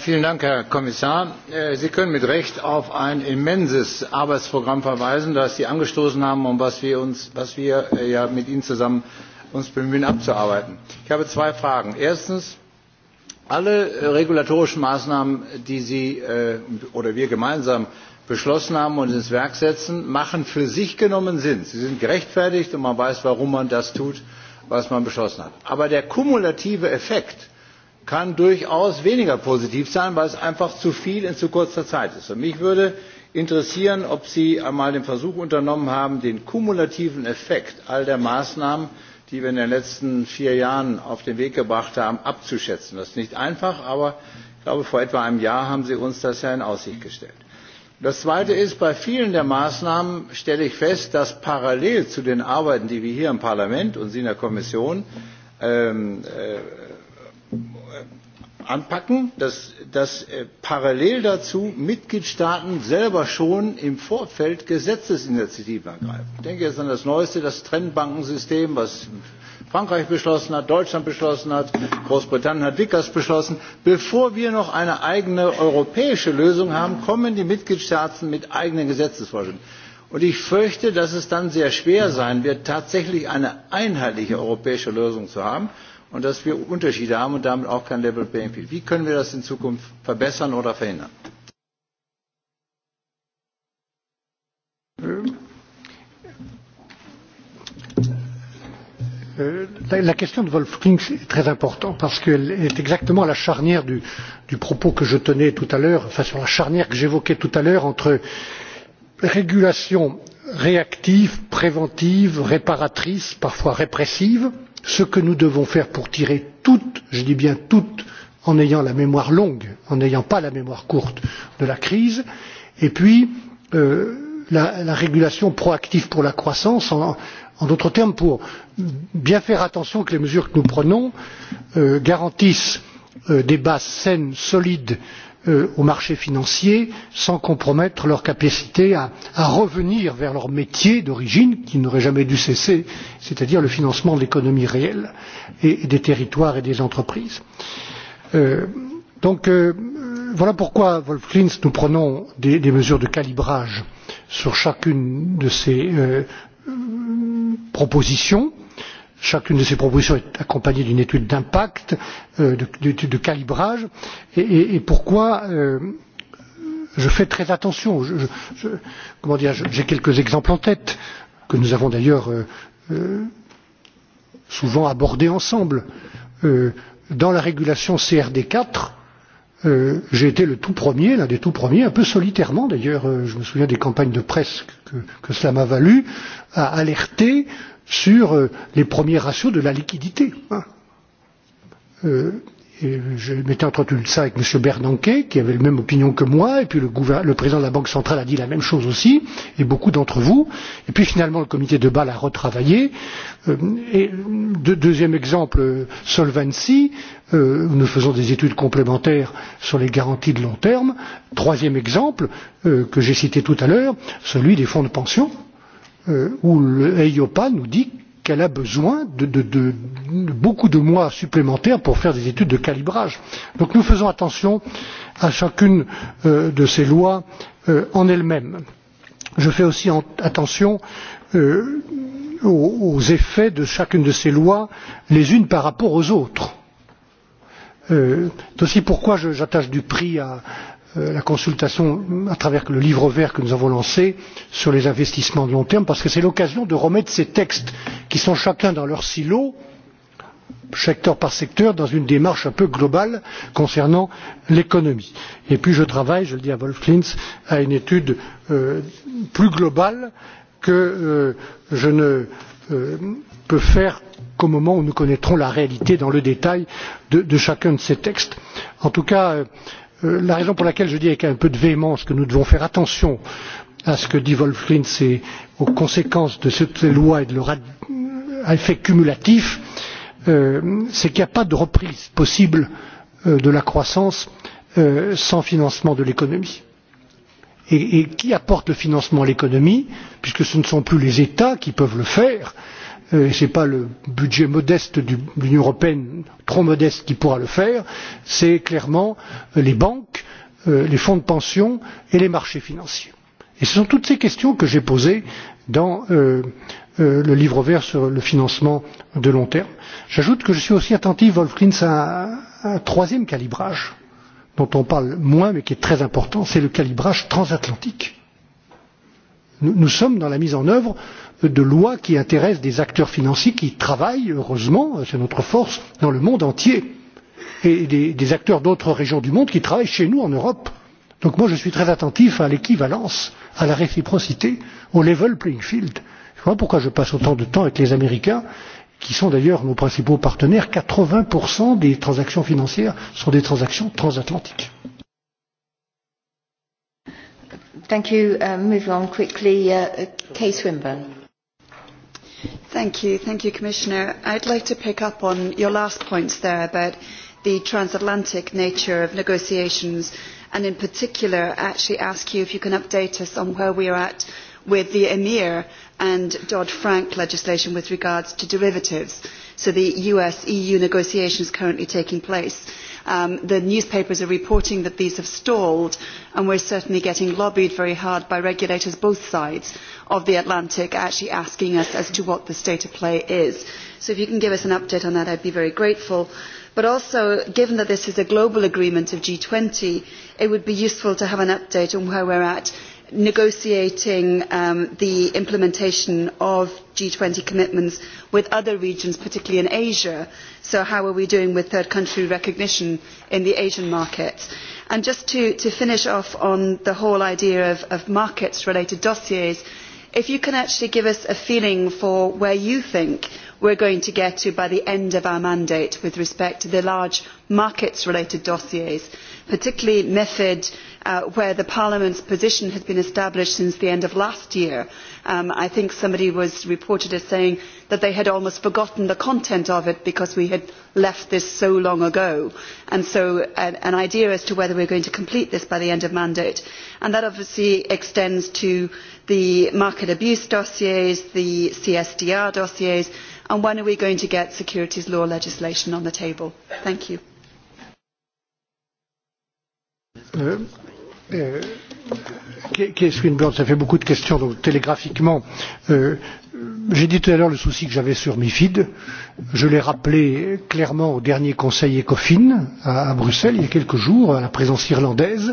vielen Dank, Herr Kommissar. Äh, Sie können mit Recht auf ein immenses Arbeitsprogramm verweisen, das Sie angestoßen haben und um was wir, uns, wir äh, ja mit Ihnen zusammen uns bemühen abzuarbeiten. Ich habe zwei Fragen. Erstens, alle äh, regulatorischen Maßnahmen, die Sie oder wir gemeinsam beschlossen haben und ins Werk setzen, machen für sich genommen Sinn. Sie sind gerechtfertigt und man weiß, warum man das tut, was man beschlossen hat. Aber der kumulative Effekt kann durchaus weniger positiv sein weil es einfach zu viel in zu kurzer zeit ist. Und mich würde interessieren ob sie einmal den versuch unternommen haben den kumulativen effekt all der maßnahmen die wir in den letzten vier jahren auf den weg gebracht haben abzuschätzen. das ist nicht einfach aber ich glaube vor etwa einem jahr haben sie uns das ja in aussicht gestellt. das zweite ist bei vielen der maßnahmen stelle ich fest dass parallel zu den arbeiten die wir hier im parlament und sie in der kommission ähm, äh, anpacken dass, dass äh, parallel dazu mitgliedstaaten selber schon im vorfeld gesetzesinitiativen ergreifen. ich denke jetzt an das neueste das trennbankensystem was frankreich beschlossen hat deutschland beschlossen hat großbritannien hat Vickers beschlossen. bevor wir noch eine eigene europäische lösung haben kommen die mitgliedstaaten mit eigenen gesetzesvorschlägen. und ich fürchte dass es dann sehr schwer sein wird tatsächlich eine einheitliche europäische lösung zu haben und dass wir Unterschiede haben und damit auch kein Level Playing Field. Wie können wir das in Zukunft verbessern oder verhindern? Euh, la question de Wolf est très importante parce qu'elle est exactement à la charnière du, du propos que je tenais tout à l'heure, enfin sur la charnière que j'évoquais tout à l'heure entre régulation réactive, préventive, réparatrice, parfois répressive, ce que nous devons faire pour tirer toutes je dis bien toutes en ayant la mémoire longue en n'ayant pas la mémoire courte de la crise et puis euh, la, régulation proactive pour la croissance en, d'autres termes pour bien faire attention que les mesures que nous prenons euh, garantissent Euh, des bases saines solides euh, aux marchés financiers sans compromettre leur capacité à, revenir vers leur métier d'origine qui n'aurait jamais dû cesser c'est à dire le financement de l'économie réelle et, des territoires et des entreprises. Euh, voilà pourquoi wolf klinz nous prenons des, mesures de calibrage sur chacune de ces propositions chacune de ces propositions est accompagnée d'une étude d'impact d'étude euh, de calibrage et pourquoi euh, je fais très attention comment dire j'ai quelques exemples en tête que nous avons d'ailleurs euh, souvent abordés ensemble dans la régulation crd quatre j'ai été le tout premier l'un des tout premiers un peu solitairement d'ailleurs je me souviens des campagnes de presse que cela m'a valu à alerter sur euh, les premiers ratios de la liquidité. Euh, et je m'étais entretenu de ça avec M. Bernanke, qui avait la même opinion que moi, et puis le, le président de la Banque centrale a dit la même chose aussi, et beaucoup d'entre vous. Et puis finalement, le comité de Bâle a retravaillé. Euh, et de, deuxième exemple, Solvency, où nous faisons des études complémentaires sur les garanties de long terme. Troisième exemple, que j'ai cité tout à l'heure, celui des fonds de pension Euh, où l'EIOPA e nous dit qu'elle a besoin de, beaucoup de mois supplémentaires pour faire des études de calibrage. Donc nous faisons attention à chacune euh, de ces lois euh, en elles mêmes. Je fais aussi attention aux, effets de chacune de ces lois, les unes par rapport aux autres. C'est aussi pourquoi j'attache du prix à Euh, la consultation à travers le livre vert que nous avons lancé sur les investissements de long terme parce que c'est l'occasion de remettre ces textes qui sont chacun dans leur silo secteur par secteur dans une démarche un peu globale concernant l'économie. et puis je travaille je le dis à wolf klinz à une étude euh, plus globale que euh, je ne peux faire qu'au moment où nous connaîtrons la réalité dans le détail de chacun de ces textes. en tout cas Euh, la raison pour laquelle je dis avec un peu de véhémence que nous devons faire attention à ce que dit wolf klinz et aux conséquences de cette loi et de leur effet cumulatif euh, c'est qu'il n'y a pas de reprise possible euh, de la croissance sans financement de l'économie. Et, qui apporte le financement à l'économie puisque ce ne sont plus les états qui peuvent le faire Euh, ce n'est pas le budget modeste de l'union européenne trop modeste qui pourra le faire c'est clairement euh, les banques euh, les fonds de pension et les marchés financiers. et ce sont toutes ces questions que j'ai posées dans le livre vert sur le financement de long terme. j'ajoute que je suis aussi attentif wolf klinz à un troisième calibrage dont on parle moins mais qui est très important c'est le calibrage transatlantique. nous sommes dans la mise en œuvre de lois qui intéressent des acteurs financiers qui travaillent heureusement c'est notre force dans le monde entier et des, acteurs d'autres régions du monde qui travaillent chez nous en europe. donc moi je suis très attentif à l'équivalence à la réciprocité au level playing field. je vois pourquoi je passe autant de temps avec les américains qui sont d'ailleurs nos principaux partenaires quatre vingts des transactions financières sont des transactions transatlantiques. Uh, Thank you, thank you, like to pick up on your last points there about the transatlantic nature of negotiations and in particular actually ask you if you can update us on where we are at with the emir and dodd frank legislation with regard to derivatives so the us eu negotiations currently taking place. Um, the newspapers are reporting that these have stalled and we are certainly getting lobbied very hard by regulators both sides of the Atlantic actually asking us as to what the state of play is. So if you can give us an update on that I'd be very grateful. But also, given that this is a global agreement of G20, it would be useful to have an update on where we are at negotiating um, the implementation of g twenty commitments with other regions particularly in asia so how are we doing with third country recognition in the asian market? And just to, finish off on the whole idea of, of markets related dossiers if you can actually give us a feeling for where you think we are going to get to by the end of our mandate with respect to the large markets related dossiers particularly method uh, where the parliament's position has been established since the end of last year. Um, i think somebody was reported as saying that they had almost forgotten the content of it because we had left this so long ago and so uh, an, idea as to whether we are going to complete this by the end of mandate that obviously extends to the market abuse dossiers the csdr dossiers and when are we going to get securities law legislation on the table? thank you. Euh, euh ce Swinburne, ça fait beaucoup de questions, donc télégraphiquement, euh, euh, j'ai dit tout à l'heure le souci que j'avais sur MIFID. Je l'ai rappelé clairement au dernier conseil ECOFIN à, Bruxelles, il y a quelques jours, à la présence irlandaise,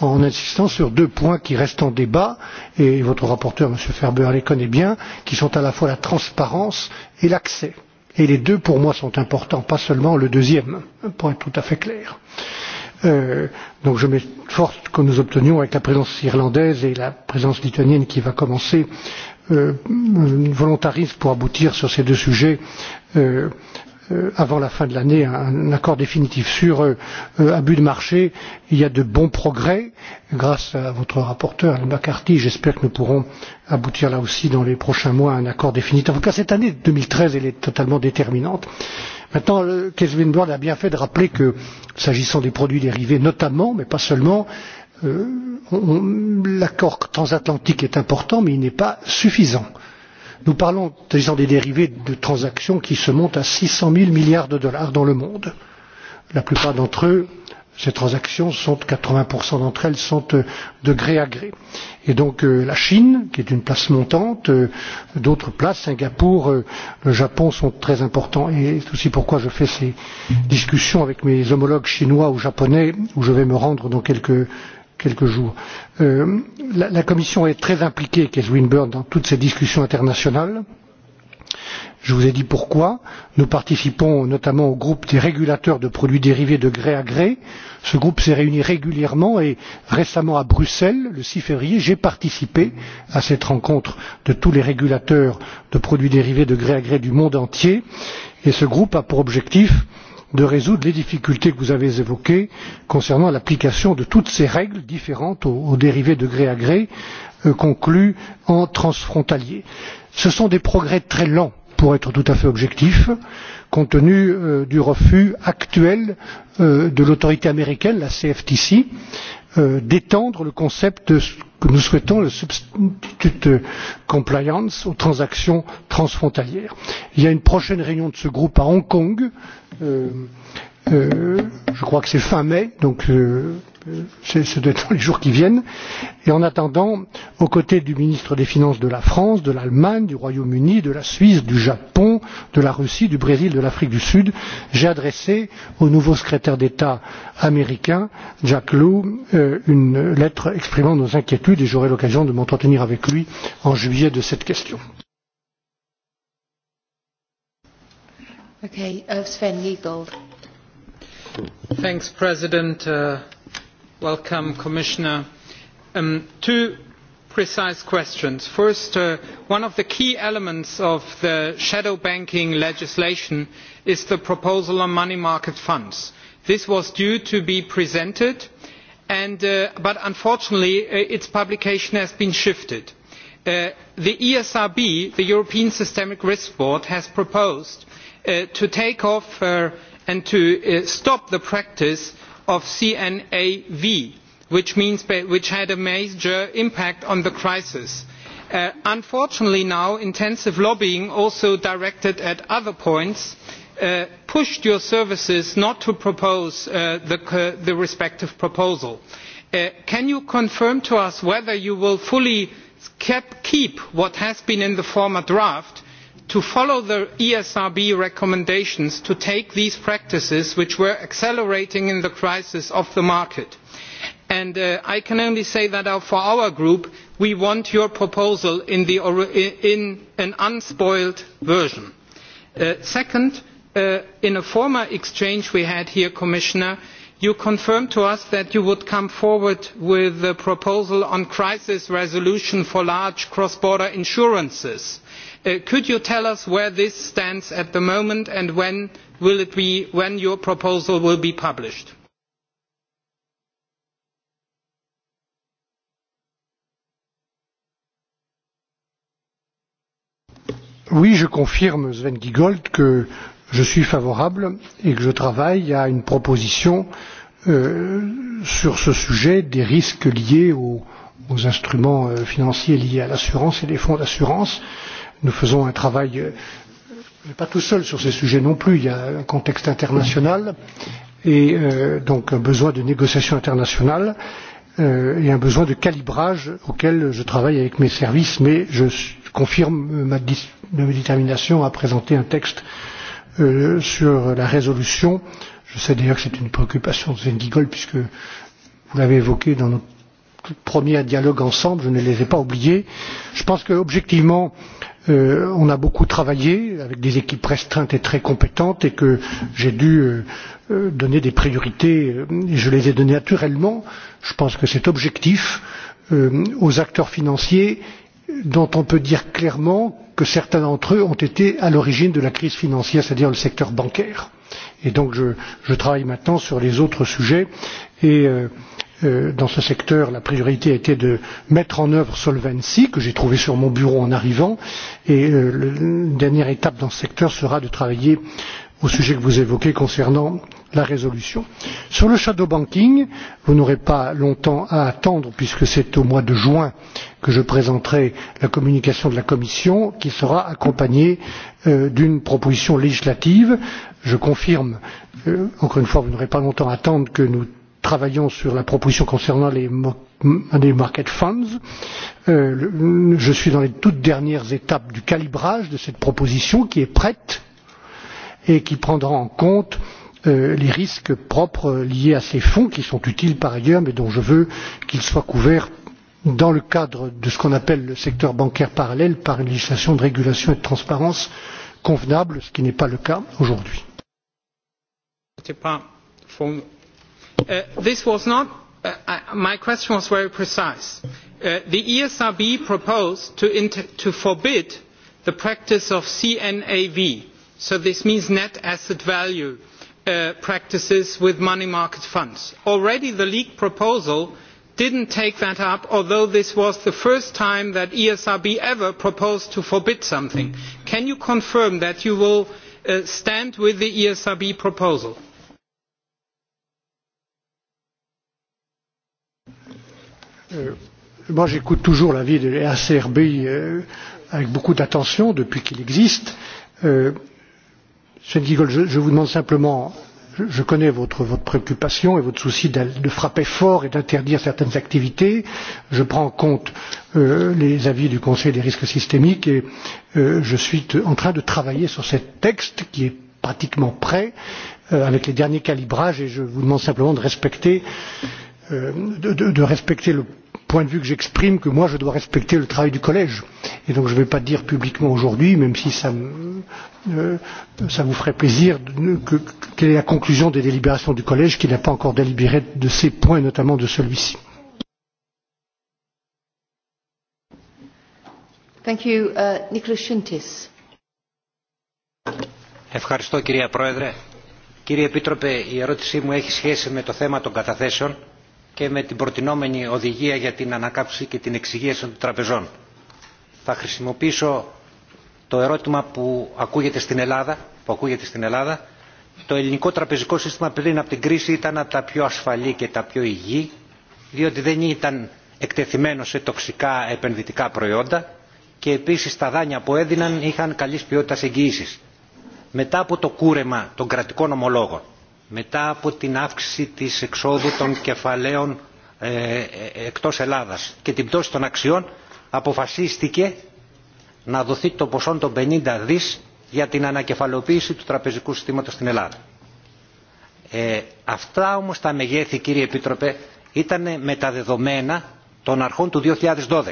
en insistant sur deux points qui restent en débat, et votre rapporteur, M. Ferber, les connaît bien, qui sont à la fois la transparence et l'accès. Et les deux, pour moi, sont importants, pas seulement le deuxième, pour être tout à fait clair. Euh, donc je m'efforce que nous obtenions avec la présidence irlandaise et la présidence lituanienne qui va commencer euh, un volontarisme pour aboutir sur ces deux sujets euh, avant la fin de l'année un accord définitif. sur abus de marché il y a de bons progrès grâce à votre rapporteur mme mccarthy j'espère que nous pourrons aboutir là aussi dans les prochains mois à un accord définitif. en tout cas cette année deux mille treize est totalement déterminante maintenant euh, Kevin Brown a bien fait de rappeler que s'agissant des produits dérivés notamment mais pas seulement euh, l'accord transatlantique est important mais il n'est pas suffisant. nous parlons s'agissant des dérivés de transactions qui se montent à six cents zéro milliards de dollars dans le monde la plupart d'entre eux ces transactions sont vingts d'entre elles sont euh, de gré à gré et donc euh, la Chine qui est une place montante euh, d'autres places Singapour le Japon sont très importants et c'est aussi pourquoi je fais ces discussions avec mes homologues chinois ou japonais où je vais me rendre dans quelques jours la, commission est très impliquée catherine Winburn dans toutes ces discussions internationales je vous ai dit pourquoi nous participons notamment au groupe des régulateurs de produits dérivés de gré à gré ce groupe s'est réuni régulièrement et récemment à bruxelles le six février j'ai participé à cette rencontre de tous les régulateurs de produits dérivés de gré à gré du monde entier et ce groupe a pour objectif de résoudre les difficultés que vous avez évoquées concernant l'application de toutes ces règles différentes aux dérivés de gré à gré euh, conclus en transfrontalier. ce sont des progrès très lents pour être tout à fait objectif compte tenu euh, du refus actuel euh, de l'autorité américaine la cftc euh, d'étendre le concept de, que nous souhaitons le substitute compliance aux transactions transfrontalières. il y a une prochaine réunion de ce groupe à hong kong je crois que c'est fin mai donc ce doit dans les jours qui viennent et en attendant aux côtés du ministre des finances de la france de l'allemagne du royaume uni de la suisse du japon de la russie du brésil de l'afrique du sud j'ai adressé au nouveau secrétaire d'état américain jack lew euh, une lettre exprimant nos inquiétudes et j'aurai l'occasion de m'entretenir avec lui en juillet de cette question. Uh, welcome commissioner. Um, two precise questions. first uh, one of the key elements of the shadow banking legislation is the proposal on money market funds. this was due to be presented and, uh, but unfortunately uh, its publication has been shifted. the esrb the european systemic risk board has proposed to take off and to stop the practice of CNAV, which, means, which had a major impact on the crisis. Uh, unfortunately now intensive lobbying also directed at other points uh, pushed your services not to propose uh, the, respective proposal. can you confirm to us whether you will fully keep what has been in the former draft to follow the esrb recommendations to take these practices which were accelerating in the crisis of the market and uh, i can only say that uh, for our group we want your proposal in, an unspoiled version. Uh, second in a former exchange we had here commissioner you confirmed to us that you would come forward with a proposal on crisis resolution for large cross border insurances Uh, could you tell us where this stands at the moment and when, your proposal will be published? Oui, je confirme, Sven Giegold, que je suis favorable et que je travaille à une proposition euh, sur ce sujet des risques liés aux, instruments euh, financiers liés à l'assurance et les fonds d'assurance nous faisons un travail mais euh, pas tout seul sur ces sujets non plus il y a un contexte international et euh, donc un besoin de négociation internationale euh, et un besoin de calibrage auquel je travaille avec mes services mais je confirme ma, détermination à présenter un texte sur la résolution je sais d'ailleurs que c'est une préoccupation de Sven Giegold puisque vous l'avez évoqué dans notre premier dialogue ensemble je ne les ai pas oubliés je pense qu'objectivement Euh, on a beaucoup travaillé avec des équipes restreintes et très compétentes et que j'ai dû euh, euh, donner des priorités et je les ai données naturellement je pense que c'est objectif aux acteurs financiers dont on peut dire clairement que certains d'entre eux ont été à l'origine de la crise financière c'est à dire le secteur bancaire. et donc je, travaille maintenant sur les autres sujets et Euh, dans ce secteur la priorité a été de mettre en œuvre solvency que j'ai trouvé sur mon bureau en arrivant et euh, la dernière étape dans ce secteur sera de travailler au sujet que vous évoquez concernant la résolution. sur le shadow banking vous n'aurez pas longtemps à attendre puisque c'est au mois de juin que je présenterai la communication de la commission qui sera accompagnée euh, d'une proposition législative. je confirme encore une fois vous n'aurez pas longtemps à attendre que nous travaillons sur la proposition concernant les, money market funds. Euh, je suis dans les toutes dernières étapes du calibrage de cette proposition qui est prête et qui prendra en compte euh, les risques propres liés à ces fonds qui sont utiles par ailleurs mais dont je veux qu'ils soient couverts dans le cadre de ce qu'on appelle le secteur bancaire parallèle par une législation de régulation et de transparence convenable ce qui n'est pas le cas aujourd'hui. Uh, this was not uh, my question was very precise. Uh, the ESRB proposed to, forbid the practice of CNAV, so this means net asset value practices with money market funds. Already the leaked proposal did not take that up, although this was the first time that ESRB ever proposed to forbid something. Can you confirm that you will stand with the ESRB proposal? Euh, moi j'écoute toujours l'avis de l'ACRB euh, avec beaucoup d'attention depuis qu'il existe. monsieur Giegold, je, vous demande simplement je, connais votre, préoccupation et votre souci de, frapper fort et d'interdire certaines activités. Je prends en compte euh, les avis du Conseil des risques systémiques et je suis en train de travailler sur ce texte qui est pratiquement prêt avec les derniers calibrages et je vous demande simplement de respecter Euh, de, de, respecter le point de vue que j'exprime que moi je dois respecter le travail du collège et donc je ne vais pas dire publiquement aujourd'hui même si ça, euh, vous ferait plaisir que, quelle est la conclusion des délibérations du collège qui n'a pas encore délibéré de ces points notamment de celui ci. Thank you. Uh, και με την προτινόμενη οδηγία για την ανακάψη και την εξυγίαση των τραπεζών. Θα χρησιμοποιήσω το ερώτημα που ακούγεται στην Ελλάδα, που ακούγεται στην Ελλάδα. Το ελληνικό τραπεζικό σύστημα πριν από την κρίση ήταν από τα πιο ασφαλή και τα πιο υγιή, διότι δεν ήταν εκτεθειμένο σε τοξικά επενδυτικά προϊόντα και επίσης τα δάνεια που έδιναν είχαν καλής ποιότητας εγγυήσεις. Μετά από το κούρεμα των κρατικών ομολόγων μετά από την αύξηση της εξόδου των κεφαλαίων εκτός Ελλάδας και την πτώση των αξιών αποφασίστηκε να δοθεί το ποσό των 50 δις για την ανακεφαλοποίηση του τραπεζικού συστήματος στην Ελλάδα. Ε, αυτά όμως τα μεγέθη κύριε Επίτροπε ήταν με τα δεδομένα των αρχών του 2012.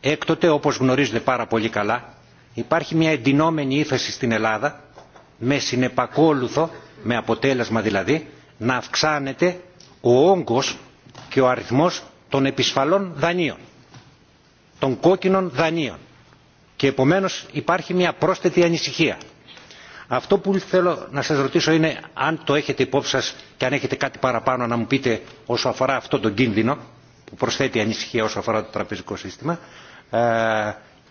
Έκτοτε όπως γνωρίζετε πάρα πολύ καλά υπάρχει μια εντυνόμενη ύφεση στην Ελλάδα με συνεπακόλουθο με αποτέλεσμα δηλαδή να αυξάνεται ο όγκος και ο αριθμός των επισφαλών δανείων, των κόκκινων δανείων και επομένως υπάρχει μια πρόσθετη ανησυχία. Αυτό που θέλω να σας ρωτήσω είναι αν το έχετε υπόψη σας και αν έχετε κάτι παραπάνω να μου πείτε όσο αφορά αυτό τον κίνδυνο που προσθέτει ανησυχία όσο αφορά το τραπεζικό σύστημα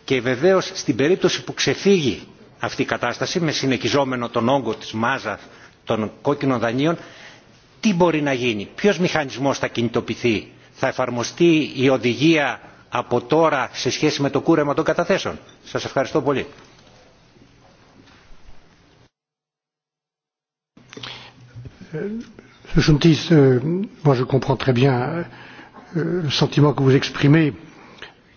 και βεβαίως στην περίπτωση που ξεφύγει αυτή η κατάσταση με συνεχιζόμενο τον όγκο της μάζας των κόκκινων δανείων τι μπορεί να γίνει ποιος μηχανισμός θα κινητοποιηθεί θα εφαρμοστεί η οδηγία από τώρα σε σχέση με το κούρεμα των καταθέσεων. Σας ευχαριστώ πολύ. Euh, Chountis, euh, moi je comprends très bien euh, le sentiment que vous exprimez,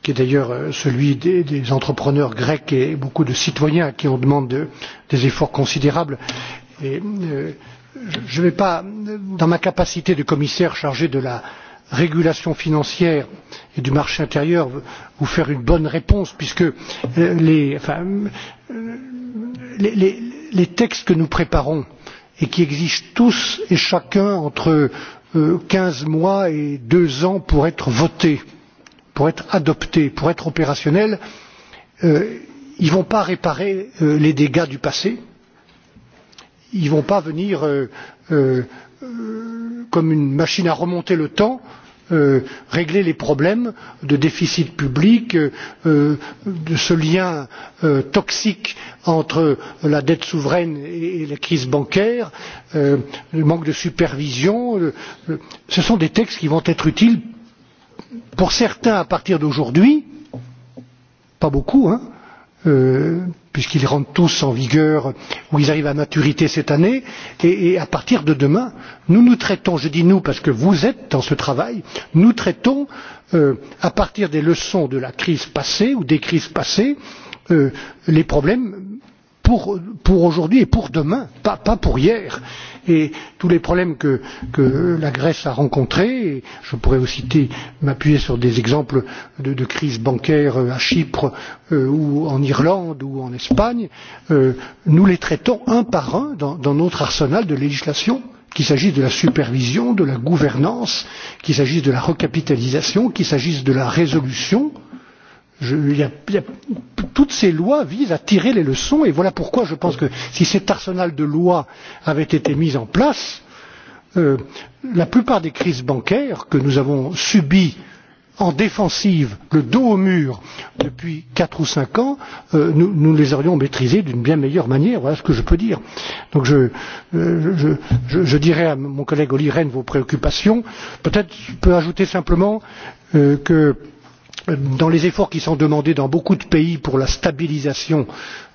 qui est d'ailleurs celui des, des entrepreneurs grecs et beaucoup de citoyens qui en demandent des efforts considérables. Euh, je ne vais pas, dans ma capacité de commissaire chargé de la régulation financière et du marché intérieur, vous faire une bonne réponse, puisque euh, euh, les, textes que nous préparons et qui exigent tous et chacun entre quinze mois et deux ans pour être votés pour être adoptés pour être opérationnels ils ne vont pas réparer les dégâts du passé ils ne vont pas venir euh, euh, euh, comme une machine à remonter le temps régler les problèmes de déficit public de ce lien toxique entre la dette souveraine et la crise bancaire le manque de supervision ce sont des textes qui vont être utiles pour certains à partir d'aujourd'hui pas beaucoup hein Euh, puisqu'ils rentrent tous en vigueur ou ils arrivent à maturité cette année et, à partir de demain nous nous traitons je dis nous parce que vous êtes dans ce travail nous traitons euh, à partir des leçons de la crise passée ou des crises passées euh, les problèmes pour, pour aujourd'hui et pour demain pas, pas pour hier et tous les problèmes que, la grèce a rencontrés et je pourrais aussi m'appuyer sur des exemples de, de crise bancaire euh, à chypre euh, ou en irlande ou en espagne euh, nous les traitons un par un dans, notre arsenal de législation qu'il s'agisse de la supervision de la gouvernance qu'il s'agisse de la recapitalisation qu'il s'agisse de la résolution toutes ces lois visent à tirer les leçons et voilà pourquoi je pense que si cet arsenal de lois avait été mis en place euh, la plupart des crises bancaires que nous avons subies en défensive le dos au mur depuis quatre ou cinq ans euh, nous, les aurions maîtrisées d'une bien meilleure manière voilà ce que je peux dire. donc je, dirai euh, dirais à mon collègue olli rehn vos préoccupations. peut être je peux ajouter simplement que dans les efforts qui sont demandés dans beaucoup de pays pour la stabilisation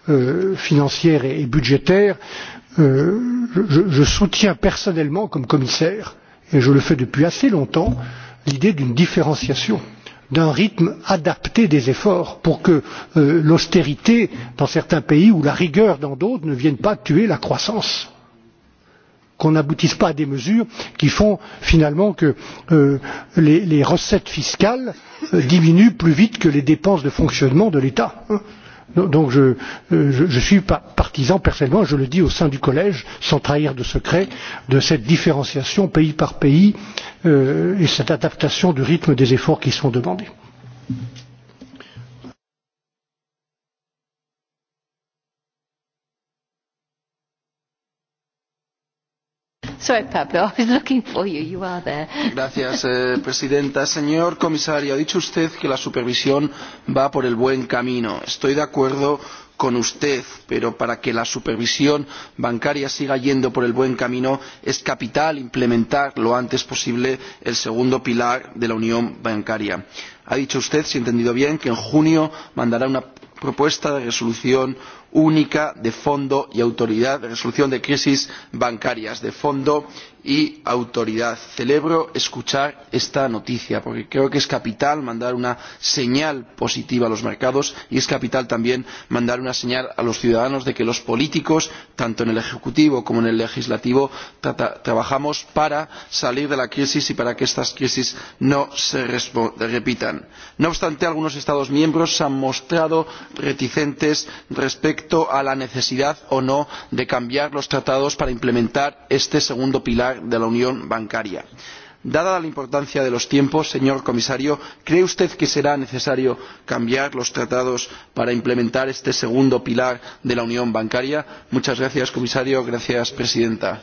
euh, financière et budgétaire euh, je, soutiens personnellement comme commissaire et je le fais depuis assez longtemps l'idée d'une différenciation d'un rythme adapté des efforts pour que euh, l'austérité dans certains pays ou la rigueur dans d'autres ne viennent pas tuer la croissance qu'on n'aboutisse pas à des mesures qui font finalement que euh, les, recettes fiscales euh, diminuent plus vite que les dépenses de fonctionnement de l'état. donc euh, je, je, suis suis pa-, partisan personnellement je le dis au sein du collège sans trahir de secret de cette différenciation pays par pays et et cette adaptation du rythme des efforts qui sont demandés. Señora [laughs] eh, presidenta. Señor comisario, ha dicho usted que la supervisión va por el buen camino. Estoy de acuerdo con usted pero para que la supervisión bancaria siga yendo por el buen camino es capital implementar lo antes posible el segundo pilar de la unión bancaria. ha dicho usted si he entendido bien que en junio mandará una propuesta de resolución única de fondo y autoridad de resolución de crisis bancarias de fondo y autoridad. celebro escuchar esta noticia porque creo que es capital mandar una señal positiva a los mercados y es capital también mandar una señal a los ciudadanos de que los políticos tanto en el ejecutivo como en el legislativo trabajamos para salir de la crisis y para que estas crisis no se repitan. no obstante algunos estados miembros se han mostrado reticentes respecto a la necesidad o no de cambiar los tratados para implementar este segundo pilar de la unión bancaria. dada la importancia de los tiempos señor comisario cree usted que será necesario cambiar los tratados para implementar este segundo pilar de la unión bancaria? muchas gracias comisario gracias presidenta.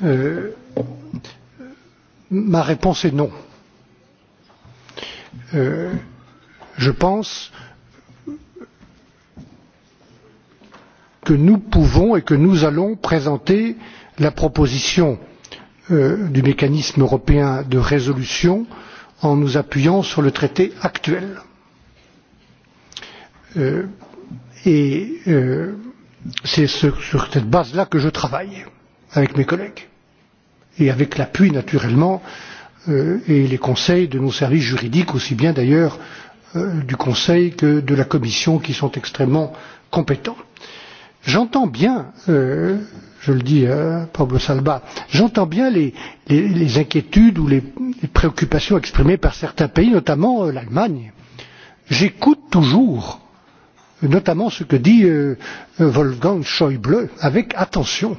Euh, ma réponse est non. Euh, je pense que nous pouvons et que nous allons présenter la proposition euh, du mécanisme européen de résolution en nous appuyant sur le traité actuel. Euh, et euh, c'est sur cette base là que je travaille avec mes collègues et avec l'appui naturellement et les conseils de nos services juridiques aussi bien d'ailleurs du conseil que de la commission qui sont extrêmement compétents j'entends bien euh, je le dis à Pablo Salba j'entends bien les, les, inquiétudes ou les, préoccupations exprimées par certains pays notamment euh, l'Allemagne j'écoute toujours notamment ce que dit euh, euh, Wolfgang Schäuble avec attention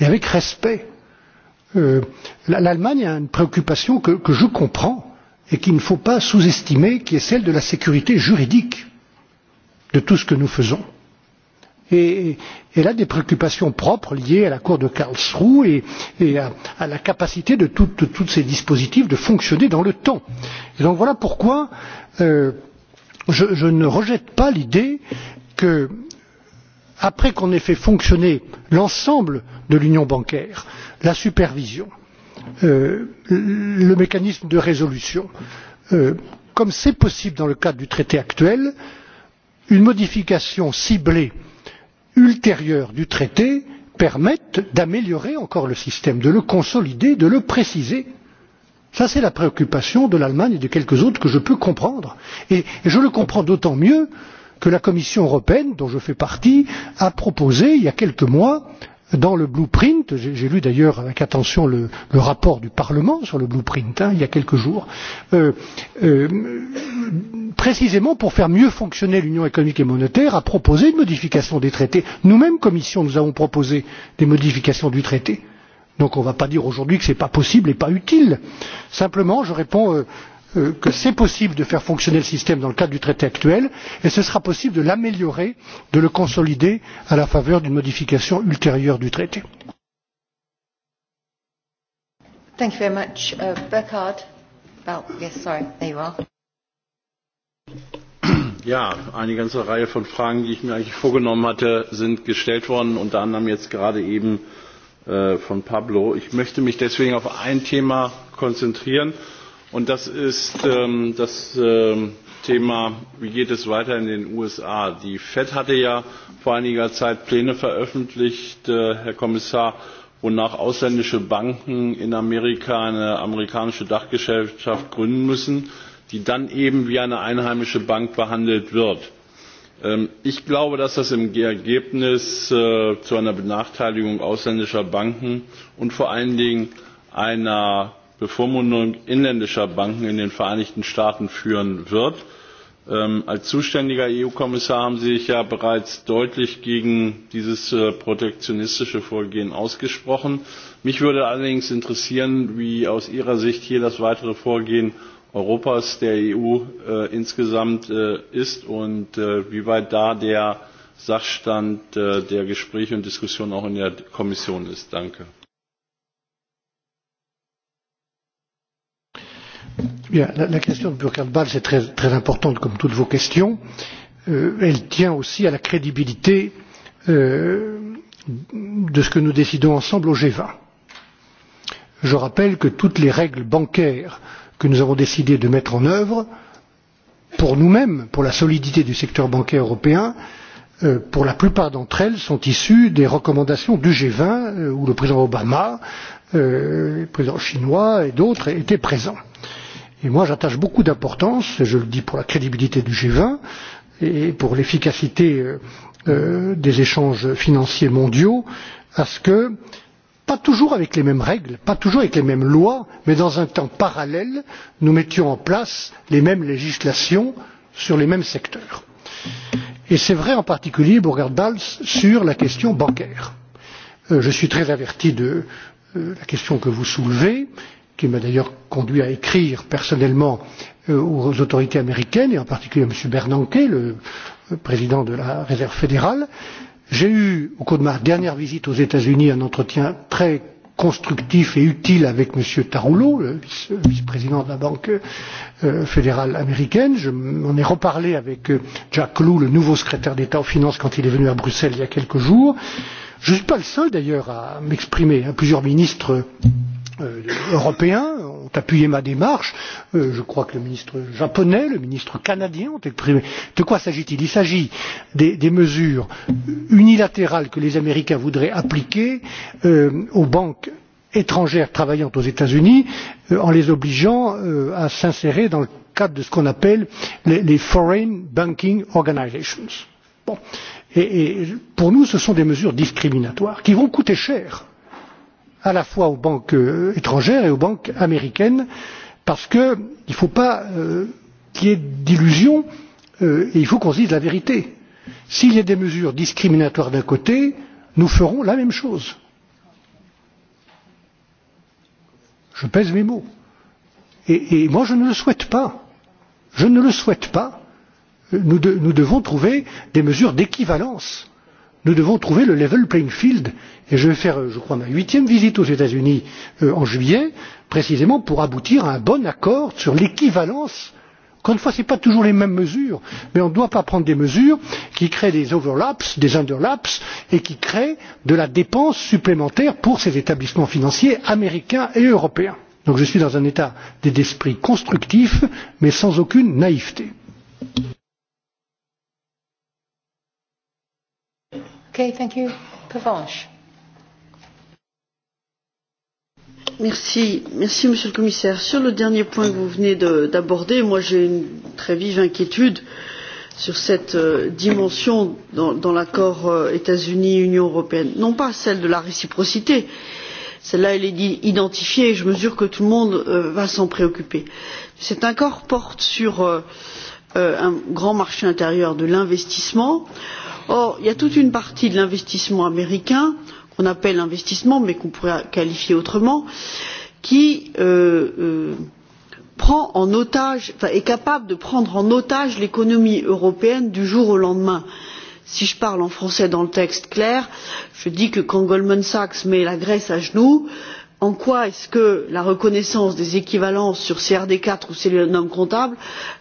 et avec respect l'Allemagne a une préoccupation que, que je comprends et qu'il ne faut pas sous-estimer qui est celle de la sécurité juridique de tout ce que nous faisons et elle a des préoccupations propres liées à la cour de karlsruhe et, et à, la capacité de tous ces dispositifs de fonctionner dans le temps. donc voilà pourquoi euh, je, je ne rejette pas l'idée que après qu'on ait fait fonctionner l'ensemble de l'union bancaire la supervision euh, le mécanisme de résolution euh, comme c'est possible dans le cadre du traité actuel une modification ciblée ultérieures du traité permettent d'améliorer encore le système de le consolider de le préciser. c'est la préoccupation de l'allemagne et de quelques autres que je peux comprendre et je le comprends d'autant mieux que la commission européenne dont je fais partie a proposé il y a quelques mois dans le blueprint j'ai lu d'ailleurs avec attention le, rapport du parlement sur le blueprint hein, il y a quelques jours euh, euh, précisément pour faire mieux fonctionner l'union économique et monétaire a proposé une modification des traités. nous mêmes commission nous avons proposé des modifications du traité. donc on ne va pas dire aujourd'hui que ce n'est pas possible et pas utile. simplement je réponds euh, Euh, que c'est possible de faire fonctionner le système dans le cadre du traité actuel et ce sera possible de l'améliorer de le consolider à la faveur d'une modification ultérieure du traité. Ja, eine ganze Reihe von Fragen, die ich mir eigentlich vorgenommen hatte, sind gestellt worden, unter anderem jetzt gerade eben äh, von Pablo. Ich möchte mich deswegen auf ein Thema konzentrieren Und das ist ähm, das ähm, Thema, wie geht es weiter in den USA? Die FED hatte ja vor einiger Zeit Pläne veröffentlicht, äh, Herr Kommissar, wonach ausländische Banken in Amerika eine amerikanische Dachgesellschaft gründen müssen, die dann eben wie eine einheimische Bank behandelt wird. Ähm, ich glaube, dass das im Ergebnis äh, zu einer Benachteiligung ausländischer Banken und vor allen Dingen einer Bevormundung inländischer Banken in den Vereinigten Staaten führen wird. Ähm, als zuständiger EU-Kommissar haben Sie sich ja bereits deutlich gegen dieses äh, protektionistische Vorgehen ausgesprochen. Mich würde allerdings interessieren, wie aus Ihrer Sicht hier das weitere Vorgehen Europas, der EU äh, insgesamt äh, ist und wie weit da der Sachstand der Gespräche und Diskussionen auch in der Kommission ist. Danke. la, question de Burkhard Ball, est très, importante comme toutes vos questions. Euh, elle tient aussi à la crédibilité euh, de ce que nous décidons ensemble au G20. Je rappelle que toutes les règles bancaires que nous avons décidé de mettre en œuvre, pour nous-mêmes, pour la solidité du secteur bancaire européen, euh, pour la plupart d'entre elles sont issues des recommandations du G20 où le président Obama, le président chinois et d'autres étaient présents j'attache beaucoup d'importance et je le dis pour la crédibilité du g 20 et pour l'efficacité euh, euh, des échanges financiers mondiaux à ce que pas toujours avec les mêmes règles pas toujours avec les mêmes lois mais dans un temps parallèle nous mettions en place les mêmes législations sur les mêmes secteurs. et c'est vrai en particulier burkhard balz sur la question bancaire. Euh, je suis très averti de la question que vous soulevez qui m'a d'ailleurs conduit à écrire personnellement euh, aux autorités américaines et en particulier à m. bernanke le euh, président de la réserve fédérale. j'ai eu au cours de ma dernière visite aux états unis un entretien très constructif et utile avec m. tarullo le vice président de la banque euh, fédérale américaine. je ai reparlé avec jack lew le nouveau secrétaire d'état aux finances quand il est venu à bruxelles il y a quelques jours. je ne suis pas le seul d'ailleurs à m'exprimer. plusieurs ministres Euh, européens ont appuyé ma démarche euh, je crois que le ministre japonais le ministre canadien ont exprimé de quoi s'agit il? il s'agit des, mesures unilatérales que les américains voudraient appliquer euh, aux banques étrangères travaillant aux états unis en les obligeant à s'insérer dans le cadre de ce qu'on appelle les, foreign banking organisations. pour nous ce sont des mesures discriminatoires qui vont coûter cher à la fois aux banques euh, étrangères et aux banques américaines parce qu'il ne faut pas euh, qu'il y ait d'illusions euh, et il faut qu'on se dise la vérité. s'il y a des mesures discriminatoires d'un côté nous ferons la même chose. je pèse mes mots. Et, et moi je ne le souhaite pas. je ne le souhaite pas. nous, nous devons trouver des mesures d'équivalence. nous devons trouver le level playing field et je vais faire euh, je crois ma huitième visite aux états unis euh, en juillet précisément pour aboutir à un bon accord sur l'équivalence encore une fois ce ne sont pas toujours les mêmes mesures mais on ne doit pas prendre des mesures qui créent des overlaps des underlaps et qui créent de la dépense supplémentaire pour ces établissements financiers américains et européens. donc je suis dans un état d'esprit constructif mais sans aucune naïveté. Merci, Monsieur le Commissaire. Sur le dernier point que vous venez d'aborder, moi j'ai une très vive inquiétude sur cette euh, dimension dans, l'accord euh, États Unis Union européenne, non pas celle de la réciprocité celle là elle est identifiée et je mesure que tout le monde euh, va s'en préoccuper. Cet accord porte sur un grand marché intérieur de l'investissement. Or, il y a toute une partie de l'investissement américain qu'on appelle investissement mais qu'on pourrait qualifier autrement qui euh, euh, prend en otage, est capable de prendre en otage l'économie européenne du jour au lendemain. si je parle en français dans le texte clair je dis que quand goldman sachs met la grèce à genoux en quoi est ce que la reconnaissance des équivalences sur crd quatre ou cellulose comptable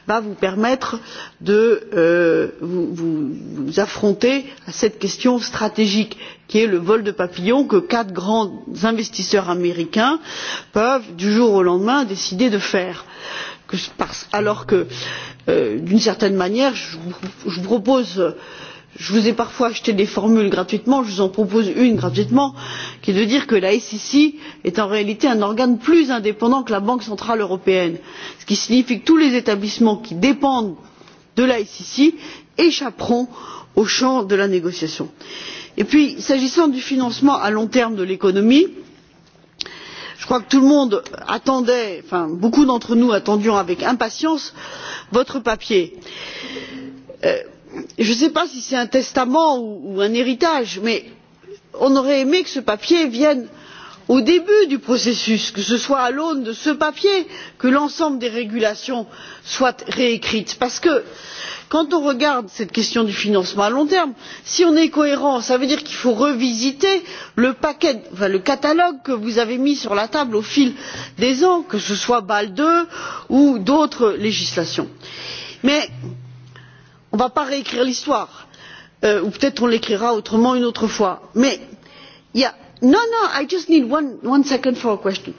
va vous permettre de euh, vous affronter à cette question stratégique qui est le vol de papillon que quatre grands investisseurs américains peuvent du jour au lendemain décider de faire alors que euh, d'une certaine manière je, vous propose je vous ai parfois acheté des formules gratuitement je vous en propose une gratuitement qui est de dire que la sec est en réalité un organe plus indépendant que la banque centrale européenne ce qui signifie que tous les établissements qui dépendent de la sec échapperont au champ de la négociation puis s'agissant du financement à long terme de l'économie je crois que tout le monde attendait enfin beaucoup d'entre nous attendions avec impatience votre papier. Euh, je ne sais pas si c'est un testament ou un héritage mais on aurait aimé que ce papier vienne au début du processus que ce soit à l'aune de ce papier que l'ensemble des régulations soient réécrites parce que quand on regarde cette question du financement à long terme si on est cohérent cela veut dire qu'il faut revisiter le catalogue que vous avez mis sur la table au fil des ans que ce soit bâle ii ou d'autres législations. mais on ne va pas réécrire l'histoire euh, ou peut être on l'écrira autrement une autre fois. mais il y a Non, non, i just need one, one second for a question.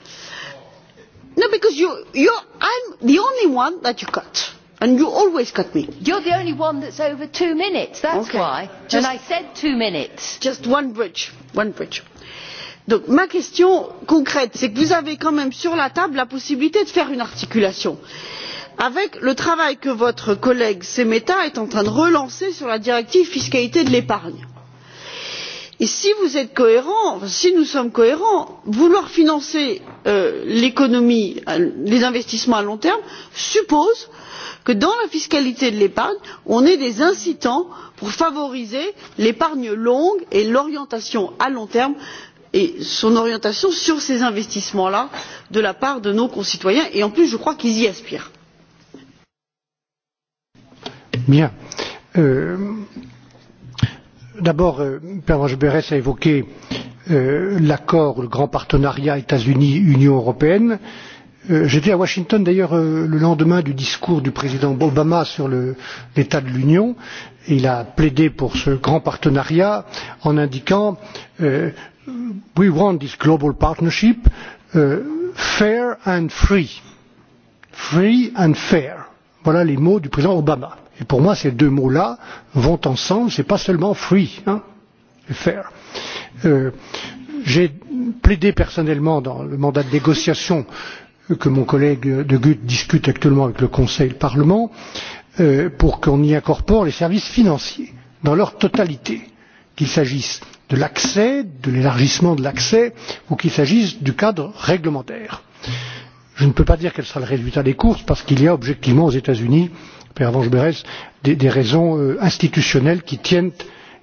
no because you, you i'm the only one that you cut and you always cut me. You're the only one that's over two minutes that's why just, and i said two minutes. just one bridge. One bridge. ma question concrète c'est que vous avez quand même sur la table la possibilité de faire une articulation avec le travail que votre collègue Semeta est en train de relancer sur la directive fiscalité de l'épargne. et si vous êtes cohérent, si nous sommes cohérents vouloir financer euh, l'économie euh, les investissements à long terme suppose que dans la fiscalité de l'épargne on ait des incitants pour favoriser l'épargne longue et l'orientation à long terme et son orientation sur ces investissements là de la part de nos concitoyens et en plus je crois qu'ils y aspirent. Bien. Euh, d'abord euh, pervenche berès a évoqué euh, l'accord le grand partenariat états unis union européenne Euh, j'étais à Washington d'ailleurs euh, le lendemain du discours du président Obama sur l'état de l'Union et il a plaidé pour ce grand partenariat en indiquant euh, We want this global partnership fair and free. Free and fair. Voilà les mots du président Obama. Et pour moi, ces deux mots-là vont ensemble. Ce n'est pas seulement free, hein, fair. J'ai plaidé personnellement dans le mandat de négociation que mon collègue de Gucht discute actuellement avec le Conseil et le Parlement euh, pour qu'on y incorpore les services financiers dans leur totalité, qu'il s'agisse de l'accès, de l'élargissement de l'accès ou qu'il s'agisse du cadre réglementaire. Je ne peux pas dire quel sera le résultat des courses parce qu'il y a objectivement aux États-Unis, Père Vange des raisons euh, institutionnelles qui tiennent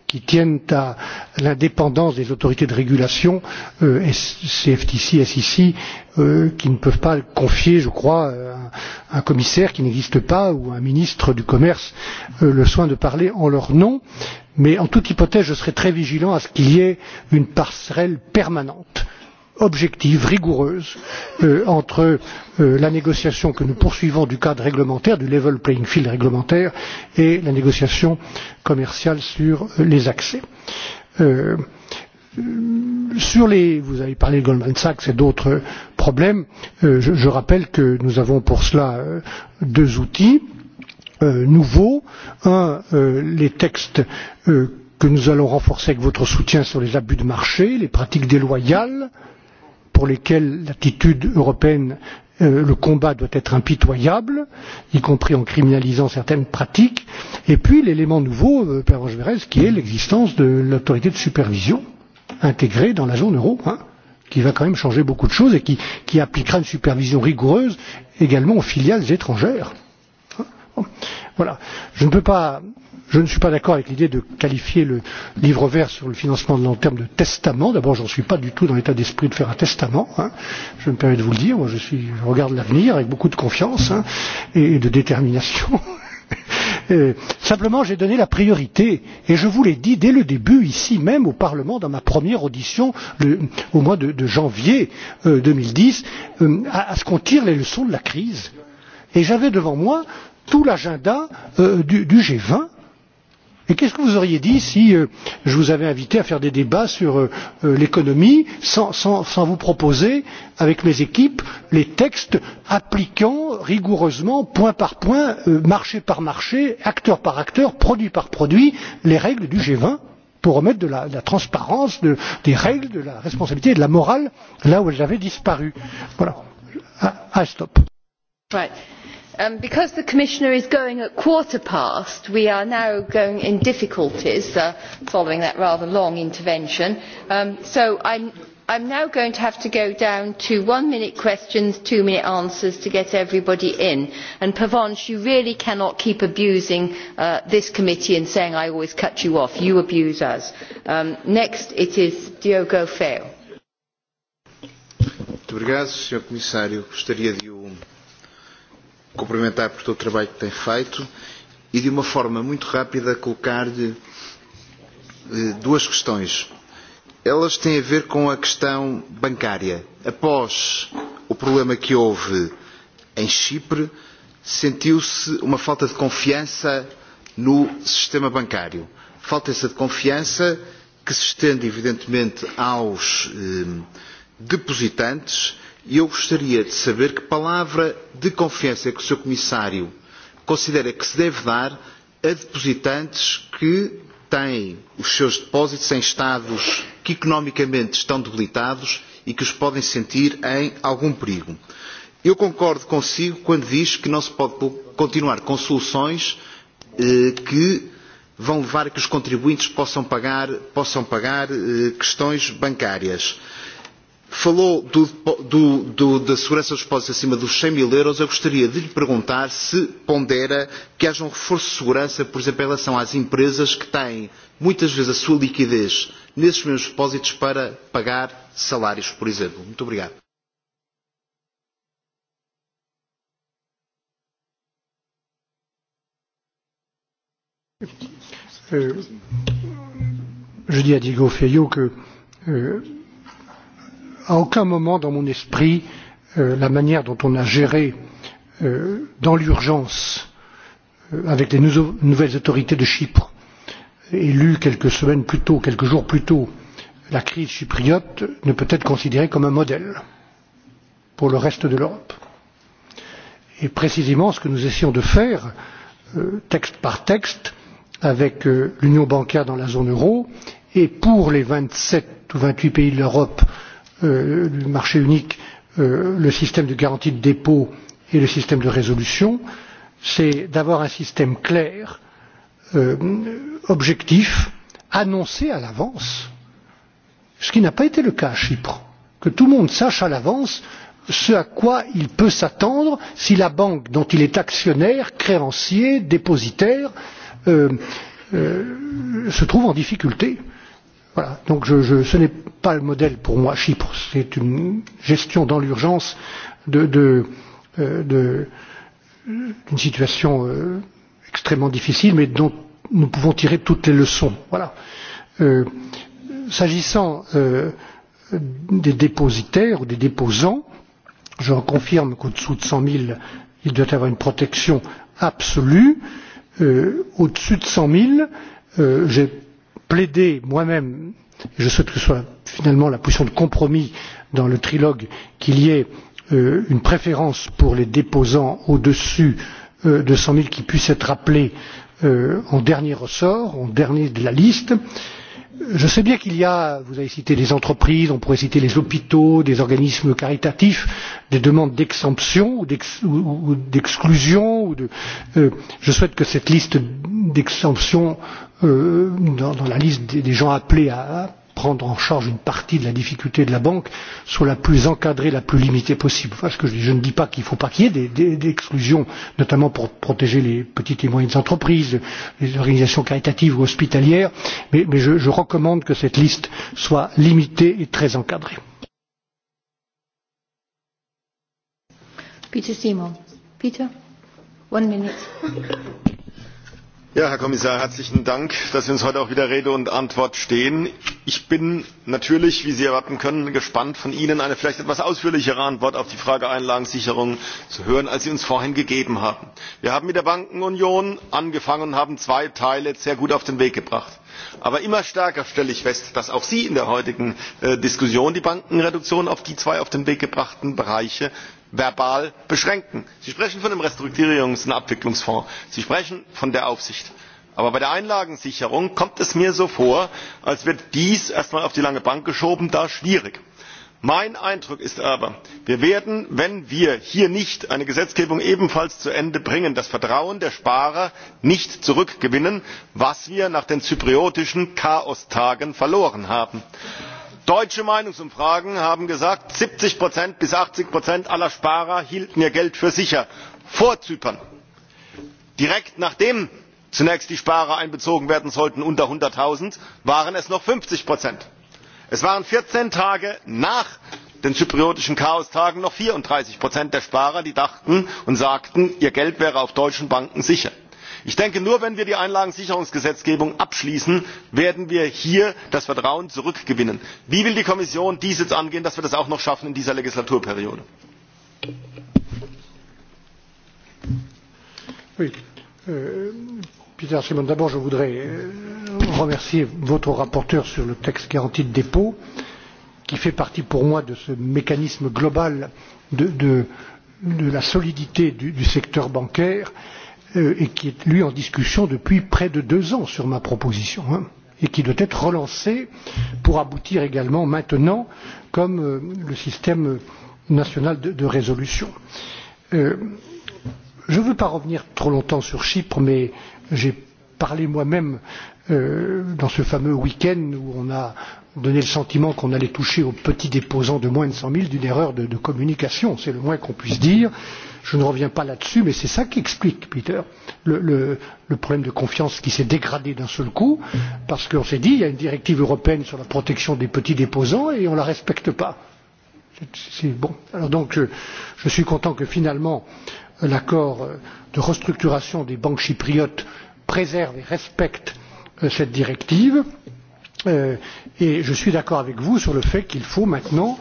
qui tiennent à l'indépendance des autorités de régulation euh, CFTC, SIC, euh, qui ne peuvent pas confier, je crois, à euh, un commissaire qui n'existe pas ou à un ministre du commerce le soin de parler en leur nom. Mais en toute hypothèse, je serai très vigilant à ce qu'il y ait une passerelle permanente objective rigoureuse euh, entre euh, la négociation que nous poursuivons du cadre réglementaire du level playing field réglementaire et la négociation commerciale sur les accès. Euh, vous avez parlé de Goldman Sachs et d'autres problèmes, je rappelle que nous avons pour cela deux outils nouveaux un les textes que nous allons renforcer avec votre soutien sur les abus de marché, les pratiques déloyales pour lesquels l'attitude européenne euh, le combat doit être impitoyable y compris en criminalisant certaines pratiques et puis l'élément nouveau euh, pervenche bers qui est l'existence de l'autorité de supervision intégrée dans la zone euro hein, qui va quand même changer beaucoup de choses et qui, qui appliquera une supervision rigoureuse également aux filiales étrangères. voilà je ne peux pas je ne suis pas d'accord avec l'idée de qualifier le livre vert sur le financement de long terme de testament. d'abord je ne suis pas du tout dans l'état d'esprit de faire un testament hein. je me permets de vous le dire je, suis, je regarde l'avenir avec beaucoup de confiance hein, et de détermination. [laughs] Euh, simplement j'ai donné la priorité et je vous l'ai dit dès le début ici même au parlement dans ma première audition au mois de, de janvier euh, deux mille dix euh, à ce qu'on tire les leçons de la crise et j'avais devant moi tout l'agenda du, du g vingt qu'est ce que vous auriez dit si euh, je vous avais invité à faire des débats sur euh, euh, l'économie sans, vous proposer avec mes équipes les textes appliquant rigoureusement point par point marché par marché acteur par acteur produit par produit les règles du g vingt pour remettre de la, transparence des règles de la responsabilité et de la morale là où elles avaient disparu. voilà. Ah, ah, Um, because the commissioner is going at quarter past we are now going in difficulties uh, following that rather long intervention um, so i am now going to have to go down to one minute questions two minute answers to get everybody in and pervenche you really cannot keep abusing uh, this committee and saying i always cut you off you abuse us. Um, next it is diogo feio cumprimentar por todo o trabalho que tem feito e, de uma forma muito rápida, colocar-lhe eh, duas questões. Elas têm a ver com a questão bancária. Após o problema que houve em Chipre, sentiu-se uma falta de confiança no sistema bancário. Falta essa de confiança que se estende, evidentemente, aos eh, depositantes E eu gostaria de saber que palavra de confiança é que o seu Comissário considera que se deve dar a depositantes que têm os seus depósitos em estados que economicamente estão debilitados e que os podem sentir em algum perigo. Eu concordo consigo quando diz que não se pode continuar com soluções eh, que vão levar a que os contribuintes possam pagar, possam pagar eh, questões bancárias falou do, do, do, da segurança dos depósitos acima dos 100 mil euros. Eu gostaria de lhe perguntar se pondera que haja um reforço de segurança, por exemplo, em relação às empresas que têm muitas vezes a sua liquidez nesses mesmos depósitos para pagar salários, por exemplo. Muito obrigado. Euh, je dis à Diego que euh, à aucun moment dans mon esprit euh, la manière dont on a géré euh, dans l'urgence euh, avec les nouvelles autorités de Chypre élues quelques semaines plus tôt, quelques jours plus tôt, la crise chypriote ne peut être considérée comme un modèle pour le reste de l'Europe. Et précisément ce que nous essayons de faire, texte par texte, avec l'union bancaire dans la zone euro et pour les vingt sept ou vingt huit pays de l'Europe du euh, marché unique euh, le système de garantie de dépôt et le système de résolution c'est d'avoir un système clair euh, objectif annoncé à l'avance ce qui n'a pas été le cas à chypre que tout le monde sache à l'avance ce à quoi il peut s'attendre si la banque dont il est actionnaire créancier dépositaire se trouve en difficulté. Voilà. Donc je, ce n'est pas le modèle pour moi, Chypre. C'est une gestion dans l'urgence euh, d'une situation euh, extrêmement difficile, mais dont nous pouvons tirer toutes les leçons. Voilà. Euh, s'agissant des dépositaires ou des déposants, je confirme qu'au-dessous de cent mille, il doit y avoir une protection absolue. Au-dessus de cent mille, j'ai plaidé moi même et je souhaite que ce soit finalement la position de compromis dans le trilogue qu'il y ait euh, une préférence pour les déposants au dessus euh, de cent zéro qui puissent être appelés euh, en dernier ressort en dernier de la liste. je sais bien qu'il y a vous avez cité des entreprises on pourrait citer les hôpitaux des organismes caritatifs des demandes d'exemption ou d'exclusion. je souhaite que cette liste d'exemption euh, dans, dans la liste des, des gens appelés à prendre en charge une partie de la difficulté de la banque soit la plus encadrée, la plus limitée possible. Enfin, que je, je ne dis pas qu'il ne faut pas qu'il y ait des, des, des, exclusions, notamment pour protéger les petites et moyennes entreprises, les organisations caritatives ou hospitalières, mais, mais je, je recommande que cette liste soit limitée et très encadrée. Peter Simon. Peter, one minute herr kommissar herzlichen dank dass wir uns heute auch wieder rede und antwort stehen. ich bin natürlich wie sie erwarten können gespannt von ihnen eine vielleicht etwas ausführlichere antwort auf die frage einlagensicherung zu hören als sie uns vorhin gegeben haben. wir haben mit der bankenunion angefangen und haben zwei teile sehr gut auf den weg gebracht. aber immer stärker stelle ich fest dass auch sie in der heutigen äh, diskussion die bankenreduktion auf die zwei auf den weg gebrachten bereiche verbal beschränken. sie sprechen von dem restrukturierungs und abwicklungsfonds sie sprechen von der aufsicht. aber bei der einlagensicherung kommt es mir so vor als wird dies erst einmal auf die lange bank geschoben da schwierig. mein eindruck ist aber wir werden wenn wir hier nicht eine gesetzgebung ebenfalls zu ende bringen das vertrauen der sparer nicht zurückgewinnen was wir nach den zypriotischen chaostagen verloren haben deutsche meinungsumfragen haben gesagt siebzig bis achtzig aller sparer hielten ihr geld für sicher vor zypern. direkt nachdem zunächst die sparer einbezogen werden sollten unter einhundert waren es noch. fünfzig es waren vierzehn tage nach den zypriotischen chaostagen noch vierunddreißig der sparer die dachten und sagten ihr geld wäre auf deutschen banken sicher ich denke nur wenn wir die einlagensicherungsgesetzgebung abschließen werden wir hier das vertrauen zurückgewinnen. wie will die kommission dies jetzt angehen dass wir das auch noch schaffen in dieser legislaturperiode? Oui. Euh, Peter Simon, d'abord je voudrais euh, remercier votre rapporteur sur le texte garantie de dépôt qui fait partie pour moi de ce mécanisme global de, de, de la solidité du, du secteur bancaire Euh, et qui est lui en discussion depuis près de deux ans sur ma proposition et qui doit être relancé pour aboutir également maintenant comme euh, le système national de, résolution. Euh, je ne veux pas revenir trop longtemps sur Chypre, mais j'ai parlé moi même dans ce fameux week end où on a donné le sentiment qu'on allait toucher aux petits déposants de moins de cent zéro d'une erreur de, communication, c'est le moins qu'on puisse dire je ne reviens pas là dessus mais c'est cela qui explique peter le, problème de confiance qui s'est dégradé d'un seul coup parce qu'on s'est dit il y a une directive européenne sur la protection des petits déposants et on ne la respecte pas. donc je, je suis content que finalement l'accord de restructuration des banques chypriotes préserve et respecte euh, cette directive euh, et je suis d'accord avec vous sur le fait qu'il faut maintenant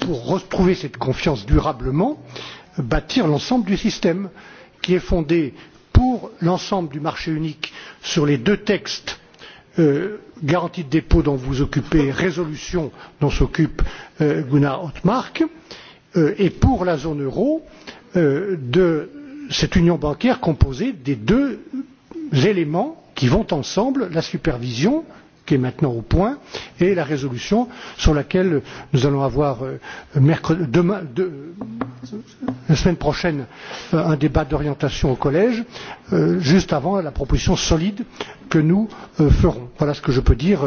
pour retrouver cette confiance durablement bâtir l'ensemble du système qui est fondé pour l'ensemble du marché unique sur les deux textes euh, garantie de dépôt dont vous vous occupez et résolution dont s'occupe euh, gunnar hkmark euh, et pour la zone euro de cette union bancaire composée des deux éléments qui vont ensemble la supervision qui est maintenant au point et la résolution sur laquelle nous allons avoir euh, la semaine prochaine euh, un débat d'orientation au collège euh, juste avant la proposition solide que nous ferons. voilà ce que je peux dire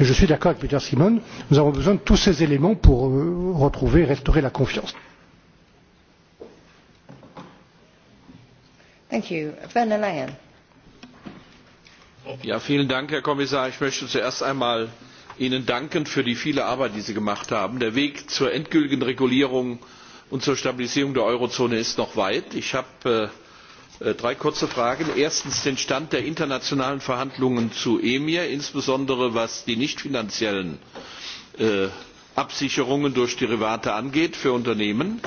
et je suis d'accord avec peter simon nous avons besoin de tous ces éléments pour retrouver et restaurer la confiance vielen Dank, Herr Kommissar. Ich möchte zuerst einmal Ihnen danken für die viele Arbeit, die Sie gemacht haben. Der Weg zur endgültigen Regulierung und zur Stabilisierung der Eurozone ist noch weit. Ich habe äh, äh, drei kurze Fragen. Erstens den Stand der internationalen Verhandlungen zu EMIR, insbesondere was die nichtfinanziellen äh, Absicherungen durch Derivate angeht für Unternehmen.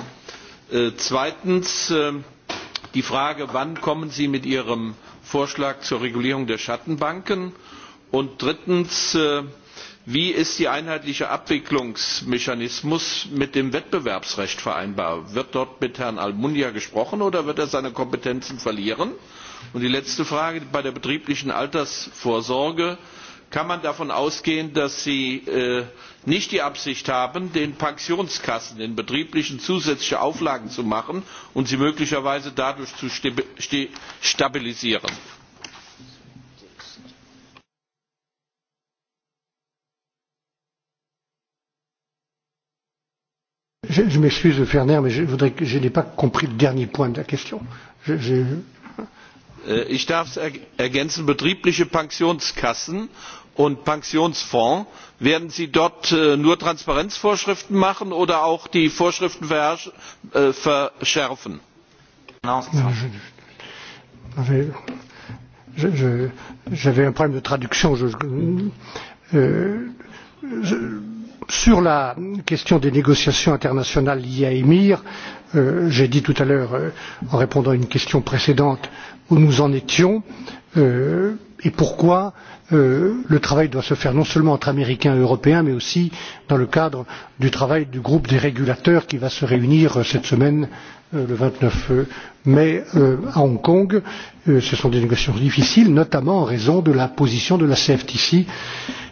zweitens die Frage, wann kommen Sie mit Ihrem vorschlag zur regulierung der schattenbanken und drittens äh, wie ist der einheitliche abwicklungsmechanismus mit dem wettbewerbsrecht vereinbar? wird dort mit herrn almunia gesprochen oder wird er seine kompetenzen verlieren? und die letzte frage bei der betrieblichen altersvorsorge kann man davon ausgehen dass sie äh, nicht die absicht haben den pensionskassen den betrieblichen zusätzliche auflagen zu machen und sie möglicherweise dadurch zu stabilisieren? je m'excuse Äh, ich darf es ergänzen betriebliche pensionskassen und pensionsfonds werden sie dort äh, nur transparenzvorschriften machen oder auch die vorschriften äh, verschärfen? Euh, j'ai dit tout à l'heure euh, en répondant à une question précédente où nous en étions euh, et pourquoi le travail doit se faire non seulement entre américains et européens mais aussi dans le cadre du travail du groupe des régulateurs qui va se réunir cette semaine le vingt neuf mai à hong kong. ce sont des négociations difficiles notamment en raison de la position de la cftc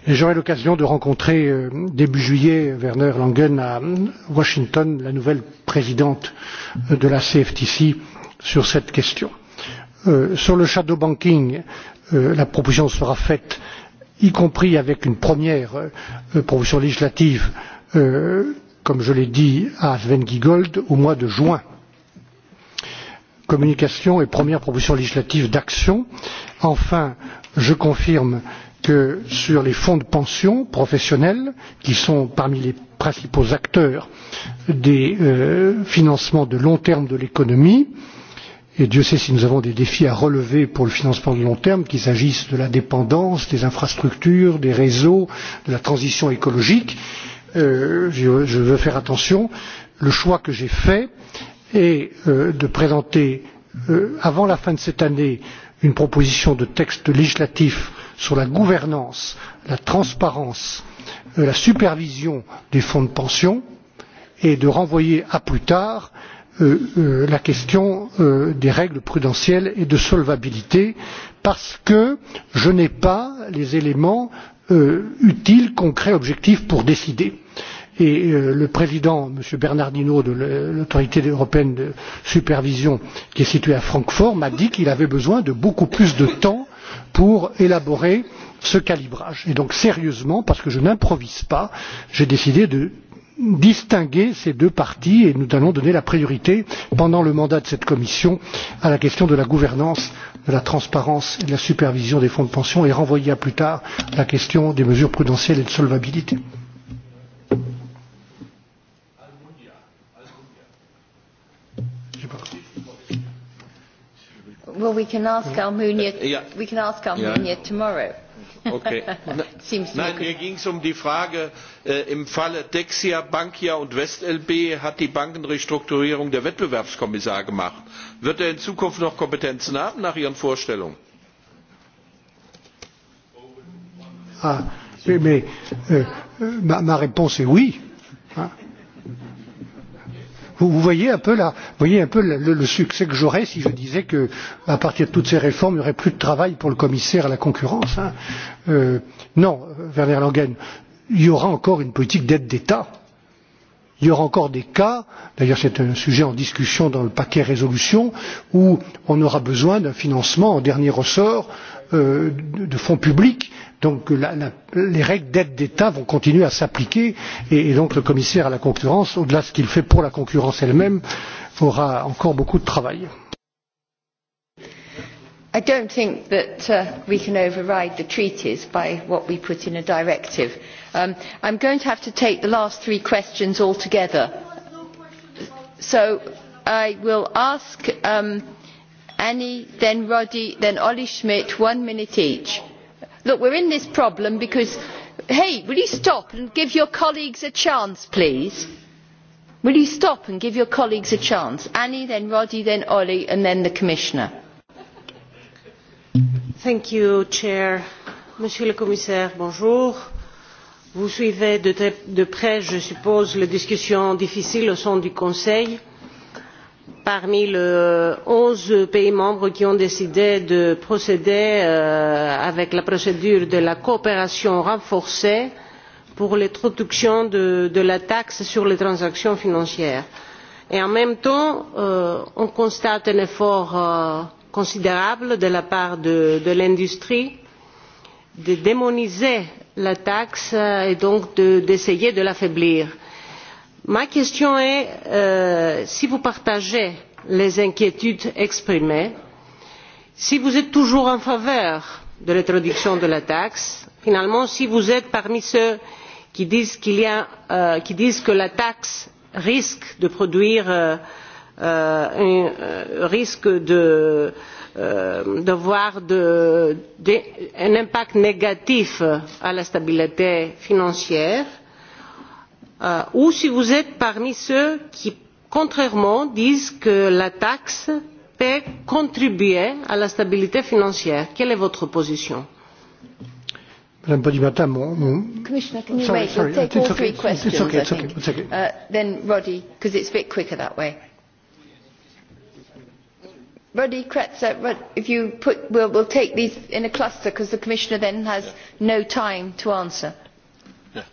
j'aurai l'occasion de rencontrer euh, début juillet werner langen à washington la nouvelle présidente euh, de la cftc sur cette question. Euh, sur le shadow banking la proposition sera faite y compris avec une première proposition législative comme je l'ai dit à sven giegold au mois de juin communication et première proposition législative d'action. enfin je confirme que sur les fonds de pension professionnels qui sont parmi les principaux acteurs des euh, financements de long terme de l'économie et dieu sait si nous avons des défis à relever pour le financement de long terme qu'il s'agisse de la dépendance des infrastructures des réseaux de la transition écologique euh, je, veux faire attention le choix que j'ai fait est euh, de présenter avant la fin de cette année une proposition de texte législatif sur la gouvernance la transparence la supervision des fonds de pension et de renvoyer à plus tard euh, euh, la question euh, des règles prudentielles et de solvabilité parce que je n'ai pas les éléments utiles concrets objectifs pour décider le président m. bernardino de l'autorité européenne de supervision qui est située à francfort m'a dit qu'il avait besoin de beaucoup plus de temps pour élaborer ce calibrage. et donc sérieusement parce que je n'improvise pas j'ai décidé de distinguer ces deux parties et nous allons donner la priorité pendant le mandat de cette commission à la question de la gouvernance de la transparence et de la supervision des fonds de pension et renvoyer à plus tard la question des mesures prudentielles et de solvabilité. Well, we can ask hmm? Almunia, uh, we can ask Almunia tomorrow. Okay. [laughs] Nein, mir ging es um die Frage, äh, im Falle Dexia, Bankia und WestLB hat die Bankenrestrukturierung der Wettbewerbskommissar gemacht. Wird er in Zukunft noch Kompetenzen haben nach Ihren Vorstellungen? Ah, mais, mais, euh, ma, ma réponse est oui. Hein? Ah. Vous, voyez un peu, voyez un peu le, succès que j'aurais si je disais qu'à partir de toutes ces réformes, il n'y aurait plus de travail pour le commissaire à la concurrence. Euh, non, Werner Langen, il y aura encore une politique d'aide d'État. Il y aura encore des cas, d'ailleurs c'est un sujet en discussion dans le paquet résolution, où on aura besoin d'un financement en dernier ressort Euh, de fonds publics donc euh, la, les règles d'aide d'état vont continuer à s'appliquer et, et donc le commissaire à la concurrence au delà de ce qu'il fait pour la concurrence elle même aura encore beaucoup de travail. i don't think that uh, we can override the treaties by what we put in a directive. Um, i'm going to have to take the last three questions all together so i will ask um, annie then roddy then olle schmidt one minute each. look we are in this problem because hey will you stop and give your colleagues a chance please? will you stop and give your colleagues a chance? annie then roddy then olle and then the commissioner. Thank you, Chair. monsieur le commissaire bonjour. vous suivez de, près je suppose les discussions difficiles au sein du conseil parmi les euh, onze pays membres qui ont décidé de procéder euh, avec la procédure de la coopération renforcée pour l'introduction de, la taxe sur les transactions financières. en même temps euh, on constate un effort considérable de la part de, l'industrie de démoniser la taxe et donc d'essayer de l'affaiblir ma question est euh, si vous partagez les inquiétudes exprimées si vous êtes toujours en faveur de l'introduction de la taxe finalement si vous êtes parmi ceux qui disent, euh, qui disent que la taxe risque de produire euh, un risque d'avoir un impact négatif à la stabilité financière Euh, ou si vous êtes parmi ceux qui contrairement disent que la taxe peut contribuer à la stabilité financière. quelle est votre position? madame Podimata, Commissioner, can you wait? take all three questions. It's okay, uh, then Roddy, because it's a bit quicker that way. Roddy Kretzer, Rod, if you put, we'll, take these in a cluster because the Commissioner then has no time to answer.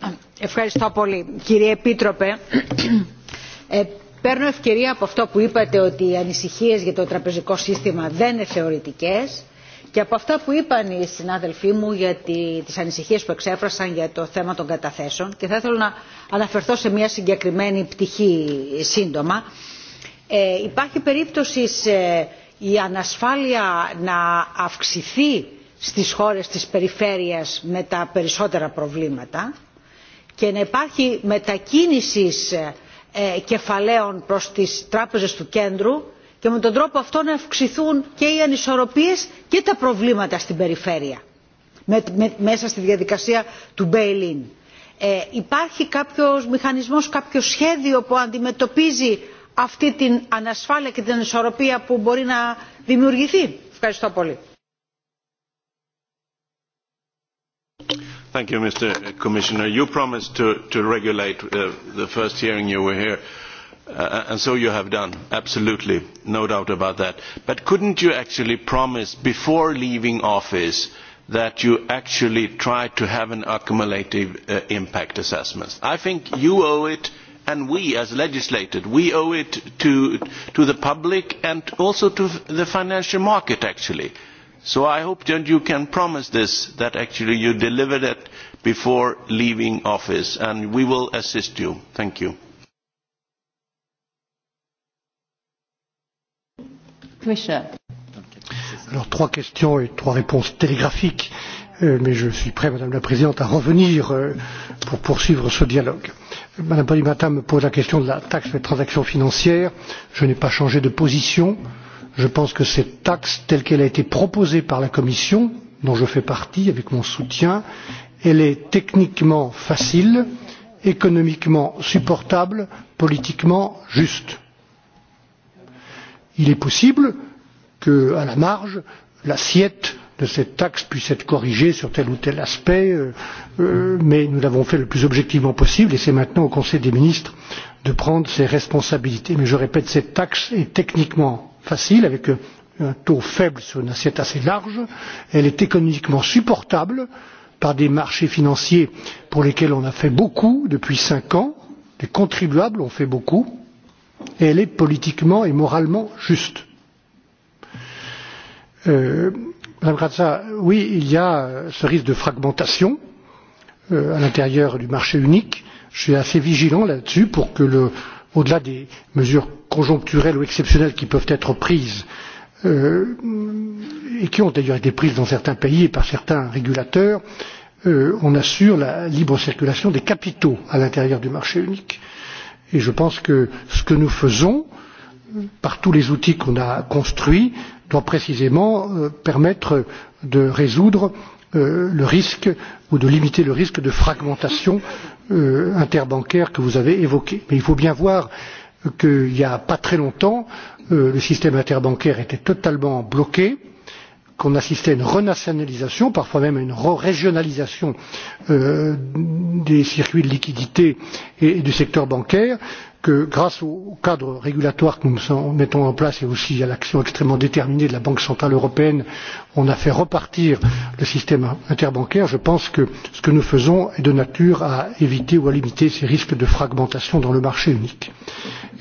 Um, Ευχαριστώ πολύ. Κύριε Επίτροπε, παίρνω ευκαιρία από αυτό που είπατε ότι οι ανησυχίες για το τραπεζικό σύστημα δεν είναι θεωρητικές και από αυτά που είπαν οι συνάδελφοί μου για τη, τις ανησυχίες που εξέφρασαν για το θέμα των καταθέσεων και θα ήθελα να αναφερθώ σε μια συγκεκριμένη πτυχή σύντομα. Ε, υπάρχει περίπτωση σε, η ανασφάλεια να αυξηθεί στις χώρες της περιφέρειας με τα περισσότερα προβλήματα και να υπάρχει μετακίνηση κεφαλαίων προς τις τράπεζες του κέντρου και με τον τρόπο αυτό να αυξηθούν και οι ανισορροπίες και τα προβλήματα στην περιφέρεια μέσα στη διαδικασία του bail in. Ε, υπάρχει κάποιος μηχανισμός, κάποιο σχέδιο που αντιμετωπίζει αυτή την ανασφάλεια και την ανισορροπία που μπορεί να δημιουργηθεί. Ευχαριστώ πολύ. Thank you, Mr. Commissioner. You promised to, to regulate uh, the first hearing you were here, uh, and so you have done. Absolutely, no doubt about that. But couldn't you actually promise before leaving office that you actually try to have an accumulative uh, impact assessment? I think you owe it, and we as legislators, we owe it to the public and also to the financial market, actually so i hope that you can promise this that actually you deliver it before leaving office and we will assist you. thank you. Alors, trois questions et trois réponses télégraphiques, euh, mais je suis prêt, Madame la Présidente, à revenir euh, pour poursuivre ce dialogue. Madame Palimata me pose la question de la taxe sur les transactions financières. Je n'ai pas changé de position. Euh, je pense que cette taxe telle qu'elle a été proposée par la commission dont je fais partie avec mon soutien elle est techniquement facile économiquement supportable politiquement juste. il est possible que à la marge l'assiette de cette taxe puisse être corrigée sur tel ou tel aspect euh, euh, mais nous l'avons fait le plus objectivement possible et c'est maintenant au conseil des ministres de prendre ses responsabilités. mais je répète cette taxe est techniquement facile avec euh, un taux faible sur une assiette assez large elle est économiquement supportable par des marchés financiers pour lesquels on a fait beaucoup depuis cinq ans les contribuables ont fait beaucoup et elle est politiquement et moralement juste. Euh, Madame Kratza, oui, il y a euh, ce risque de fragmentation euh, à l'intérieur du marché unique. Je suis assez vigilant là-dessus pour que, le, au-delà des mesures conjoncturelles ou exceptionnelles qui peuvent être prises euh, et qui ont d'ailleurs été prises dans certains pays et par certains régulateurs euh, on assure la libre circulation des capitaux à l'intérieur du marché unique et je pense que ce que nous faisons par tous les outils qu'on a construits doit précisément euh, permettre de résoudre le risque ou de limiter le risque de fragmentation interbancaire que vous avez évoqué. mais il faut bien voir qu'il n'y a pas très longtemps euh, le système interbancaire était totalement bloqué qu'on assistait à une renationalisation parfois même à une régionalisation euh, des circuits de liquidités et du secteur bancaire que grâce au cadre régulatoire que nous mettons en place et aussi à l'action extrêmement déterminée de la banque centrale européenne on a fait repartir le système interbancaire. je pense que ce que nous faisons est de nature à éviter ou à limiter ces risques de fragmentation dans le marché unique.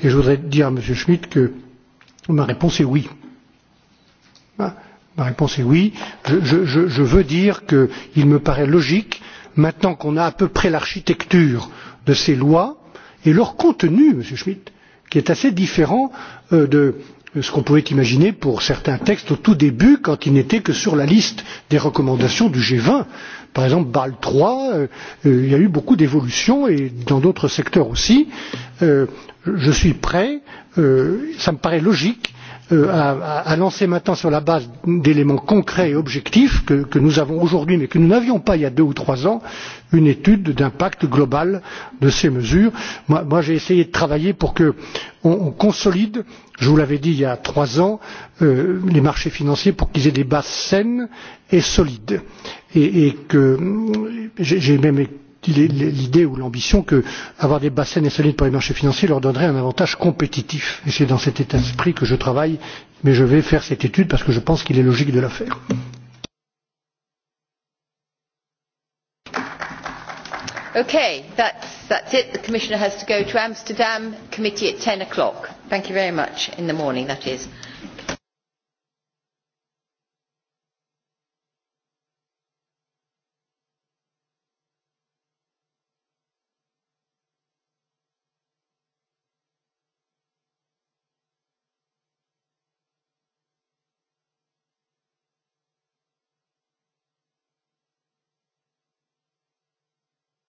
et je voudrais dire à m. schmidt que ma réponse est oui. ma réponse est oui. je, je, je veux dire qu'il me paraît logique maintenant qu'on a à peu près l'architecture de ces lois et leur contenu monsieur Schmidt, qui est assez différent euh, de ce qu'on pouvait imaginer pour certains textes au tout début quand ils n'étaient que sur la liste des recommandations du g vingt par exemple bâle iii euh, euh, il y a eu beaucoup d'évolutions et dans d'autres secteurs aussi. je suis prêt cela me paraît logique Euh, à, lancer maintenant sur la base d'éléments concrets et objectifs que, nous avons aujourd'hui mais que nous n'avions pas il y a deux ou trois ans une étude d'impact global de ces mesures. j'ai essayé de travailler pour que on, consolide je vous l'avais dit il y a trois ans euh, les marchés financiers pour qu'ils aient des bases saines et solides et, et que j'ai même l'idée ou l'ambition que avoir des bassins solides pour les marchés financiers leur donnerait un avantage compétitif et c'est dans cet état d'esprit que je travaille mais je vais faire cette étude parce que je pense qu'il est logique de la faire. Okay, that's it. The Commissioner has to go to Amsterdam Committee at 10 o'clock. Thank you very much. In the morning, that is.